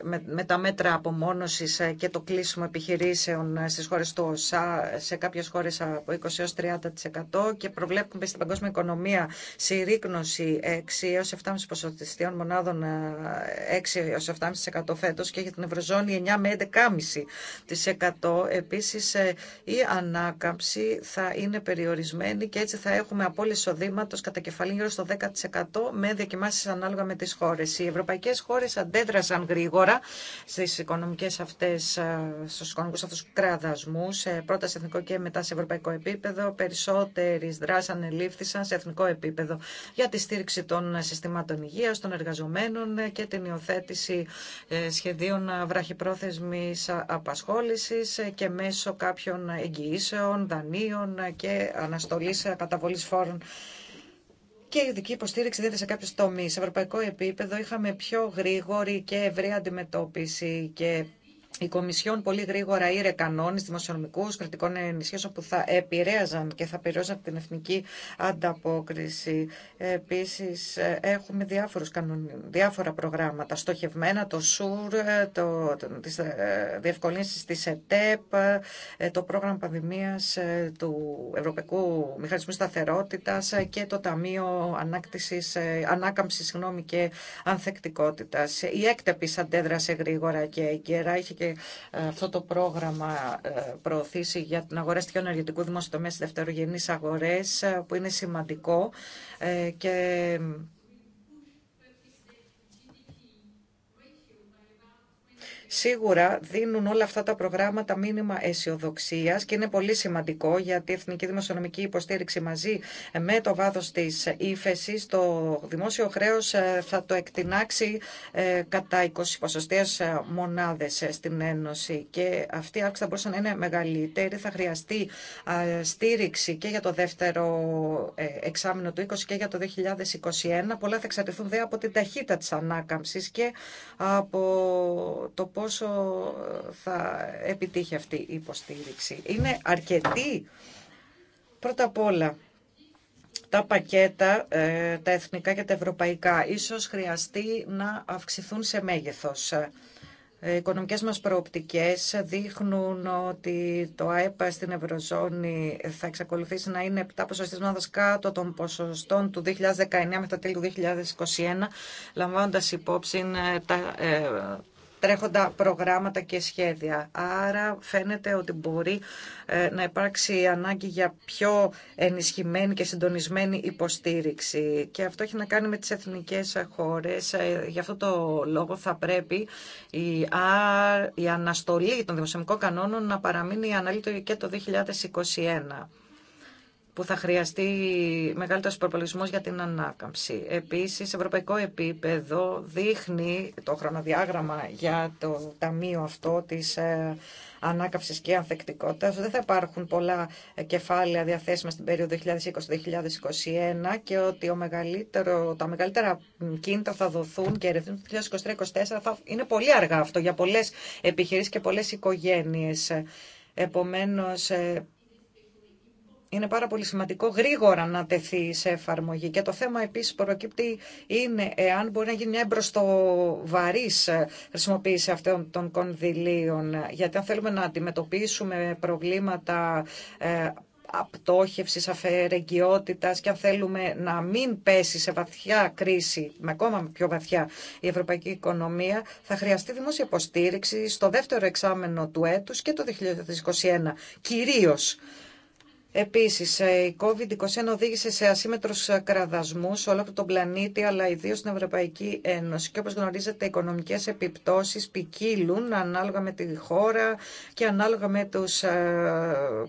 με, με τα μέτρα απομόνωσης ε, και το κλείσιμο επιχειρήσεων ε, στις χώρες του ΩΣΑ, σε κάποιες χώρες από 20 έως 30% και προβλέπουμε στην παγκόσμια οικονομία συρρήκνωση 6 έως 7,5 μονάδων 6 ε, 7,5% φέτος και για την Ευρωζώνη 9 με 11,5%. Επίσης η ανάκαμψη θα είναι περιορισμένη και έτσι θα έχουμε απόλυση οδήματος κατά κεφαλή γύρω στο 10% με διακοιμάσεις ανάλογα με τις χώρες. Οι ευρωπαϊκές χώρες αντέχουν αντέδρασαν γρήγορα στις οικονομικές αυτές, ε, στους οικονομικούς αυτούς κραδασμούς, πρώτα σε εθνικό και μετά σε ευρωπαϊκό επίπεδο. Περισσότερες δράσανε ανελήφθησαν σε εθνικό επίπεδο για τη στήριξη των συστημάτων υγείας, των εργαζομένων και την υιοθέτηση ε, σχεδίων βραχυπρόθεσμης απασχόλησης και μέσω κάποιων εγγυήσεων, δανείων και αναστολής ε, καταβολής φόρων και η ειδική υποστήριξη δίνεται σε κάποιου τομεί. Σε ευρωπαϊκό επίπεδο είχαμε πιο γρήγορη και ευρύ αντιμετώπιση και η Κομισιόν πολύ γρήγορα ήρε κανόνες δημοσιονομικού κρατικών ενισχύσεων που θα επηρέαζαν και θα περιόριζαν την εθνική ανταπόκριση. Επίση, έχουμε διάφορους διάφορα προγράμματα στοχευμένα, το ΣΟΥΡ, το, τις ε, διευκολύνσεις της ΕΤΕΠ, ε, το πρόγραμμα πανδημίας ε, του Ευρωπαϊκού Μηχανισμού Σταθερότητας και το Ταμείο Ανάκτησης, Ανάκαμψης και Ανθεκτικότητας. Η έκτεπη αντέδρασε γρήγορα και έγκαιρα, είχε και ε, αυτό το πρόγραμμα ε, προωθήσει για την αγορά στοιχείων ενεργητικού τομέα στι δευτερογενεί αγορέ, ε, που είναι σημαντικό και Σίγουρα δίνουν όλα αυτά τα προγράμματα μήνυμα αισιοδοξία και είναι πολύ σημαντικό γιατί η Εθνική Δημοσιονομική Υποστήριξη μαζί με το βάθο τη ύφεση το δημόσιο χρέο ε, θα το εκτινάξει ε, κατά 20 ποσοστέ ε, μονάδε στην Ένωση. Και αυτή η αύξηση θα μπορούσε να είναι μεγαλύτερη. Θα χρειαστεί στήριξη και για το δεύτερο εξάμεινο του 20 και για το 2021. Πολλά θα εξαρτηθούν δε από την ταχύτητα τη ανάκαμψη και από το πόσο ε, θα επιτύχει αυτή η υποστήριξη. Είναι αρκετή. Πρώτα απ' όλα, τα πακέτα, ε, τα εθνικά και τα ευρωπαϊκά, ίσως χρειαστεί να αυξηθούν σε μέγεθος. Ε, οι οικονομικές μας προοπτικές δείχνουν ότι το ΑΕΠ στην Ευρωζώνη θα εξακολουθήσει να είναι 7 κάτω των ποσοστών του 2019 με το τέλη του 2021, λαμβάνοντας υπόψη τα τρέχοντα προγράμματα και σχέδια. Άρα φαίνεται ότι μπορεί ε, να υπάρξει ανάγκη για πιο ενισχυμένη και συντονισμένη υποστήριξη. Και αυτό έχει να κάνει με τις εθνικές χώρες. Ε, γι' αυτό το λόγο θα πρέπει η, η αναστολή των δημοσιονομικών κανόνων να παραμείνει αναλύτω και το 2021 που θα χρειαστεί μεγαλύτερο προπολογισμό για την ανάκαμψη. Επίση, σε ευρωπαϊκό επίπεδο δείχνει το χρονοδιάγραμμα για το ταμείο αυτό τη ε, ανάκαμψη και ανθεκτικότητα. Δεν θα υπάρχουν πολλά ε, κεφάλαια διαθέσιμα στην περίοδο 2020-2021 και ότι ο μεγαλύτερο, τα μεγαλύτερα κίνητα θα δοθούν και ερευνούν το 2023-2024. Θα... Είναι πολύ αργά αυτό για πολλέ επιχειρήσει και πολλέ οικογένειε. Επομένως, ε, είναι πάρα πολύ σημαντικό γρήγορα να τεθεί σε εφαρμογή. Και το θέμα επίση που προκύπτει είναι εάν μπορεί να γίνει μια εμπροστοβαρή χρησιμοποίηση αυτών των κονδυλίων. Γιατί αν θέλουμε να αντιμετωπίσουμε προβλήματα ε, απτόχευσης, αφαιρεγγιότητας και αν θέλουμε να μην πέσει σε βαθιά κρίση, με ακόμα πιο βαθιά η ευρωπαϊκή οικονομία, θα χρειαστεί δημόσια υποστήριξη στο δεύτερο εξάμενο του έτους και το 2021 κυρίω. Επίσης, ε, η COVID-21 οδήγησε σε ασύμετρους κραδασμούς σε όλο τον πλανήτη, αλλά ιδίως στην Ευρωπαϊκή Ένωση. Και όπως γνωρίζετε, οι οικονομικές επιπτώσεις ποικίλουν ανάλογα με τη χώρα και ανάλογα με τους ε,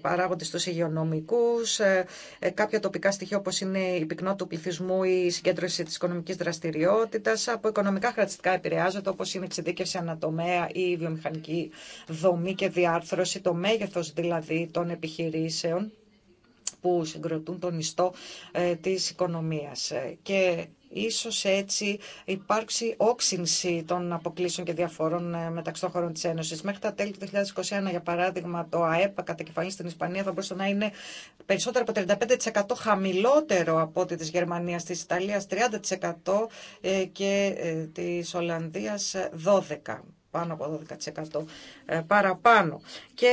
παράγοντες του υγειονομικούς, ε, κάποια τοπικά στοιχεία όπως είναι η πυκνότητα του πληθυσμού ή η συγκέντρωση της οικονομικής δραστηριότητας, από οικονομικά χαρακτηριστικά επηρεάζονται όπως είναι εξειδίκευση ανατομέα ή η βιομηχανική δομή και διάρθρωση, το μέγεθος δηλαδή των επιχειρήσεων που συγκροτούν τον ιστό ε, της οικονομίας. Ε, και ίσως έτσι υπάρξει όξυνση των αποκλήσεων και διαφορών ε, μεταξύ των χωρών της Ένωσης. Μέχρι τα τέλη του 2021, για παράδειγμα, το ΑΕΠ κατά κεφαλή στην Ισπανία θα μπορούσε να είναι περισσότερο από 35% χαμηλότερο από ό,τι της Γερμανίας, της Ιταλίας 30% και της Ολλανδίας 12% πάνω από 12% παραπάνω. Και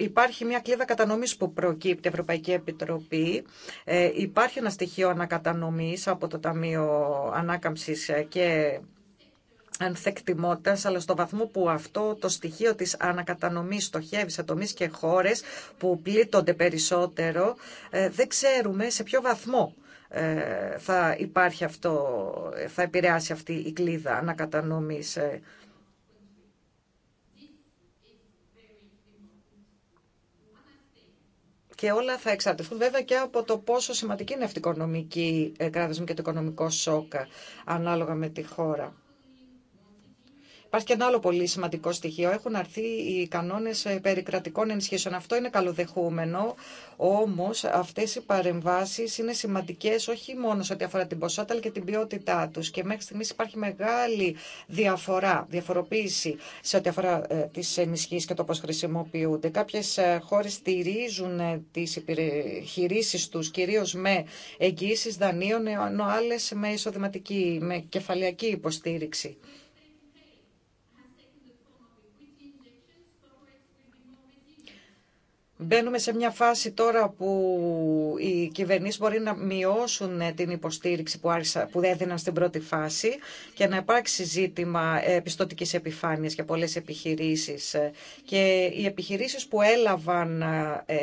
υπάρχει μια κλίδα κατανομής που προκύπτει η Ευρωπαϊκή Επιτροπή. Ε, υπάρχει ένα στοιχείο ανακατανομής από το Ταμείο Ανάκαμψης και ανθεκτιμότητας, αλλά στο βαθμό που αυτό το στοιχείο της ανακατανομής στοχεύει σε τομείς και χώρες που πλήττονται περισσότερο, ε, δεν ξέρουμε σε ποιο βαθμό ε, θα υπάρχει αυτό, ε, θα επηρεάσει αυτή η κλίδα ανακατανομής Και όλα θα εξαρτηθούν βέβαια και από το πόσο σημαντική είναι αυτή η οικονομική ε, κράτηση και το οικονομικό σόκα ανάλογα με τη χώρα. Υπάρχει και ένα άλλο πολύ σημαντικό στοιχείο. Έχουν αρθεί οι κανόνε ε, περί κρατικών ενισχύσεων. Αυτό είναι καλοδεχούμενο. Όμω αυτέ οι παρεμβάσει είναι σημαντικέ όχι μόνο σε ό,τι αφορά την ποσότητα αλλά και την ποιότητά του. Και μέχρι στιγμή υπάρχει μεγάλη διαφορά, διαφοροποίηση σε ό,τι αφορά ε, τι ενισχύσει και το πώ χρησιμοποιούνται. Κάποιε ε, χώρε στηρίζουν τι επιχειρήσει του κυρίω με εγγύσει δανείων, ενώ άλλε με εισοδηματική, με κεφαλιακή υποστήριξη. Μπαίνουμε σε μια φάση τώρα που οι κυβερνήσει μπορεί να μειώσουν ε, την υποστήριξη που, άρχισα, που έδιναν στην πρώτη φάση και να υπάρξει ζήτημα επιστοτική επιφάνειας για πολλές επιχειρήσεις. Ε, και οι επιχειρήσεις που έλαβαν ε,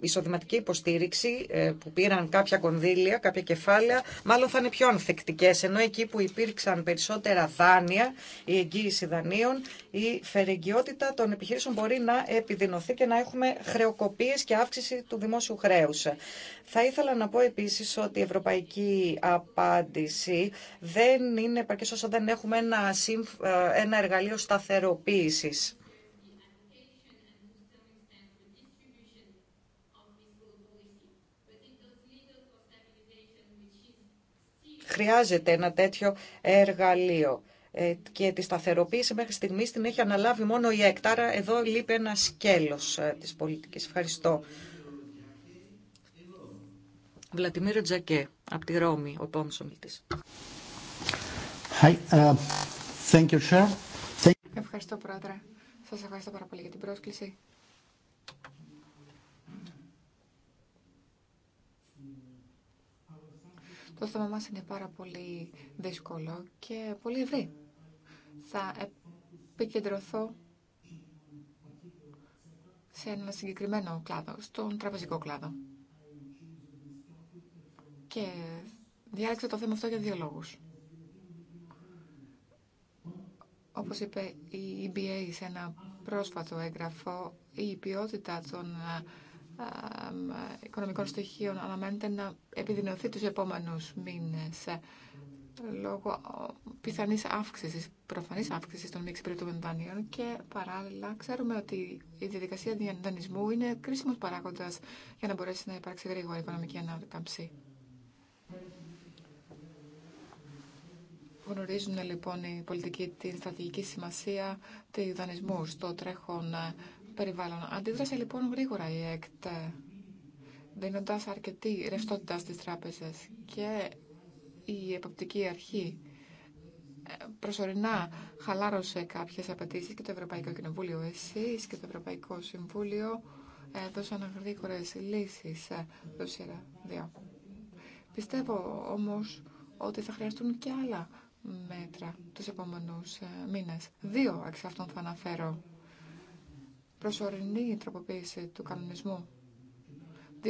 εισοδηματική υποστήριξη, που πήραν κάποια κονδύλια, κάποια κεφάλαια, μάλλον θα είναι πιο ανθεκτικές, ενώ εκεί που υπήρξαν περισσότερα δάνεια, η εγγύηση δανείων, η φερεγγιότητα των επιχειρήσεων μπορεί να επιδεινωθεί και να έχουμε χρεοκοπίες και αύξηση του δημόσιου χρέους. Θα ήθελα να πω επίσης ότι η ευρωπαϊκή απάντηση δεν είναι επαρκής όσο δεν έχουμε ένα, ε, ένα εργαλείο σταθεροποίησης. Χρειάζεται ένα τέτοιο εργαλείο. Ε, και τη σταθεροποίηση μέχρι στιγμή την έχει αναλάβει μόνο η έκταρα. Εδώ λείπει ένα σκέλος ε, της πολιτικής. Ευχαριστώ. Βλατιμίρο Τζακέ, από τη Ρώμη, ο επόμενο ομιλητής. Uh, ευχαριστώ, Πρόεδρε. Σας ευχαριστώ πάρα πολύ για την πρόσκληση. Το θέμα μας είναι πάρα πολύ δύσκολο και πολύ ευρύ θα επικεντρωθώ σε ένα συγκεκριμένο κλάδο, στον τραπεζικό κλάδο. Και διάλεξα το θέμα αυτό για δύο λόγους. Όπως είπε η EBA σε ένα πρόσφατο έγγραφο, η ποιότητα των οικονομικών στοιχείων αναμένεται να επιδεινωθεί τους επόμενους μήνες λόγω πιθανής αύξησης, προφανής αύξησης των μη εξυπηρετούμενων δανείων και παράλληλα ξέρουμε ότι η διαδικασία διαδανεισμού είναι κρίσιμος παράγοντας για να μπορέσει να υπάρξει γρήγορα οικονομική ανάκαμψη. Γνωρίζουν λοιπόν οι πολιτικοί την στρατηγική σημασία του δανεισμού στο τρέχον περιβάλλον. Αντίδρασε λοιπόν γρήγορα η ΕΚΤ δίνοντας αρκετή ρευστότητα στις τράπεζες η εποπτική αρχή ε, προσωρινά χαλάρωσε κάποιες απαιτήσει και το Ευρωπαϊκό Κοινοβούλιο εσείς και το Ευρωπαϊκό Συμβούλιο έδωσαν γρήγορε λύσεις το ΣΥΡΑ 2. Πιστεύω όμως ότι θα χρειαστούν και άλλα μέτρα τους επόμενους ε, μήνες. Δύο εξ αυτών θα αναφέρω. Προσωρινή τροποποίηση του κανονισμού 2019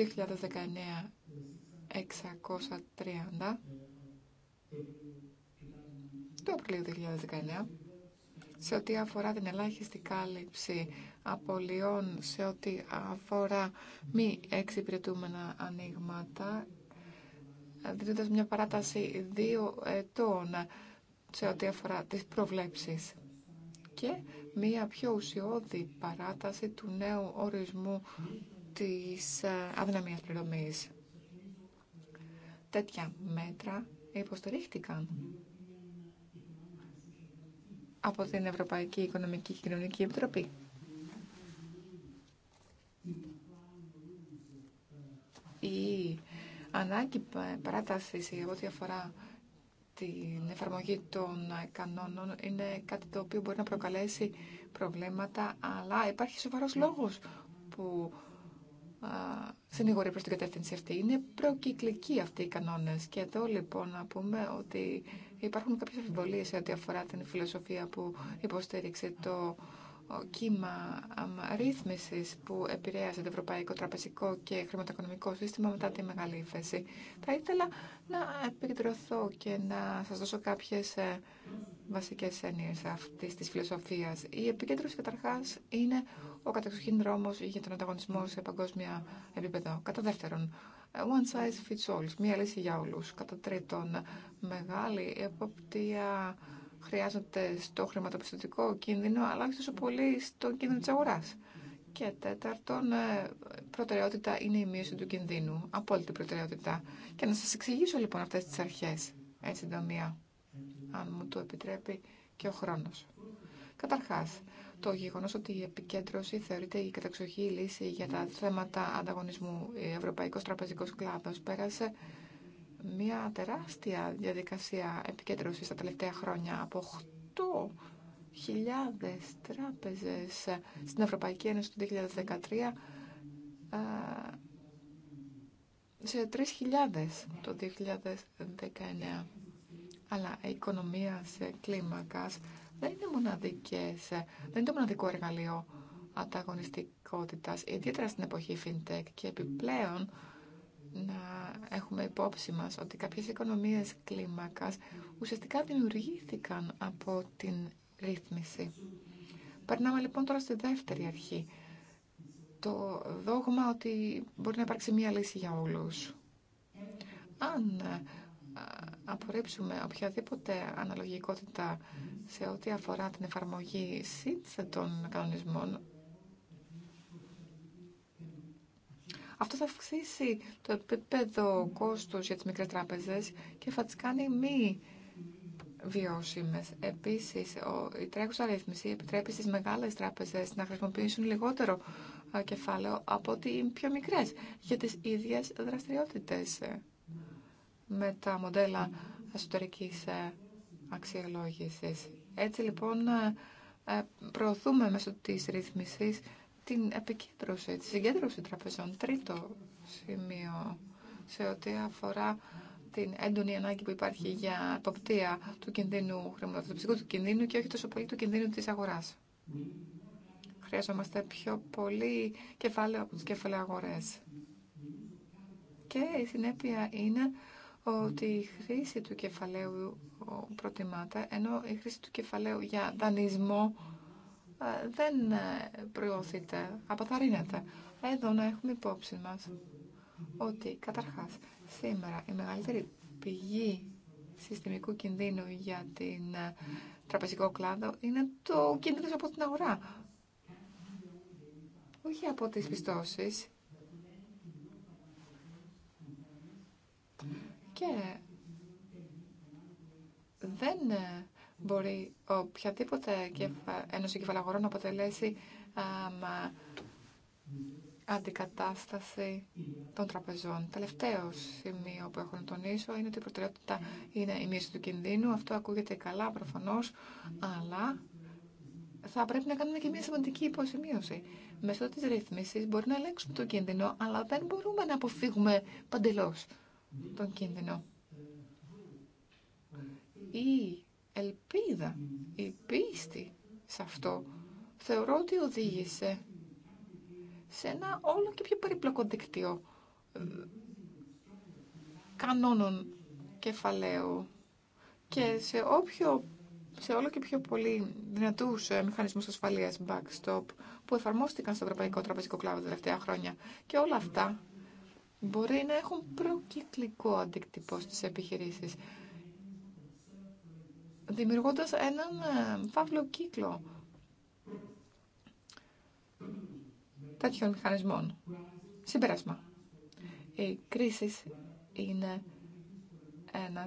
630 το Απριλίου 2019 σε ό,τι αφορά την ελάχιστη κάλυψη απολειών, σε ό,τι αφορά μη εξυπηρετούμενα ανοίγματα, δίνοντα μια παράταση δύο ετών σε ό,τι αφορά τις προβλέψεις και μια πιο ουσιώδη παράταση του νέου ορισμού της ε, αδυναμίας πληρωμής. Τέτοια μέτρα υποστηρίχτηκαν από την Ευρωπαϊκή Οικονομική και Κοινωνική Επιτροπή. Η ανάγκη παράταση ό,τι αφορά την εφαρμογή των κανόνων είναι κάτι το οποίο μπορεί να προκαλέσει προβλήματα, αλλά υπάρχει σοβαρός λόγος που συνηγορεί προς την κατεύθυνση αυτή. Είναι προκυκλική αυτοί οι κανόνες και εδώ λοιπόν να πούμε ότι υπάρχουν κάποιες αμφιβολίες σε ό,τι αφορά την φιλοσοφία που υποστήριξε το κύμα ρύθμιση που επηρέασε το ευρωπαϊκό τραπεζικό και χρηματοοικονομικό σύστημα μετά τη μεγάλη ύφεση. Θα ήθελα να επικεντρωθώ και να σας δώσω κάποιες ε, βασικές έννοιες αυτής της φιλοσοφίας. Η επικέντρωση καταρχά είναι ο κατεξοχήν δρόμο για τον ανταγωνισμό σε παγκόσμια επίπεδο. Κατά δεύτερον, one size fits all, μία λύση για όλου. Κατά τρίτον, μεγάλη εποπτεία χρειάζονται στο χρηματοπιστωτικό κίνδυνο, αλλά όχι τόσο πολύ στο κίνδυνο της αγοράς. Και τέταρτον, ε, προτεραιότητα είναι η μείωση του κινδύνου. Απόλυτη προτεραιότητα. Και να σας εξηγήσω λοιπόν αυτές τις αρχές, έτσι συντομία, αν μου το επιτρέπει και ο χρόνος. Καταρχάς, το γεγονός ότι η επικέντρωση θεωρείται η καταξοχή λύση για τα θέματα ανταγωνισμού. Ο Ευρωπαϊκός Τραπεζικός Κλάδος πέρασε μια τεράστια διαδικασία επικέντρωσης τα τελευταία χρόνια από 8.000 τράπεζες στην Ευρωπαϊκή Ένωση του 2013 σε 3.000 το 2019. Αλλά η οικονομία σε κλίμακας δεν είναι, μοναδικές, δεν είναι το μοναδικό εργαλείο ανταγωνιστικότητας, ιδιαίτερα στην εποχή FinTech και επιπλέον να έχουμε υπόψη μας ότι κάποιες οικονομίες κλίμακας ουσιαστικά δημιουργήθηκαν από την ρύθμιση. Περνάμε λοιπόν τώρα στη δεύτερη αρχή. Το δόγμα ότι μπορεί να υπάρξει μία λύση για όλους. Αν ε, απορρίψουμε οποιαδήποτε αναλογικότητα σε ό,τι αφορά την εφαρμογή σύνθετων των κανονισμών, Αυτό θα αυξήσει το επίπεδο κόστος για τις μικρές τράπεζες και θα τι κάνει μη βιώσιμε. Επίσης, η τρέχουσα ρύθμιση επιτρέπει στι μεγάλες τράπεζες να χρησιμοποιήσουν λιγότερο κεφάλαιο από ότι οι πιο μικρές για τις ίδιε δραστηριότητες ε, με τα μοντέλα εσωτερική ε, αξιολόγησης. Έτσι λοιπόν ε, προωθούμε μέσω της ρύθμισης την επικέντρωση, τη συγκέντρωση τραπεζών. Τρίτο σημείο σε ό,τι αφορά την έντονη ανάγκη που υπάρχει για αποπτία του κινδύνου χρηματοδοτικού του κινδύνου και όχι τόσο πολύ του κινδύνου της αγοράς. Χρειαζόμαστε πιο πολύ κεφάλαιο από τις κεφαλαίες αγορές. Και η συνέπεια είναι ότι η χρήση του κεφαλαίου προτιμάται, ενώ η χρήση του κεφαλαίου για δανεισμό ε, δεν ε, προωθείται, αποθαρρύνεται. Εδώ να έχουμε υπόψη μας ότι καταρχάς σήμερα η μεγαλύτερη πηγή συστημικού κινδύνου για την ε, τραπεζικό κλάδο είναι το κίνδυνος από την αγορά. Όχι από τις πιστώσεις. Και δεν μπορεί οποιαδήποτε ένωση κεφαλαγορών να αποτελέσει αντικατάσταση των τραπεζών. Τελευταίο σημείο που έχω να τονίσω είναι ότι η προτεραιότητα είναι η μείωση του κινδύνου. Αυτό ακούγεται καλά προφανώ, αλλά θα πρέπει να κάνουμε και μια σημαντική υποσημείωση. Μέσω τη ρύθμιση μπορεί να ελέγξουμε τον κίνδυνο, αλλά δεν μπορούμε να αποφύγουμε παντελώ τον κίνδυνο. Η ελπίδα, η πίστη σε αυτό, θεωρώ ότι οδήγησε σε ένα όλο και πιο περίπλοκο δίκτυο ε, κανόνων κεφαλαίου και σε, όποιο, σε όλο και πιο πολύ δυνατούς ε, μηχανισμούς ασφαλείας backstop που εφαρμόστηκαν στο Ευρωπαϊκό Τραπεζικό Κλάδο τα τελευταία χρόνια. Και όλα αυτά μπορεί να έχουν προκυκλικό αντίκτυπο στις επιχειρήσεις δημιουργώντας έναν ε, φαύλο κύκλο τέτοιων μηχανισμών. Συμπέρασμα. Η κρίση είναι ε, ένα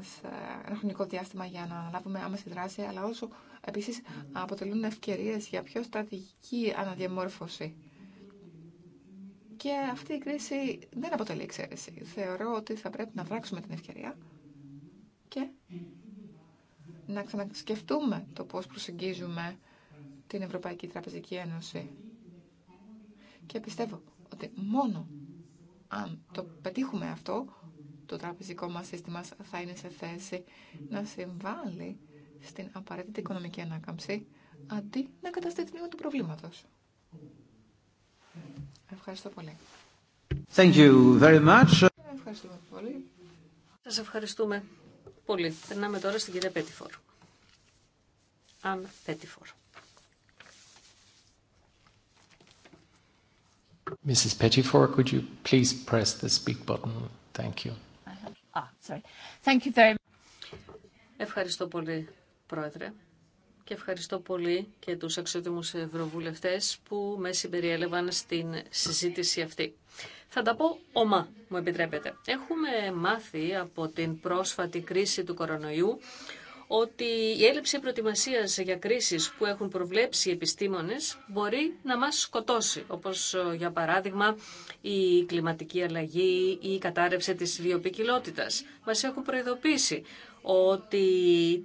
χρονικό διάστημα για να λάβουμε άμεση δράση, αλλά όσο επίσης αποτελούν ευκαιρίες για πιο στρατηγική αναδιαμόρφωση. Και αυτή η κρίση δεν αποτελεί εξαίρεση. Θεωρώ ότι θα πρέπει να βράξουμε την ευκαιρία και να ξανασκεφτούμε το πώς προσεγγίζουμε την Ευρωπαϊκή Τραπεζική Ένωση. Και πιστεύω ότι μόνο αν το πετύχουμε αυτό, το τραπεζικό μας σύστημα θα είναι σε θέση να συμβάλλει στην απαραίτητη οικονομική ανάκαμψη, αντί να καταστεί τμήμα του προβλήματος. Ευχαριστώ πολύ. Thank you very much. Ευχαριστούμε πολύ. Σας ευχαριστούμε πολύ. Περνάμε τώρα στην κυρία Πέτιφορ. Αν Πέτιφορ. Mrs. Pettifor, could you please press the speak button? Thank you. Ah, sorry. Thank you very much. Ευχαριστώ πολύ, Πρόεδρε. Και ευχαριστώ πολύ και τους αξιότιμους ευρωβουλευτές που με συμπεριέλευαν στην συζήτηση αυτή. Θα τα πω ομά, μου επιτρέπετε. Έχουμε μάθει από την πρόσφατη κρίση του κορονοϊού ότι η έλλειψη προετοιμασία για κρίσεις που έχουν προβλέψει οι επιστήμονες μπορεί να μας σκοτώσει, όπως ε, για παράδειγμα η κλιματική αλλαγή ή η κατάρρευση της βιοπικιλότητας. Μας έχουν προειδοποίησει ότι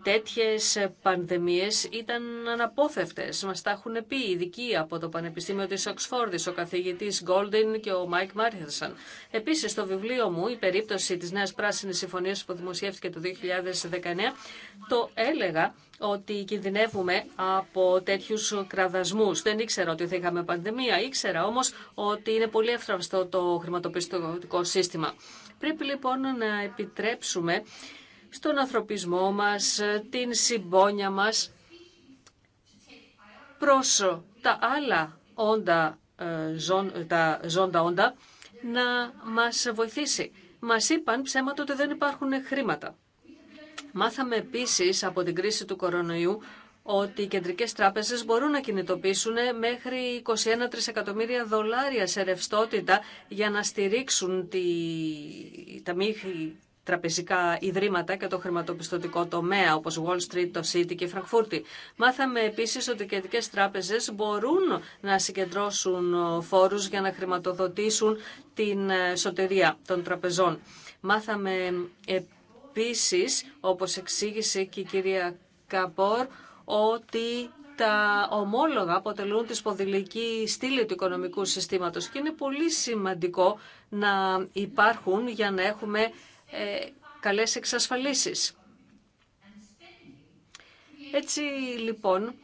τέτοιες πανδημίες ήταν αναπόθευτες. Μας τα έχουν πει ειδικοί από το Πανεπιστήμιο της Οξφόρδης, ο καθηγητής Γκόλντιν και ο Μάικ Μάρχερσαν. Επίσης, στο βιβλίο μου, η περίπτωση της Νέας Πράσινης Συμφωνίας που δημοσιεύτηκε το 2019, το έλεγα ότι κινδυνεύουμε από τέτοιους κραδασμούς. Δεν ήξερα ότι θα είχαμε πανδημία, ήξερα όμως ότι είναι πολύ εύθραυστο το χρηματοπιστωτικό σύστημα. Πρέπει λοιπόν να επιτρέψουμε στον ανθρωπισμό μας, την συμπόνια μας προς τα άλλα όντα, ε, ζώντα όντα να μας βοηθήσει. Μας είπαν ψέματα ότι δεν υπάρχουν χρήματα. Μάθαμε επίσης από την κρίση του κορονοϊού ότι οι κεντρικές τράπεζες μπορούν να κινητοποιήσουν μέχρι 21 τρισεκατομμύρια δολάρια σε ρευστότητα για να στηρίξουν τη... τα μη τραπεζικά ιδρύματα και το χρηματοπιστωτικό τομέα, όπως Wall Street, το City και η Φραγκφούρτη. Μάθαμε επίσης ότι οι κεντρικές τράπεζες μπορούν να συγκεντρώσουν φόρους για να χρηματοδοτήσουν την σωτηρία των τραπεζών. Μάθαμε επίσης, όπως εξήγησε και η κυρία Καπορ, ότι τα ομόλογα αποτελούν τη σποδηλική στήλη του οικονομικού συστήματος και είναι πολύ σημαντικό να υπάρχουν για να έχουμε ε, καλές εξασφαλίσεις. Έτσι λοιπόν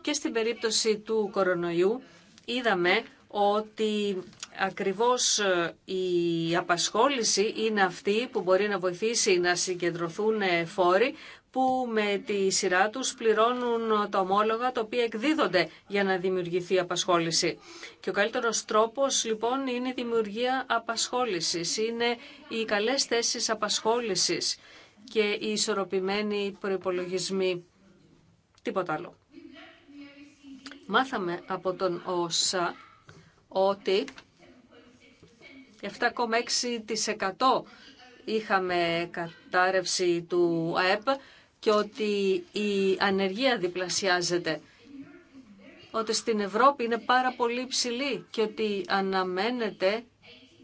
και στην περίπτωση του κορονοϊού είδαμε ότι ακριβώς ε, η απασχόληση είναι αυτή που μπορεί να βοηθήσει να συγκεντρωθούν ε, φόροι που με τη σειρά τους πληρώνουν τα ομόλογα τα οποία εκδίδονται για να δημιουργηθεί απασχόληση. Και ο καλύτερος τρόπος λοιπόν είναι η δημιουργία απασχόλησης, είναι οι καλές θέσεις απασχόλησης και οι ισορροπημένοι προπολογισμοί. Τίποτα άλλο. Μάθαμε από τον ΩΣΑ ότι 7,6% είχαμε κατάρρευση του ΑΕΠ και ότι η ανεργία διπλασιάζεται, ότι στην Ευρώπη είναι πάρα πολύ ψηλή και ότι αναμένεται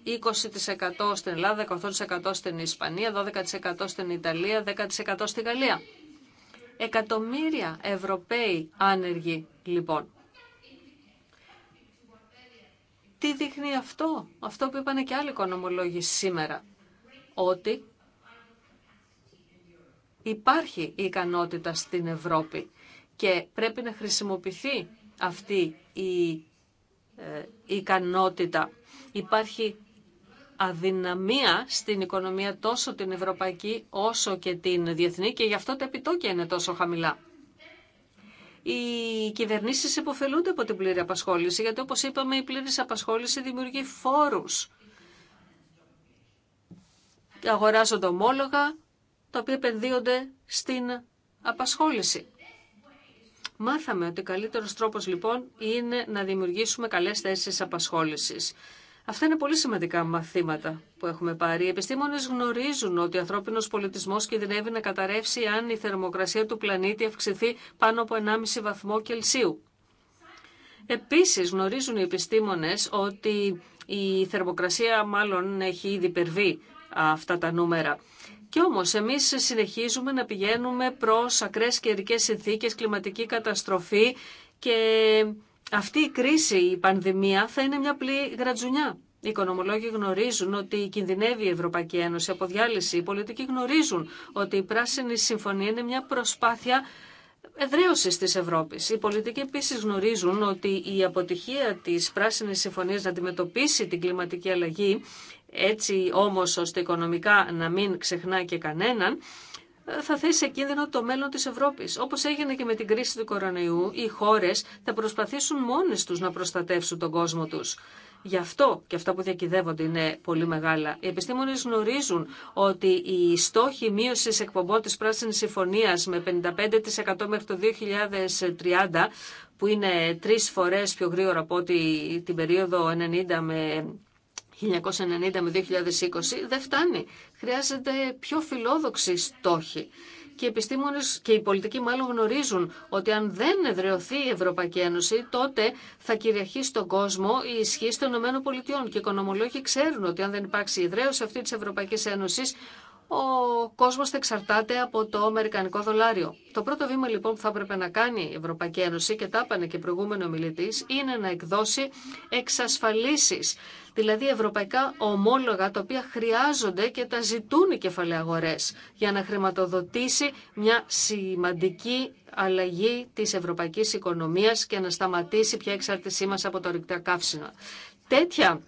20% στην Ελλάδα, 18% στην Ισπανία, 12% στην Ιταλία, 10% στην Γαλλία. Εκατομμύρια Ευρωπαίοι άνεργοι λοιπόν. Τι δείχνει αυτό, αυτό που είπανε και άλλοι οικονομολόγοι σήμερα, ότι Υπάρχει η ικανότητα στην Ευρώπη και πρέπει να χρησιμοποιηθεί αυτή η ε, ικανότητα. Υπάρχει αδυναμία στην οικονομία τόσο την ευρωπαϊκή όσο και την διεθνή και γι' αυτό τα επιτόκια είναι τόσο χαμηλά. Οι κυβερνήσει υποφελούνται από την πλήρη απασχόληση, γιατί όπω είπαμε, η πλήρη απασχόληση δημιουργεί φόρου. Αγοράζονται ομόλογα, τα οποία επενδύονται στην απασχόληση. Μάθαμε ότι ο καλύτερος τρόπος λοιπόν είναι να δημιουργήσουμε καλές θέσεις απασχόλησης. Αυτά είναι πολύ σημαντικά μαθήματα που έχουμε πάρει. Οι επιστήμονε γνωρίζουν ότι ο ανθρώπινο πολιτισμό κινδυνεύει να καταρρεύσει αν η θερμοκρασία του πλανήτη αυξηθεί πάνω από 1,5 βαθμό Κελσίου. Επίση, γνωρίζουν οι επιστήμονε ότι η θερμοκρασία μάλλον έχει ήδη υπερβεί αυτά τα νούμερα. Κι όμως εμείς συνεχίζουμε να πηγαίνουμε προ ακραίε καιρικές συνθήκες, κλιματική καταστροφή και αυτή η κρίση, η πανδημία θα είναι μια απλή γρατζουνιά. Οι οικονομολόγοι γνωρίζουν ότι κινδυνεύει η Ευρωπαϊκή Ένωση από διάλυση. Οι πολιτικοί γνωρίζουν ότι η Πράσινη Συμφωνία είναι μια προσπάθεια εδραίωση τη Ευρώπη. Οι πολιτικοί επίση γνωρίζουν ότι η αποτυχία τη Πράσινη Συμφωνία να αντιμετωπίσει την κλιματική αλλαγή έτσι όμως ώστε οικονομικά να μην ξεχνά και κανέναν, θα θέσει σε κίνδυνο το μέλλον της Ευρώπης. Όπως έγινε και με την κρίση του κορονοϊού, οι χώρες θα προσπαθήσουν μόνες τους να προστατεύσουν τον κόσμο τους. Γι' αυτό και αυτά που διακυδεύονται είναι πολύ μεγάλα. Οι επιστήμονες γνωρίζουν ότι η στόχη μείωση εκπομπών της Πράσινης Συμφωνίας με 55% μέχρι το 2030, που είναι τρεις φορές πιο γρήγορα από ότι την περίοδο 90 με 1990 με 2020 δεν φτάνει. Χρειάζεται πιο φιλόδοξη στόχη. Και οι επιστήμονες και οι πολιτικοί μάλλον γνωρίζουν ότι αν δεν εδρεωθεί η Ευρωπαϊκή Ένωση, τότε θα κυριαρχεί στον κόσμο η ισχύ των ΗΠΑ. Και οι οικονομολόγοι ξέρουν ότι αν δεν υπάρξει η εδραίωση αυτή της Ευρωπαϊκή Ένωση ο κόσμος θα εξαρτάται από το αμερικανικό δολάριο. Το πρώτο βήμα λοιπόν που θα έπρεπε να κάνει η Ευρωπαϊκή Ένωση και τα έπανε και προηγούμενο μιλητή είναι να εκδώσει εξασφαλίσεις, δηλαδή ευρωπαϊκά ομόλογα τα οποία χρειάζονται και τα ζητούν οι κεφαλαίοι αγορές για να χρηματοδοτήσει μια σημαντική αλλαγή της ευρωπαϊκής οικονομίας και να σταματήσει πια εξάρτησή μας από το ρηκτά καύσιμα. Τέτοια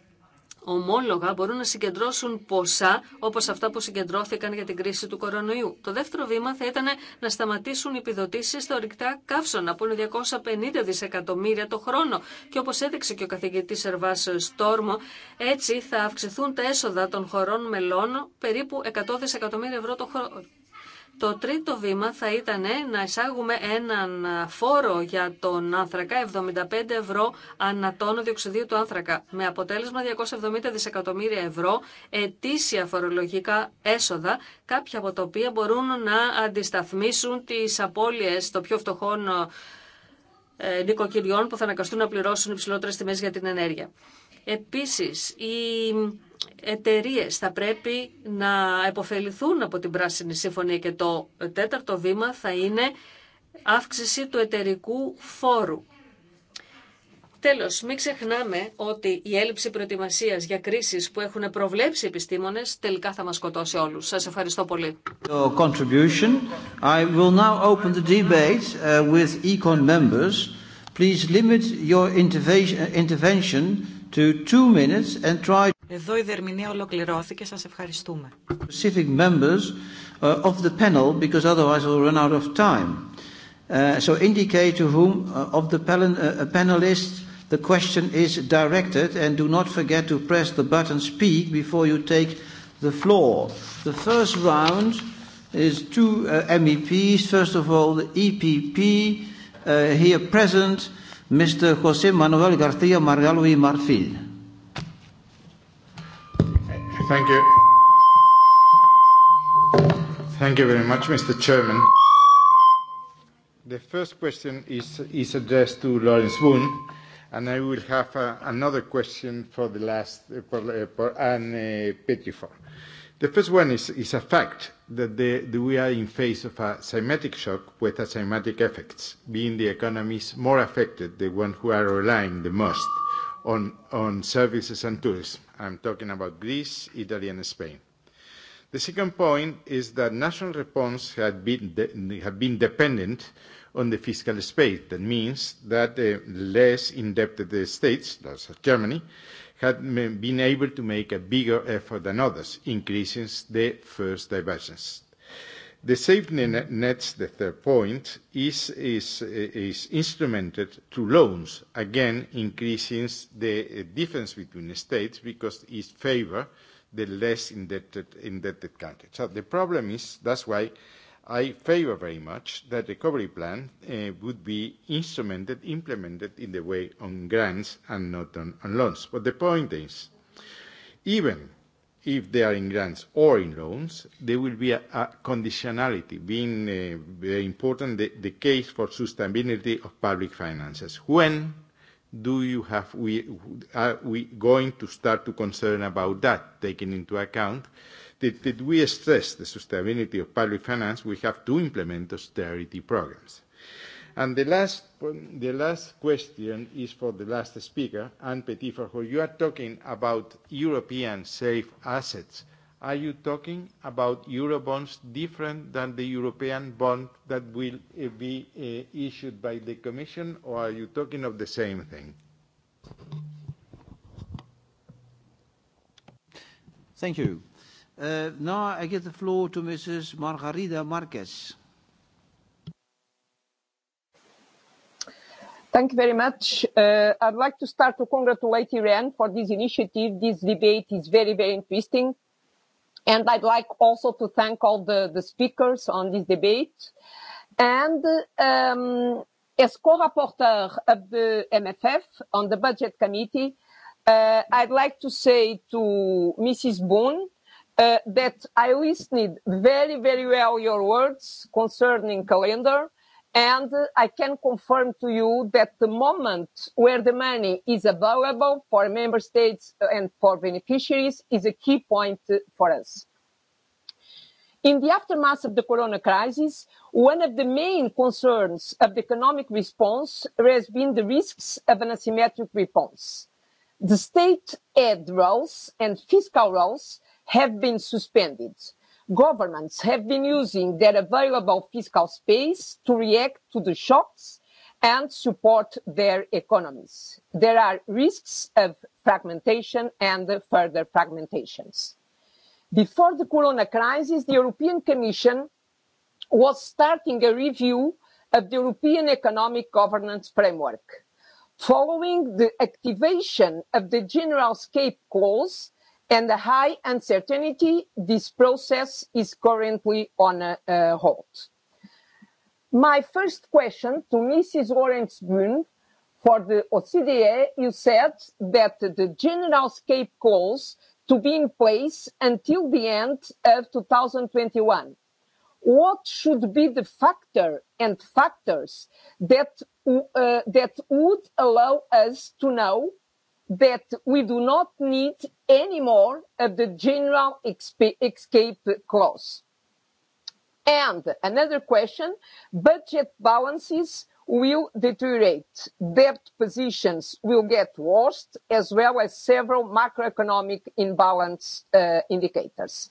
ομόλογα μπορούν να συγκεντρώσουν ποσά όπως αυτά που συγκεντρώθηκαν για την κρίση του κορονοϊού. Το δεύτερο βήμα θα ήταν να σταματήσουν οι επιδοτήσεις στα ορυκτά καύσωνα που είναι 250 δισεκατομμύρια το χρόνο και όπως έδειξε και ο καθηγητής Ερβά Στόρμο έτσι θα αυξηθούν τα έσοδα των χωρών μελών περίπου 100 δισεκατομμύρια ευρώ το χρόνο το τρίτο βήμα θα ήταν να εισάγουμε έναν φόρο για τον άνθρακα 75 ευρώ τόνο διοξιδίου του άνθρακα με αποτέλεσμα 270 δισεκατομμύρια ευρώ ετήσια φορολογικά έσοδα κάποια από τα οποία μπορούν να αντισταθμίσουν τις απώλειες των πιο φτωχών ε, νοικοκυριών που θα αναγκαστούν να πληρώσουν υψηλότερες τιμές για την ενέργεια. Επίσης, η εταιρείε θα πρέπει να επωφεληθούν από την Πράσινη Σύμφωνία και το τέταρτο βήμα θα είναι αύξηση του εταιρικού φόρου. Τέλος, μην ξεχνάμε ότι η έλλειψη προετοιμασίας για κρίσεις που έχουν προβλέψει επιστήμονες τελικά θα μας σκοτώσει όλους. Σας ευχαριστώ πολύ. Εδώ η δερμηνία ολοκληρώθηκε. Σας ευχαριστούμε. Specific members of the panel, because otherwise we'll run out of time. Uh, so indicate to whom of the panelists the question is directed and do not forget to press the button speak before you take the floor. The first round is two uh, MEPs. First of all, the EPP uh, here present, Mr. José Manuel García Margalo Marfil. Thank you. Thank you very much, Mr. Chairman. The first question is, is addressed to Lawrence Boone, and I will have another question for the last, for, Anne Petrifor. The first one is, is a fact that the, we are in face of a cymatic shock with cymatic effects, being the economies more affected, the ones who are relying the most on, on services and tourism. I'm talking about Greece, Italy, and Spain. The second point is that national response have been dependent on the fiscal space. That means that less indebted states, such as Germany, had been able to make a bigger effort than others, increasing the first divergence. The safety nets, the third point, is instrumented to loans, again increasing the difference between states because it favors the less indebted countries. So the problem is, that's why I favor very much that recovery plan would be instrumented, implemented in the way on grants and not on loans. But the point is, even if they are in grants or in loans, there will be a conditionality, being very important, the case for sustainability of public finances. When do you have we are we going to start to concern about that, taking into account that that we stress the sustainability of public finance, we have to implement austerity programs the last, the last question is for the last speaker, Anne Petitfer, who you are talking about European safe assets. Are you talking about Eurobonds different than the European bond that will be issued by the Commission, or are you talking of the same thing? Thank you. Now I give the floor to Mrs. Margarida Marquez. Thank you very much. Uh, I'd like to start to congratulate Iran for this initiative. This debate is very, very interesting. And I'd like also to thank all the, the speakers on this debate. And um, as co-rapporteur of the MFF on the budget committee, uh, I'd like to say to Mrs. Boone that I listened very, very well your words concerning calendar And I can confirm to you that the moment where the money is available for member states and for beneficiaries is a key point for us. In the aftermath of the corona crisis, one of the main concerns of the economic response has been the risks of an asymmetric response. The state aid roles and fiscal roles have been suspended governments have been using their available fiscal space to react to the shocks and support their economies. There are risks of fragmentation and further fragmentations. Before the corona crisis, the European Commission was starting a review of the European Economic Governance Framework. Following the activation of the General Scape Clause, and the high uncertainty, this process is currently on a hold. My first question to Mrs. Lawrence-Boone for the OCDE, you said that the general scape calls to be in place until the end of 2021. What should be the factor and factors that would allow us to know that we do not need any more of the general escape clause. And another question, budget balances will deteriorate. Debt positions will get worse, as well as several macroeconomic imbalance indicators.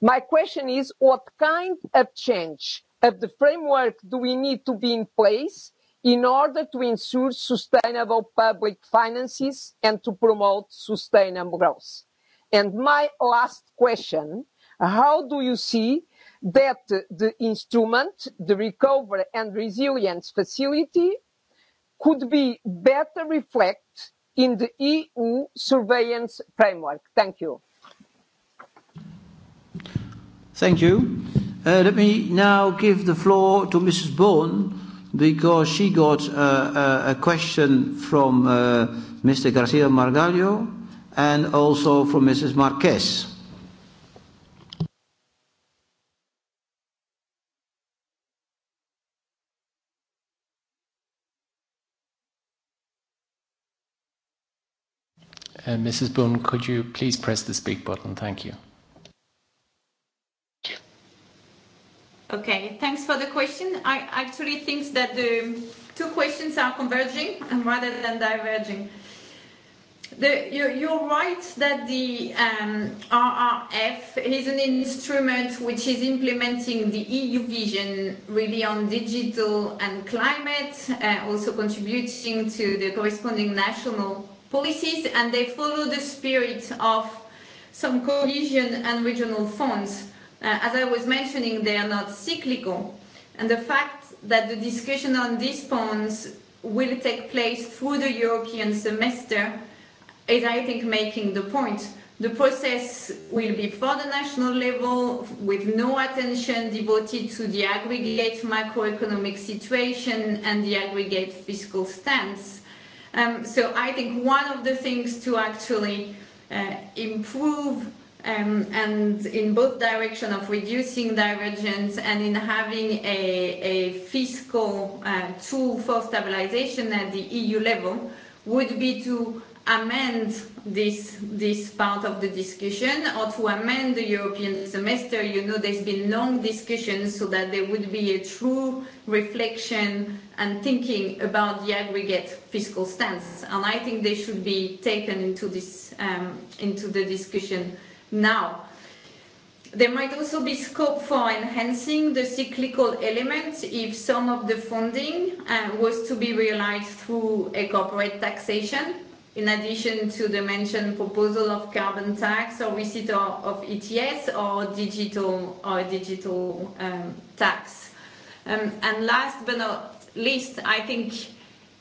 My question is, what kind of change of the framework do we need to be in place in order to ensure sustainable public finances and to promote sustainable growth. And my last question, how do you see that the instrument, the Recovery and Resilience Facility, could be better reflected in the EU surveillance framework? Thank you. Thank you. Let me now give the floor to Mrs. Bourne, because she got a question from Mr. Garcia Margallo and also from Mrs. Marquez. Mrs. Boone, could you please press the speak button? Thank you. Okay, thanks for the question. I actually think that the two questions are converging rather than diverging. The, you, you're right that the um, RRF is an instrument which is implementing the EU vision really on digital and climate, uh, also contributing to the corresponding national policies, and they follow the spirit of some cohesion and regional funds As I was mentioning, they are not cyclical. And the fact that the discussion on these points will take place through the European semester is, I think, making the point. The process will be for the national level with no attention devoted to the aggregate macroeconomic situation and the aggregate fiscal stance. So I think one of the things to actually improve and in both direction of reducing divergence and in having a fiscal tool for stabilization at the EU level would be to amend this this part of the discussion or to amend the European semester. You know there's been long discussions so that there would be a true reflection and thinking about the aggregate fiscal stance. And I think they should be taken into this into the discussion now. There might also be scope for enhancing the cyclical element if some of the funding was to be realized through a corporate taxation, in addition to the mentioned proposal of carbon tax or receipt of ETS or digital or digital tax. And last but not least, I think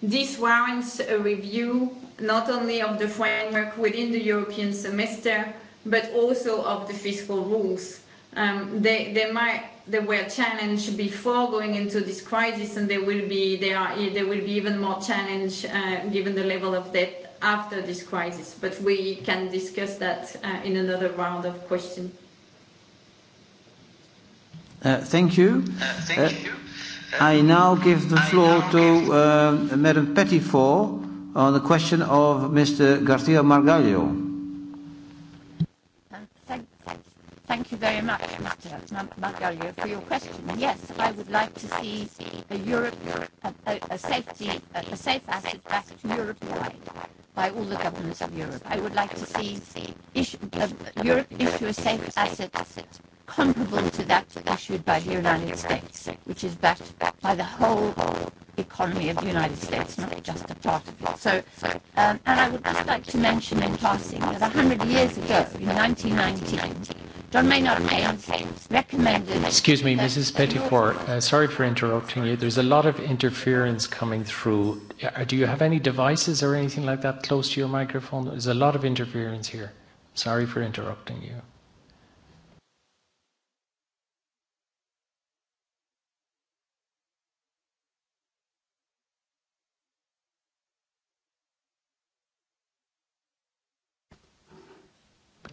this warrants a review not only of the framework within the European semester but also of the fiscal rules. They they might were challenged before going into this crisis, and there will be they are they will be even more challenge given the level of debt after this crisis. But we can discuss that in another round of questions. Thank you. Thank you. I now give the floor to Madam Pettifor on the question of Mr. Garcia Margallo. Thank you very much, Mr. Margarita, for your question. Yes, I would like to see a Europe, a safety, a safe asset backed Europe-wide by all the governments of Europe. I would like to see Europe issue a safe asset comparable to that issued by the United States, which is backed by the whole economy of the United States, not just a part of it. So, and I would just like to mention in passing that 100 years ago, in 1919, Excuse me, Mrs. Pettifor, sorry for interrupting you. There's a lot of interference coming through. Do you have any devices or anything like that close to your microphone? There's a lot of interference here. Sorry for interrupting you.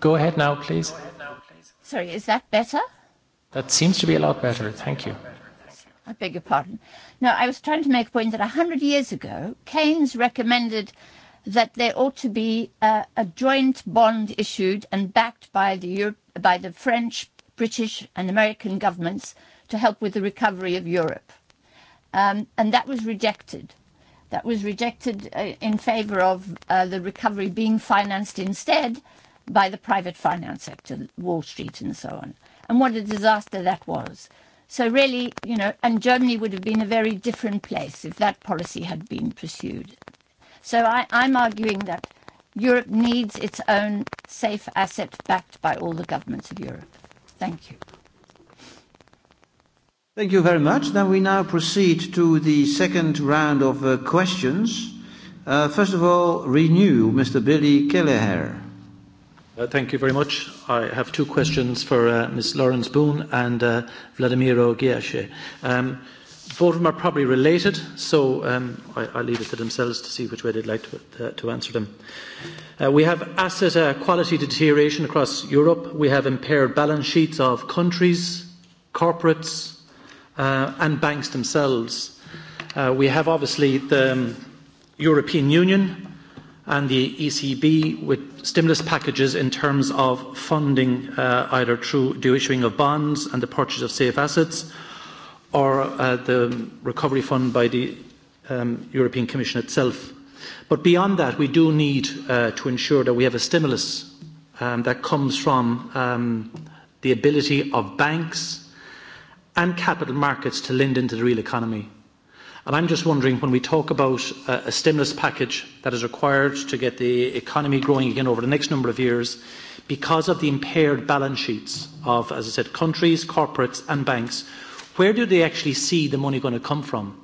Go ahead now, please. Sorry, is that better? That seems to be a lot better. Thank you. I beg your pardon. No, I was trying to make a point that 100 years ago, Keynes recommended that there ought to be a joint bond issued and backed by the by the French, British, and American governments to help with the recovery of Europe. And that was rejected. That was rejected in favor of the recovery being financed instead by the private finance sector, Wall Street and so on. And what a disaster that was. So really, you know, and Germany would have been a very different place if that policy had been pursued. So I, I'm arguing that Europe needs its own safe asset backed by all the governments of Europe. Thank you. Thank you very much. Then we now proceed to the second round of questions. First of all, Renew, Mr. Billy Kelleher. Thank you very much. I have two questions for Ms. Lawrence Boone and Vladimiro Um, Both of them are probably related, so I leave it to themselves to see which way they'd like to answer them. We have asset quality deterioration across Europe. We have impaired balance sheets of countries, corporates, and banks themselves. We have obviously the European Union and the ECB with stimulus packages in terms of funding either through the issuing of bonds and the purchase of safe assets or the recovery fund by the European Commission itself. But beyond that, we do need to ensure that we have a stimulus that comes from the ability of banks and capital markets to lend into the real economy. And I'm just wondering, when we talk about a stimulus package that is required to get the economy growing again over the next number of years, because of the impaired balance sheets of, as I said, countries, corporates and banks, where do they actually see the money going to come from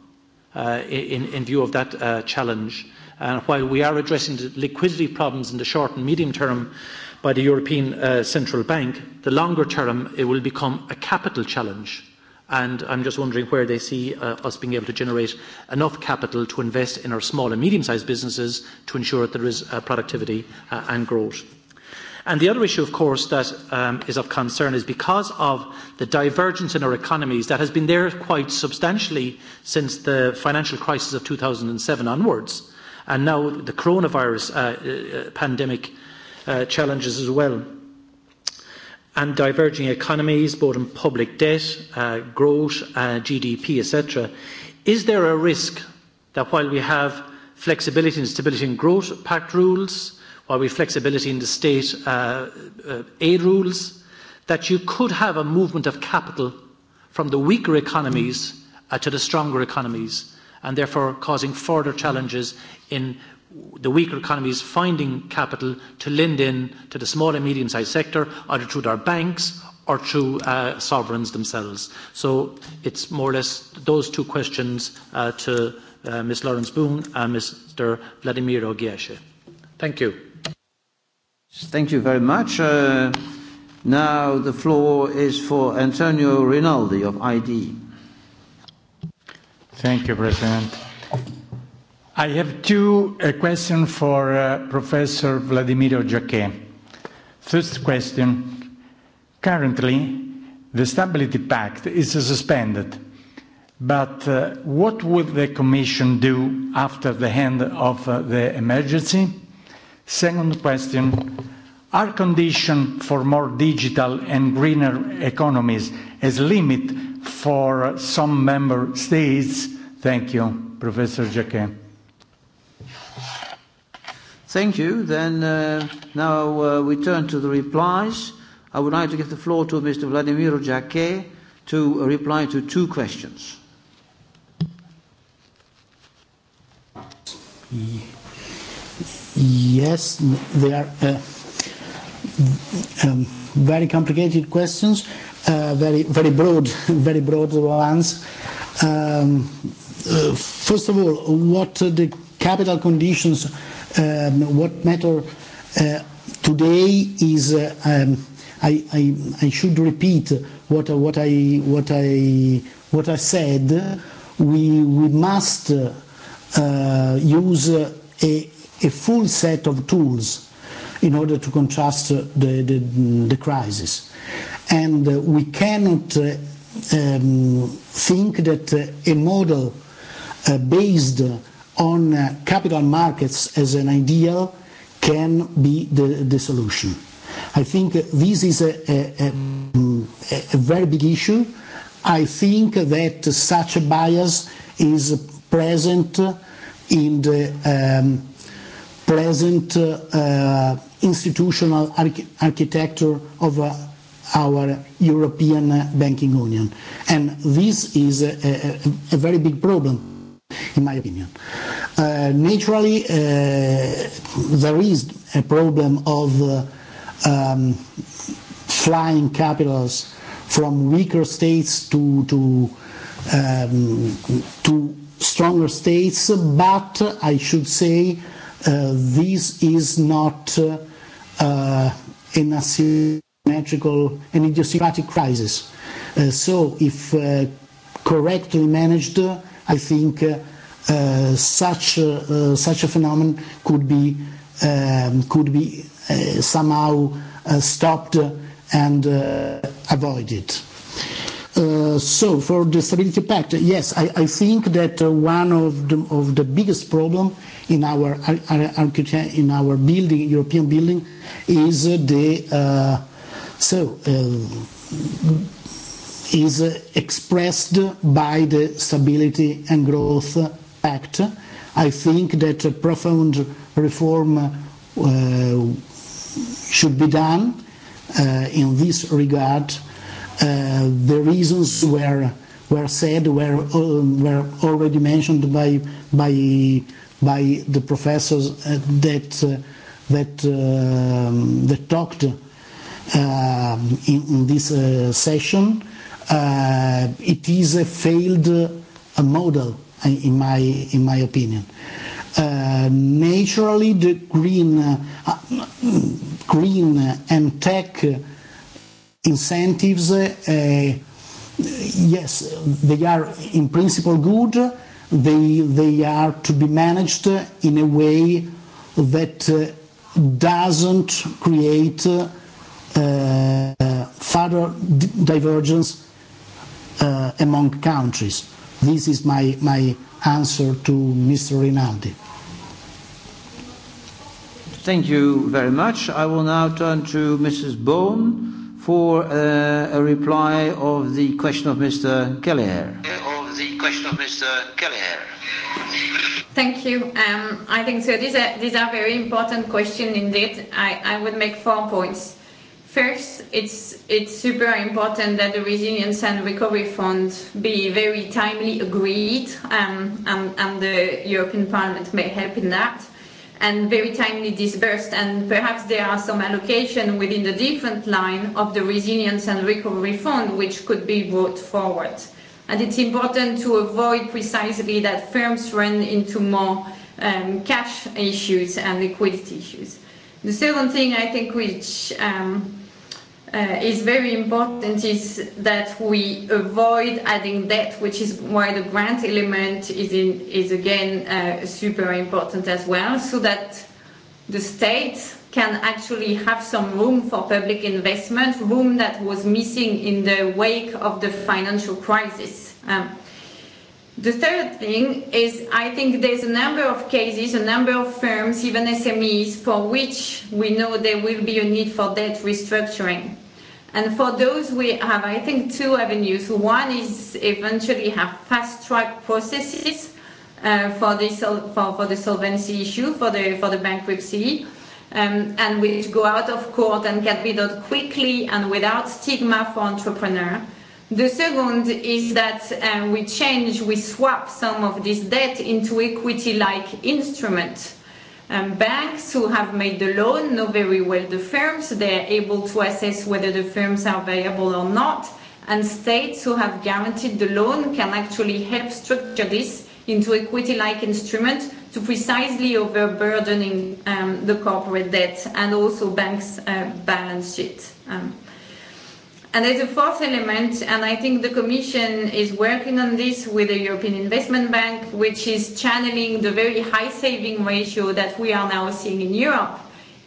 in view of that challenge? And while we are addressing the liquidity problems in the short and medium term by the European Central Bank, the longer term it will become a capital challenge and am just wondering where they see us being able to generate enough capital to invest in our small and medium-sized businesses to ensure that there is productivity and growth. the other issue, of course, that is of concern is because of the divergence in our economies that has been there quite substantially since the financial crisis of 2007 onwards, and now the coronavirus pandemic challenges as well and diverging economies, both in public debt, growth, GDP, etc., is there a risk that while we have flexibility and stability in growth pact rules, while we have flexibility in the state aid rules, that you could have a movement of capital from the weaker economies to the stronger economies, and therefore causing further challenges in the weaker economies finding capital to lend in to the small and medium sized sector either through their banks or through sovereigns themselves. So it's more or less those two questions to Ms. Lawrence Boone and Mr. Vladimir Ogieshe. Thank you. Thank you very much. Now the floor is for Antonio Rinaldi of ID. Thank you, President. I have two questions for Professor Vladimir Jacquet. First question. Currently, the Stability Pact is suspended, but what would the Commission do after the end of the emergency? Second question. Are condition for more digital and greener economies as limit for some member states? Thank you, Professor Jacquet. Thank you. Then now we turn to the replies. I would like to give the floor to Mr. Vladimir Jacquet to reply to two questions. Yes, they are very complicated questions, very very broad, very broad ones. First of all, what the capital conditions what matter today is I I I should repeat what what I what I what I said we we must use a a full set of tools in order to contrast the the the crisis and we cannot think that a model based on capital markets as an ideal can be the the solution. I think this is a a very big issue. I think that such a bias is present in the present institutional architecture of our European banking union. And this is a very big problem in my opinion. Naturally, there is a problem of flying capitals from weaker states to to to stronger states, but I should say this is not an asymmetrical and idiosyncratic crisis. So if correctly managed, I think such such a phenomenon could be could be somehow stopped and avoided. So for the Stability Pact, yes, I think that one of the of the biggest problem in our in our building, European building, is the so is expressed by the Stability and Growth Pact. I think that a profound reform should be done in this regard. The reasons were were said, were were already mentioned by by by the professors that that that talked in this session it is a failed model in my in my opinion. Naturally, the green green and tech incentives, yes, they are in principle good. They they are to be managed in a way that doesn't create further divergence among countries. This is my my answer to Mr. Rinaldi. Thank you very much. I will now turn to Mrs. Bone for a reply of the question of Mr. Kelleher. Thank you. Um, I think so. These are, these are very important questions indeed. I, I would make four points. First, it's it's super important that the Resilience and Recovery Fund be very timely agreed, um, and, and the European Parliament may help in that, and very timely disbursed. And perhaps there are some allocation within the different line of the Resilience and Recovery Fund which could be brought forward. And it's important to avoid precisely that firms run into more um, cash issues and liquidity issues. The second thing I think which um, is very important is that we avoid adding debt, which is why the grant element is, in, is again super important as well, so that the state can actually have some room for public investment, room that was missing in the wake of the financial crisis. The third thing is I think there's a number of cases, a number of firms, even SMEs, for which we know there will be a need for debt restructuring. And for those, we have, I think, two avenues. One is eventually have fast-track processes for the for the solvency issue, for the for the bankruptcy, and which go out of court and can be done quickly and without stigma for entrepreneur. The second is that we change, we swap some of this debt into equity-like instruments banks who have made the loan know very well the firms. They are able to assess whether the firms are viable or not. And states who have guaranteed the loan can actually help structure this into equity-like instruments to precisely overburdening the corporate debt and also banks' balance sheet. And there's a fourth element, and I think the Commission is working on this with the European Investment Bank, which is channeling the very high saving ratio that we are now seeing in Europe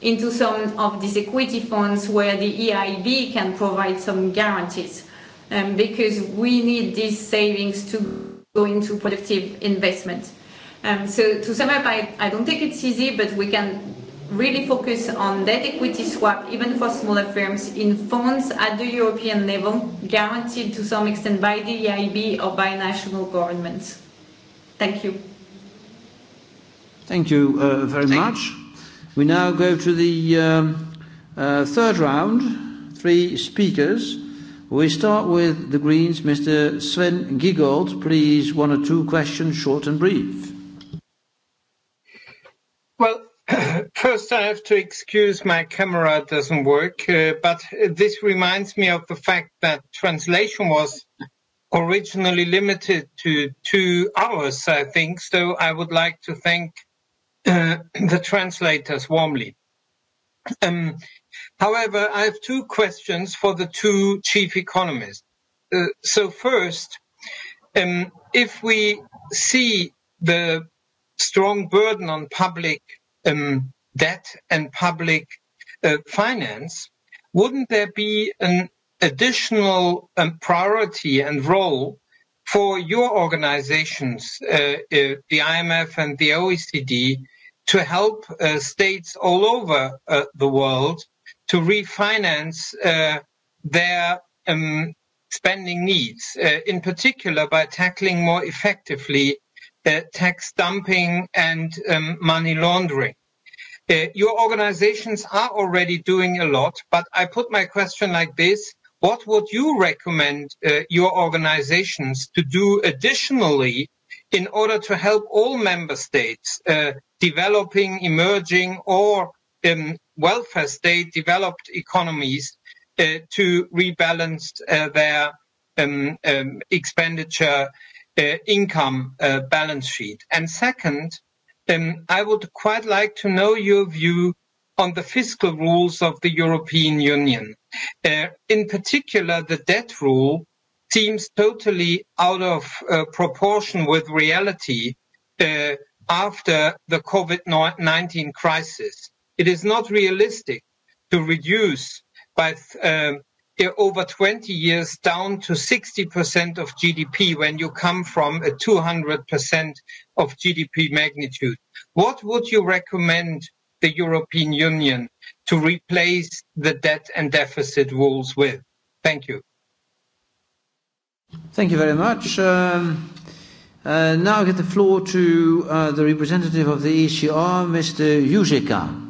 into some of these equity funds where the EIB can provide some guarantees, because we need these savings to go into productive investment. So to sum up, I don't think it's easy, but we can really focus on debt equity swap, even for smaller firms, in funds at the European level, guaranteed to some extent by the EIB or by national governments. Thank you. Thank you very much. We now go to the third round, three speakers. We start with the Greens, Mr. Sven Giegold. Please, one or two questions, short and brief. Well, First, I have to excuse my camera doesn't work, uh, but this reminds me of the fact that translation was originally limited to two hours, I think. So I would like to thank uh, the translators warmly. Um, however, I have two questions for the two chief economists. Uh, so first, um, if we see the strong burden on public um, debt and public finance, wouldn't there be an additional priority and role for your organizations, the IMF and the OECD, to help states all over the world to refinance their spending needs, in particular by tackling more effectively tax dumping and money laundering? Your organizations are already doing a lot, but I put my question like this. What would you recommend your organizations to do additionally in order to help all member states developing, emerging, or welfare state developed economies to rebalance their expenditure income balance sheet? And second, I would quite like to know your view on the fiscal rules of the European Union. In particular, the debt rule seems totally out of proportion with reality after the COVID-19 crisis. It is not realistic to reduce by over 20 years down to 60% of GDP when you come from a 200% of GDP magnitude. What would you recommend the European Union to replace the debt and deficit rules with? Thank you. Thank you very much. Um, now I get the floor to uh, the representative of the ECR, Mr. Juzeka.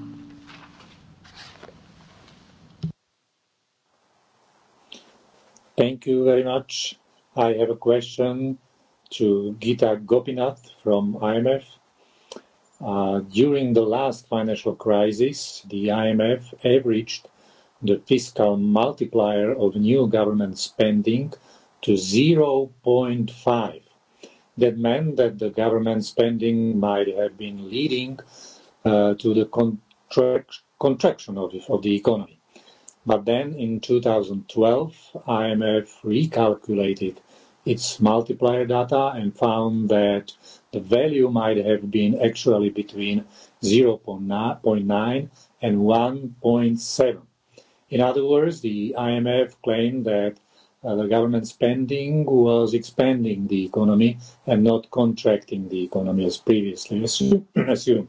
Thank you very much. I have a question to Gita Gopinath from IMF. During the last financial crisis, the IMF averaged the fiscal multiplier of new government spending to 0.5. That meant that the government spending might have been leading to the contraction of the economy. But then in 2012, IMF recalculated its multiplier data and found that the value might have been actually between 0.9 and 1.7. In other words, the IMF claimed that the government spending was expanding the economy and not contracting the economy as previously assumed.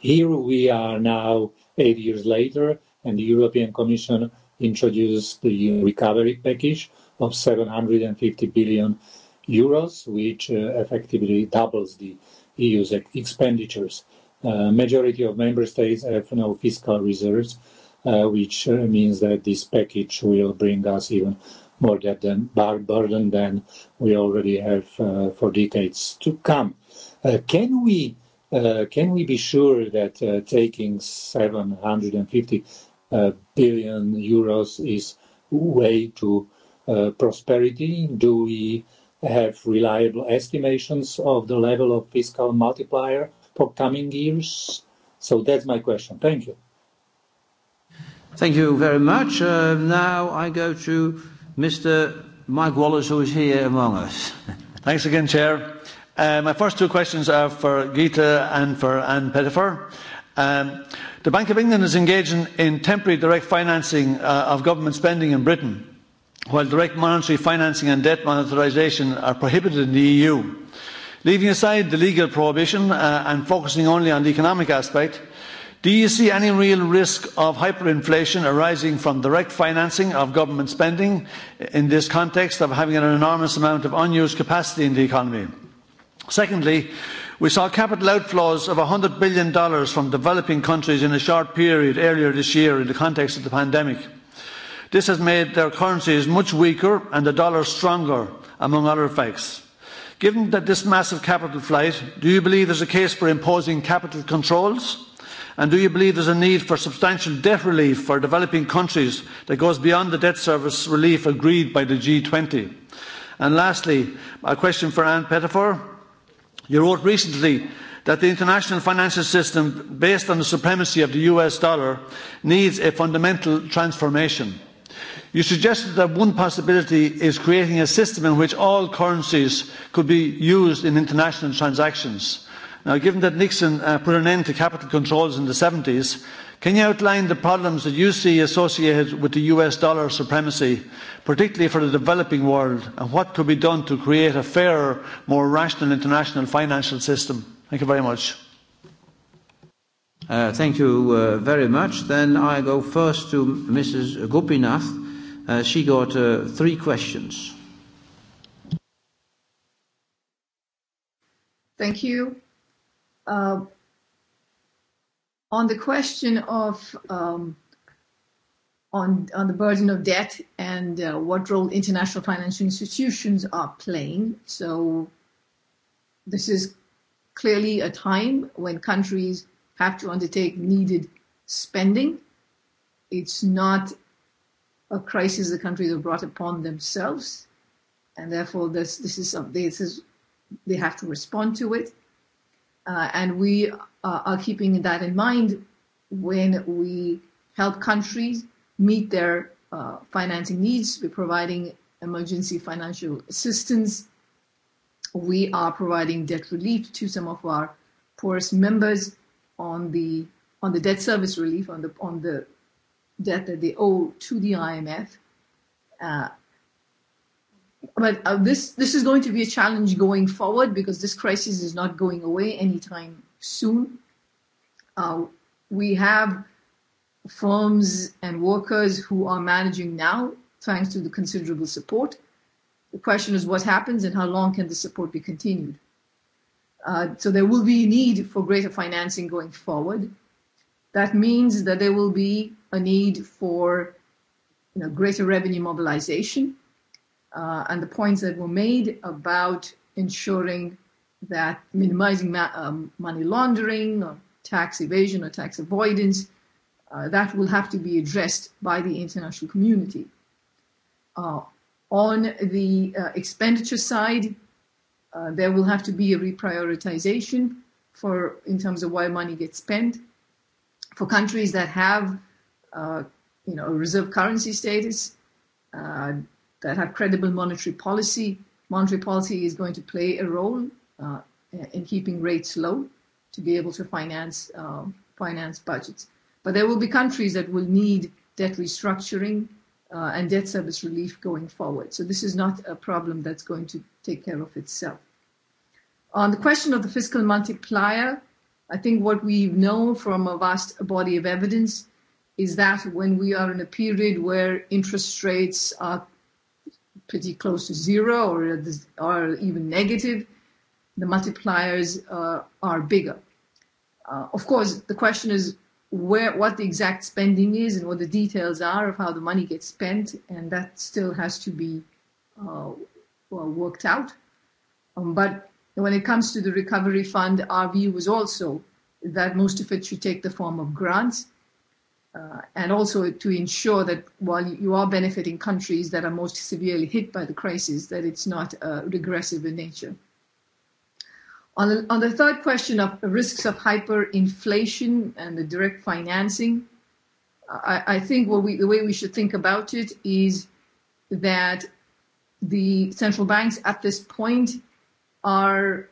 Here we are now, eight years later, and the European Commission introduced the recovery package of 750 billion euros, which effectively doubles the EU's expenditures. Majority of member states have no fiscal reserves, which means that this package will bring us even more debt than burden than we already have for decades to come. Can we can we be sure that taking 750 billion euros is way to prosperity? Do we have reliable estimations of the level of fiscal multiplier for coming years? So that's my question. Thank you. Thank you very much. Now I go to Mr. Mike Wallace, who is here among us. Thanks again, Chair. My first two questions are for Gita and for Anne Pettifer. Um The Bank of England is engaging in temporary direct financing of government spending in Britain, while direct monetary financing and debt monetisation are prohibited in the EU. Leaving aside the legal prohibition and focusing only on the economic aspect, do you see any real risk of hyperinflation arising from direct financing of government spending in this context of having an enormous amount of unused capacity in the economy? Secondly, We saw capital outflows of $100 billion from developing countries in a short period earlier this year in the context of the pandemic. This has made their currencies much weaker and the dollar stronger, among other effects. Given that this massive capital flight, do you believe there's a case for imposing capital controls? And do you believe there's a need for substantial debt relief for developing countries that goes beyond the debt service relief agreed by the G20? And lastly, a question for Anne Pettifer. You wrote recently that the international financial system, based on the supremacy of the US dollar, needs a fundamental transformation. You suggested that one possibility is creating a system in which all currencies could be used in international transactions. Now, given that Nixon put an end to capital controls in the 70s, Can you outline the problems that you see associated with the US dollar supremacy, particularly for the developing world, and what could be done to create a fairer, more rational international financial system? Thank you very much. Thank you very much. Then I go first to Mrs. Gopinath. She got three questions. Thank you on the question of um, on on the burden of debt and what role international financial institutions are playing. So this is clearly a time when countries have to undertake needed spending. It's not a crisis the countries have brought upon themselves, and therefore this this is this is they have to respond to it and we are keeping that in mind when we help countries meet their financing needs. We're providing emergency financial assistance. We are providing debt relief to some of our poorest members on the on the debt service relief on the on the debt that they owe to the IMF but uh, this this is going to be a challenge going forward because this crisis is not going away anytime soon. Uh, we have firms and workers who are managing now thanks to the considerable support. The question is what happens and how long can the support be continued. Uh, so there will be a need for greater financing going forward. That means that there will be a need for you know, greater revenue mobilization uh, and the points that were made about ensuring that minimizing ma- um, money laundering or tax evasion or tax avoidance, uh, that will have to be addressed by the international community. Uh, on the uh, expenditure side, uh, there will have to be a reprioritization for in terms of why money gets spent. For countries that have, uh, you know, a reserve currency status, uh, that have credible monetary policy. Monetary policy is going to play a role in keeping rates low to be able to finance finance budgets. But there will be countries that will need debt restructuring and debt service relief going forward. So this is not a problem that's going to take care of itself. On the question of the fiscal multiplier, I think what we know from a vast body of evidence is that when we are in a period where interest rates are pretty close to zero or, or even negative, the multipliers uh, are bigger. Uh, of course, the question is where what the exact spending is and what the details are of how the money gets spent, and that still has to be uh, worked out. Um, but when it comes to the recovery fund, our view was also that most of it should take the form of grants uh, and also to ensure that while you are benefiting countries that are most severely hit by the crisis, that it's not uh, regressive in nature. On the, on the third question of risks of hyperinflation and the direct financing, I, I think what we, the way we should think about it is that the central banks at this point are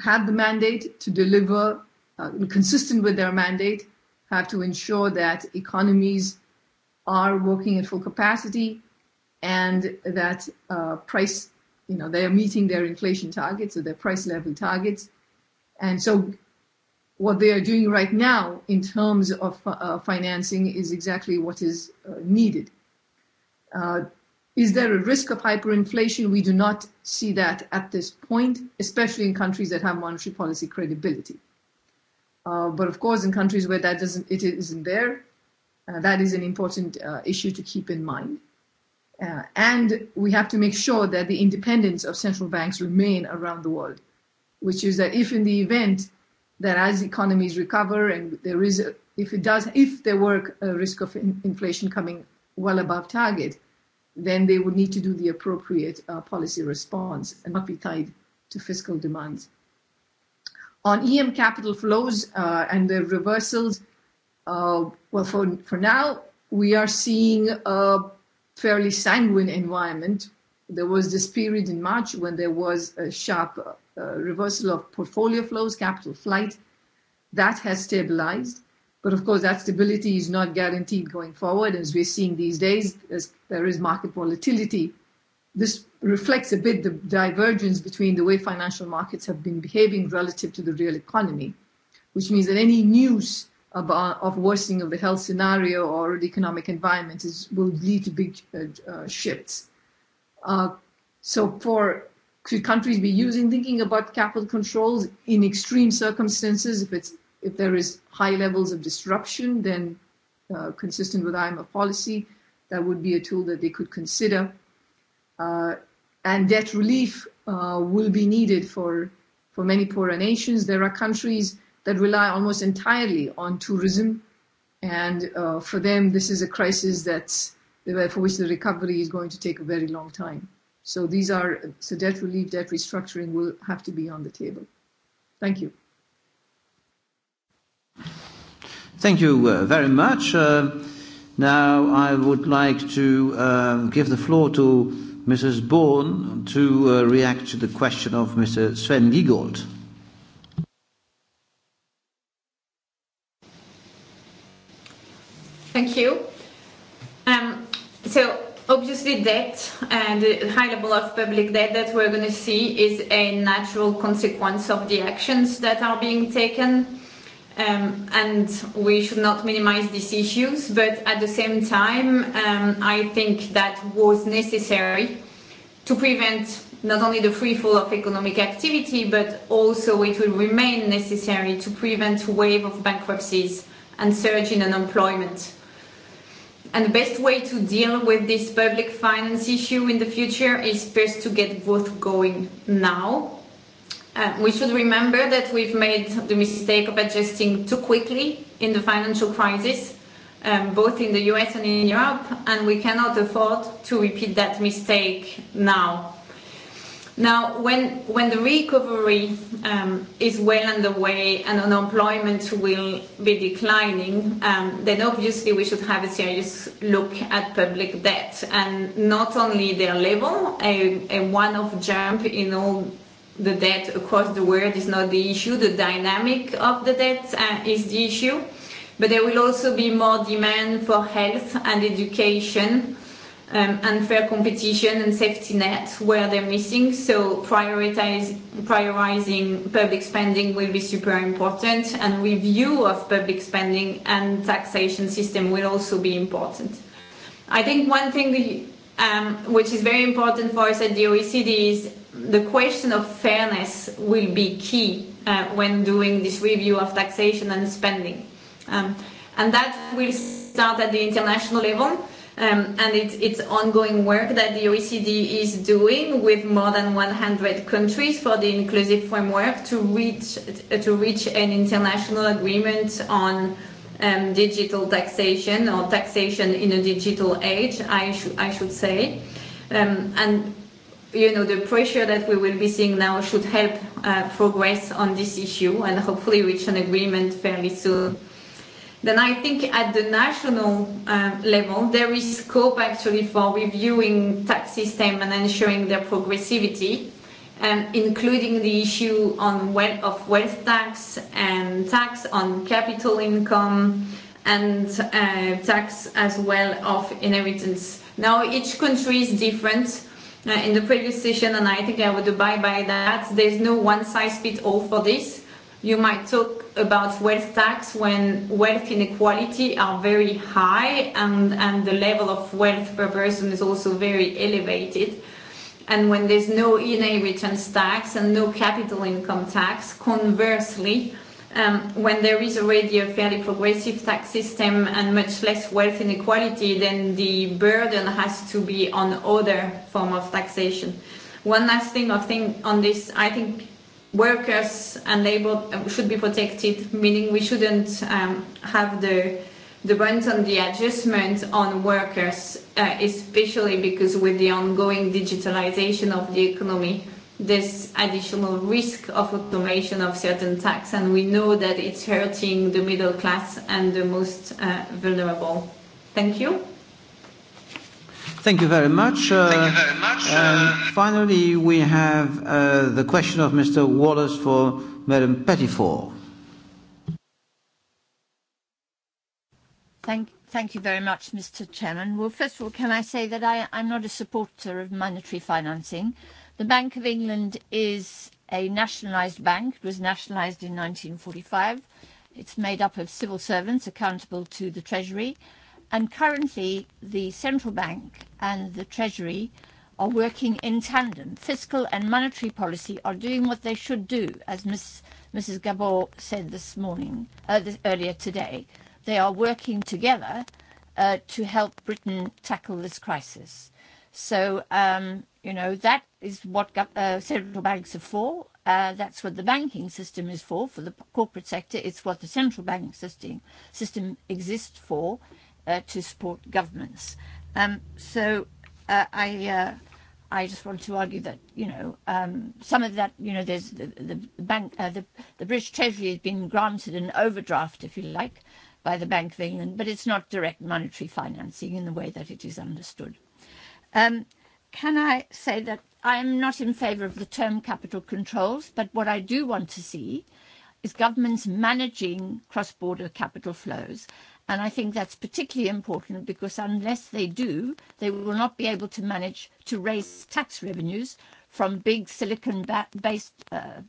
have the mandate to deliver, uh, consistent with their mandate, have to ensure that economies are working at full capacity and that price, you know, they are meeting their inflation targets or their price level targets. And so what they are doing right now in terms of financing is exactly what is needed. Is there a risk of hyperinflation? We do not see that at this point, especially in countries that have monetary policy credibility but of course, in countries where that doesn't, it isn't there, that is an important issue to keep in mind. and we have to make sure that the independence of central banks remain around the world, which is that if in the event that as economies recover and there is, a, if it does, if there were a risk of inflation coming well above target, then they would need to do the appropriate uh, policy response and not be tied to fiscal demands. On EM capital flows and the reversals, well, for now, we are seeing a fairly sanguine environment. There was this period in March when there was a sharp reversal of portfolio flows, capital flight. That has stabilized. But of course, that stability is not guaranteed going forward. As we're seeing these days, there is market volatility This reflects a bit the divergence between the way financial markets have been behaving relative to the real economy, which means that any news about, of worsening of the health scenario or the economic environment is, will lead to big uh, shifts. Uh, so for could countries be using thinking about capital controls in extreme circumstances? If it's if there is high levels of disruption, then uh, consistent with IMF policy, that would be a tool that they could consider and debt relief will be needed for for many poorer nations. There are countries that rely almost entirely on tourism, and for them this is a crisis that for which the recovery is going to take a very long time. So these are so debt relief, debt restructuring will have to be on the table. Thank you. Thank you very much. Now I would like to give the floor to Mrs. Bourne to react to the question of Mr. Sven Giegold. Thank you. Um, so obviously debt and the high level of public debt that we're going to see is a natural consequence of the actions that are being taken Um and we should not minimize these issues, but at the same time, um I think that was necessary to prevent not only the free fall of economic activity, but also it will remain necessary to prevent a wave of bankruptcies and surge in unemployment. And the best way to deal with this public finance issue in the future is first to get growth going now We should remember that we've made the mistake of adjusting too quickly in the financial crisis, both in the US and in Europe, and we cannot afford to repeat that mistake now. Now, when when the recovery is well underway and unemployment will be declining, then obviously we should have a serious look at public debt and not only their level, a one-off jump in all the debt across the world is not the issue. The dynamic of the debt is the issue. But there will also be more demand for health and education, and fair competition and safety nets where they're missing. So prioritizing public spending will be super important, and review of public spending and taxation system will also be important. I think one thing which is very important for us at the OECD is the question of fairness will be key when doing this review of taxation and spending. And that will start at the international level. And it's ongoing work that the OECD is doing with more than 100 countries for the inclusive framework to reach to reach an international agreement on digital taxation or taxation in a digital age, I should say. And you know, the pressure that we will be seeing now should help progress on this issue and hopefully reach an agreement fairly soon. Then I think at the national level, there is scope actually for reviewing tax system and ensuring their progressivity, and including the issue on wealth of wealth tax and tax on capital income and tax as well of inheritance. Now, each country is different in the previous session, and I think I would abide by that, there's no one-size-fits-all for this. You might talk about wealth tax when wealth inequality are very high and, and the level of wealth per person is also very elevated. And when there's no ENA returns tax and no capital income tax, conversely, when there is already a fairly progressive tax system and much less wealth inequality, then the burden has to be on other form of taxation. One last thing of thing on this, I think workers and labor should be protected, meaning we shouldn't um, have the the burden on the adjustment on workers, especially because with the ongoing digitalization of the economy, this additional risk of automation of certain tax, and we know that it's hurting the middle class and the most vulnerable. Thank you. Thank you very much. Thank you very much. Finally, we have uh the question of Mr. Wallace for Madam Pettifor. Thank Thank you very much, Mr. Chairman. Well, first of all, can I say that I, I'm not a supporter of monetary financing. The Bank of England is a nationalised bank. It was nationalised in 1945. It's made up of civil servants accountable to the Treasury. And currently, the central bank and the Treasury are working in tandem. Fiscal and monetary policy are doing what they should do, as Ms. Mrs. Gabor said this morning, earlier today. They are working together to help Britain tackle this crisis. So, um, you know, that is what central banks are for. that's what the banking system is for. For the corporate sector, it's what the central bank system, system exists for to support governments. Um, so I... I just want to argue that you know um, some of that you know there's the, the bank the the British Treasury has been granted an overdraft if you like by the Bank of England, but it's not direct monetary financing in the way that it is understood. Um, can I say that I am not in favour of the term capital controls, but what I do want to see is governments managing cross-border capital flows. And I think that's particularly important because unless they do, they will not be able to manage to raise tax revenues from big silicon-based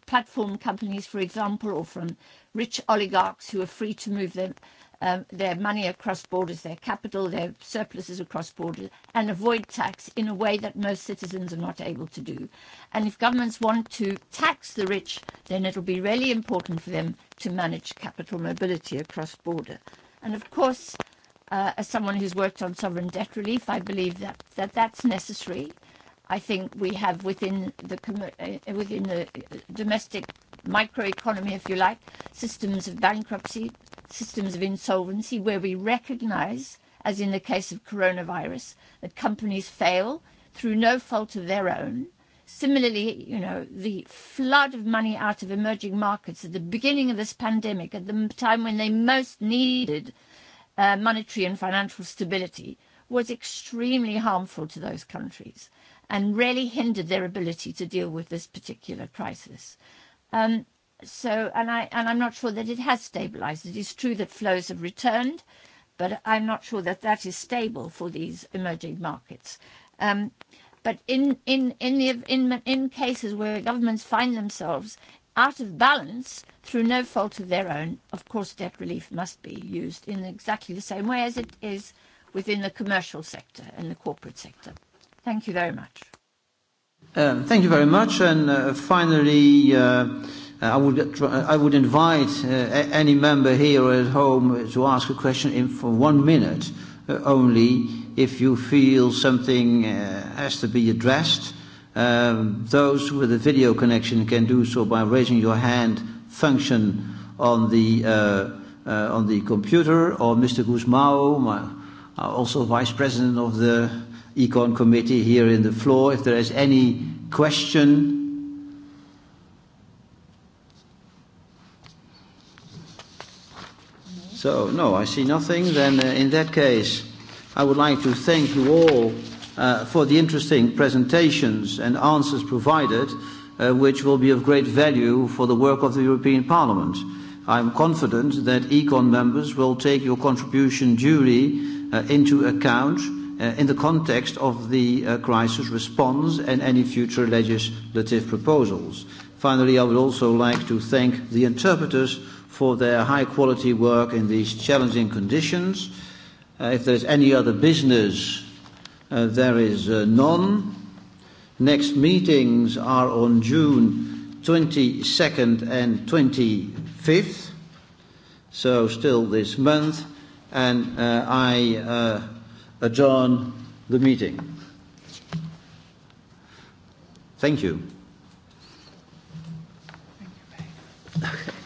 platform companies, for example, or from rich oligarchs who are free to move their their money across borders, their capital, their surpluses across borders, and avoid tax in a way that most citizens are not able to do. And if governments want to tax the rich, then it will be really important for them to manage capital mobility across border. And of course, uh, as someone who's worked on sovereign debt relief, I believe that, that that's necessary. I think we have within the, within the domestic microeconomy, if you like, systems of bankruptcy, systems of insolvency, where we recognize, as in the case of coronavirus, that companies fail through no fault of their own. Similarly, you know, the flood of money out of emerging markets at the beginning of this pandemic, at the time when they most needed monetary and financial stability, was extremely harmful to those countries and really hindered their ability to deal with this particular crisis. So, And I, and I'm not sure that it has stabilized. It is true that flows have returned, but I'm not sure that that is stable for these emerging markets. But in in in cases where governments find themselves out of balance through no fault of their own, of course, debt relief must be used in exactly the same way as it is within the commercial sector and the corporate sector. Thank you very much. Thank you very much. And finally, I would I would invite any member here at home to ask a question in for one minute only, if you feel something has to be addressed. Those with a video connection can do so by raising your hand function on the on the computer, or Mr. Guzmao, also vice president of the Econ Committee here in the floor. If there is any question. So, no, I see nothing. Then, in that case, I would like to thank you all for the interesting presentations and answers provided, which will be of great value for the work of the European Parliament. I am confident that Econ members will take your contribution duly into account in the context of the crisis response and any future legislative proposals. Finally, I would also like to thank the interpreters for their high-quality work in these challenging conditions. If there is any other business, there is none. Next meetings are on June 22nd and 25th, so still this month, and I adjourn the meeting. Thank you. Thank you,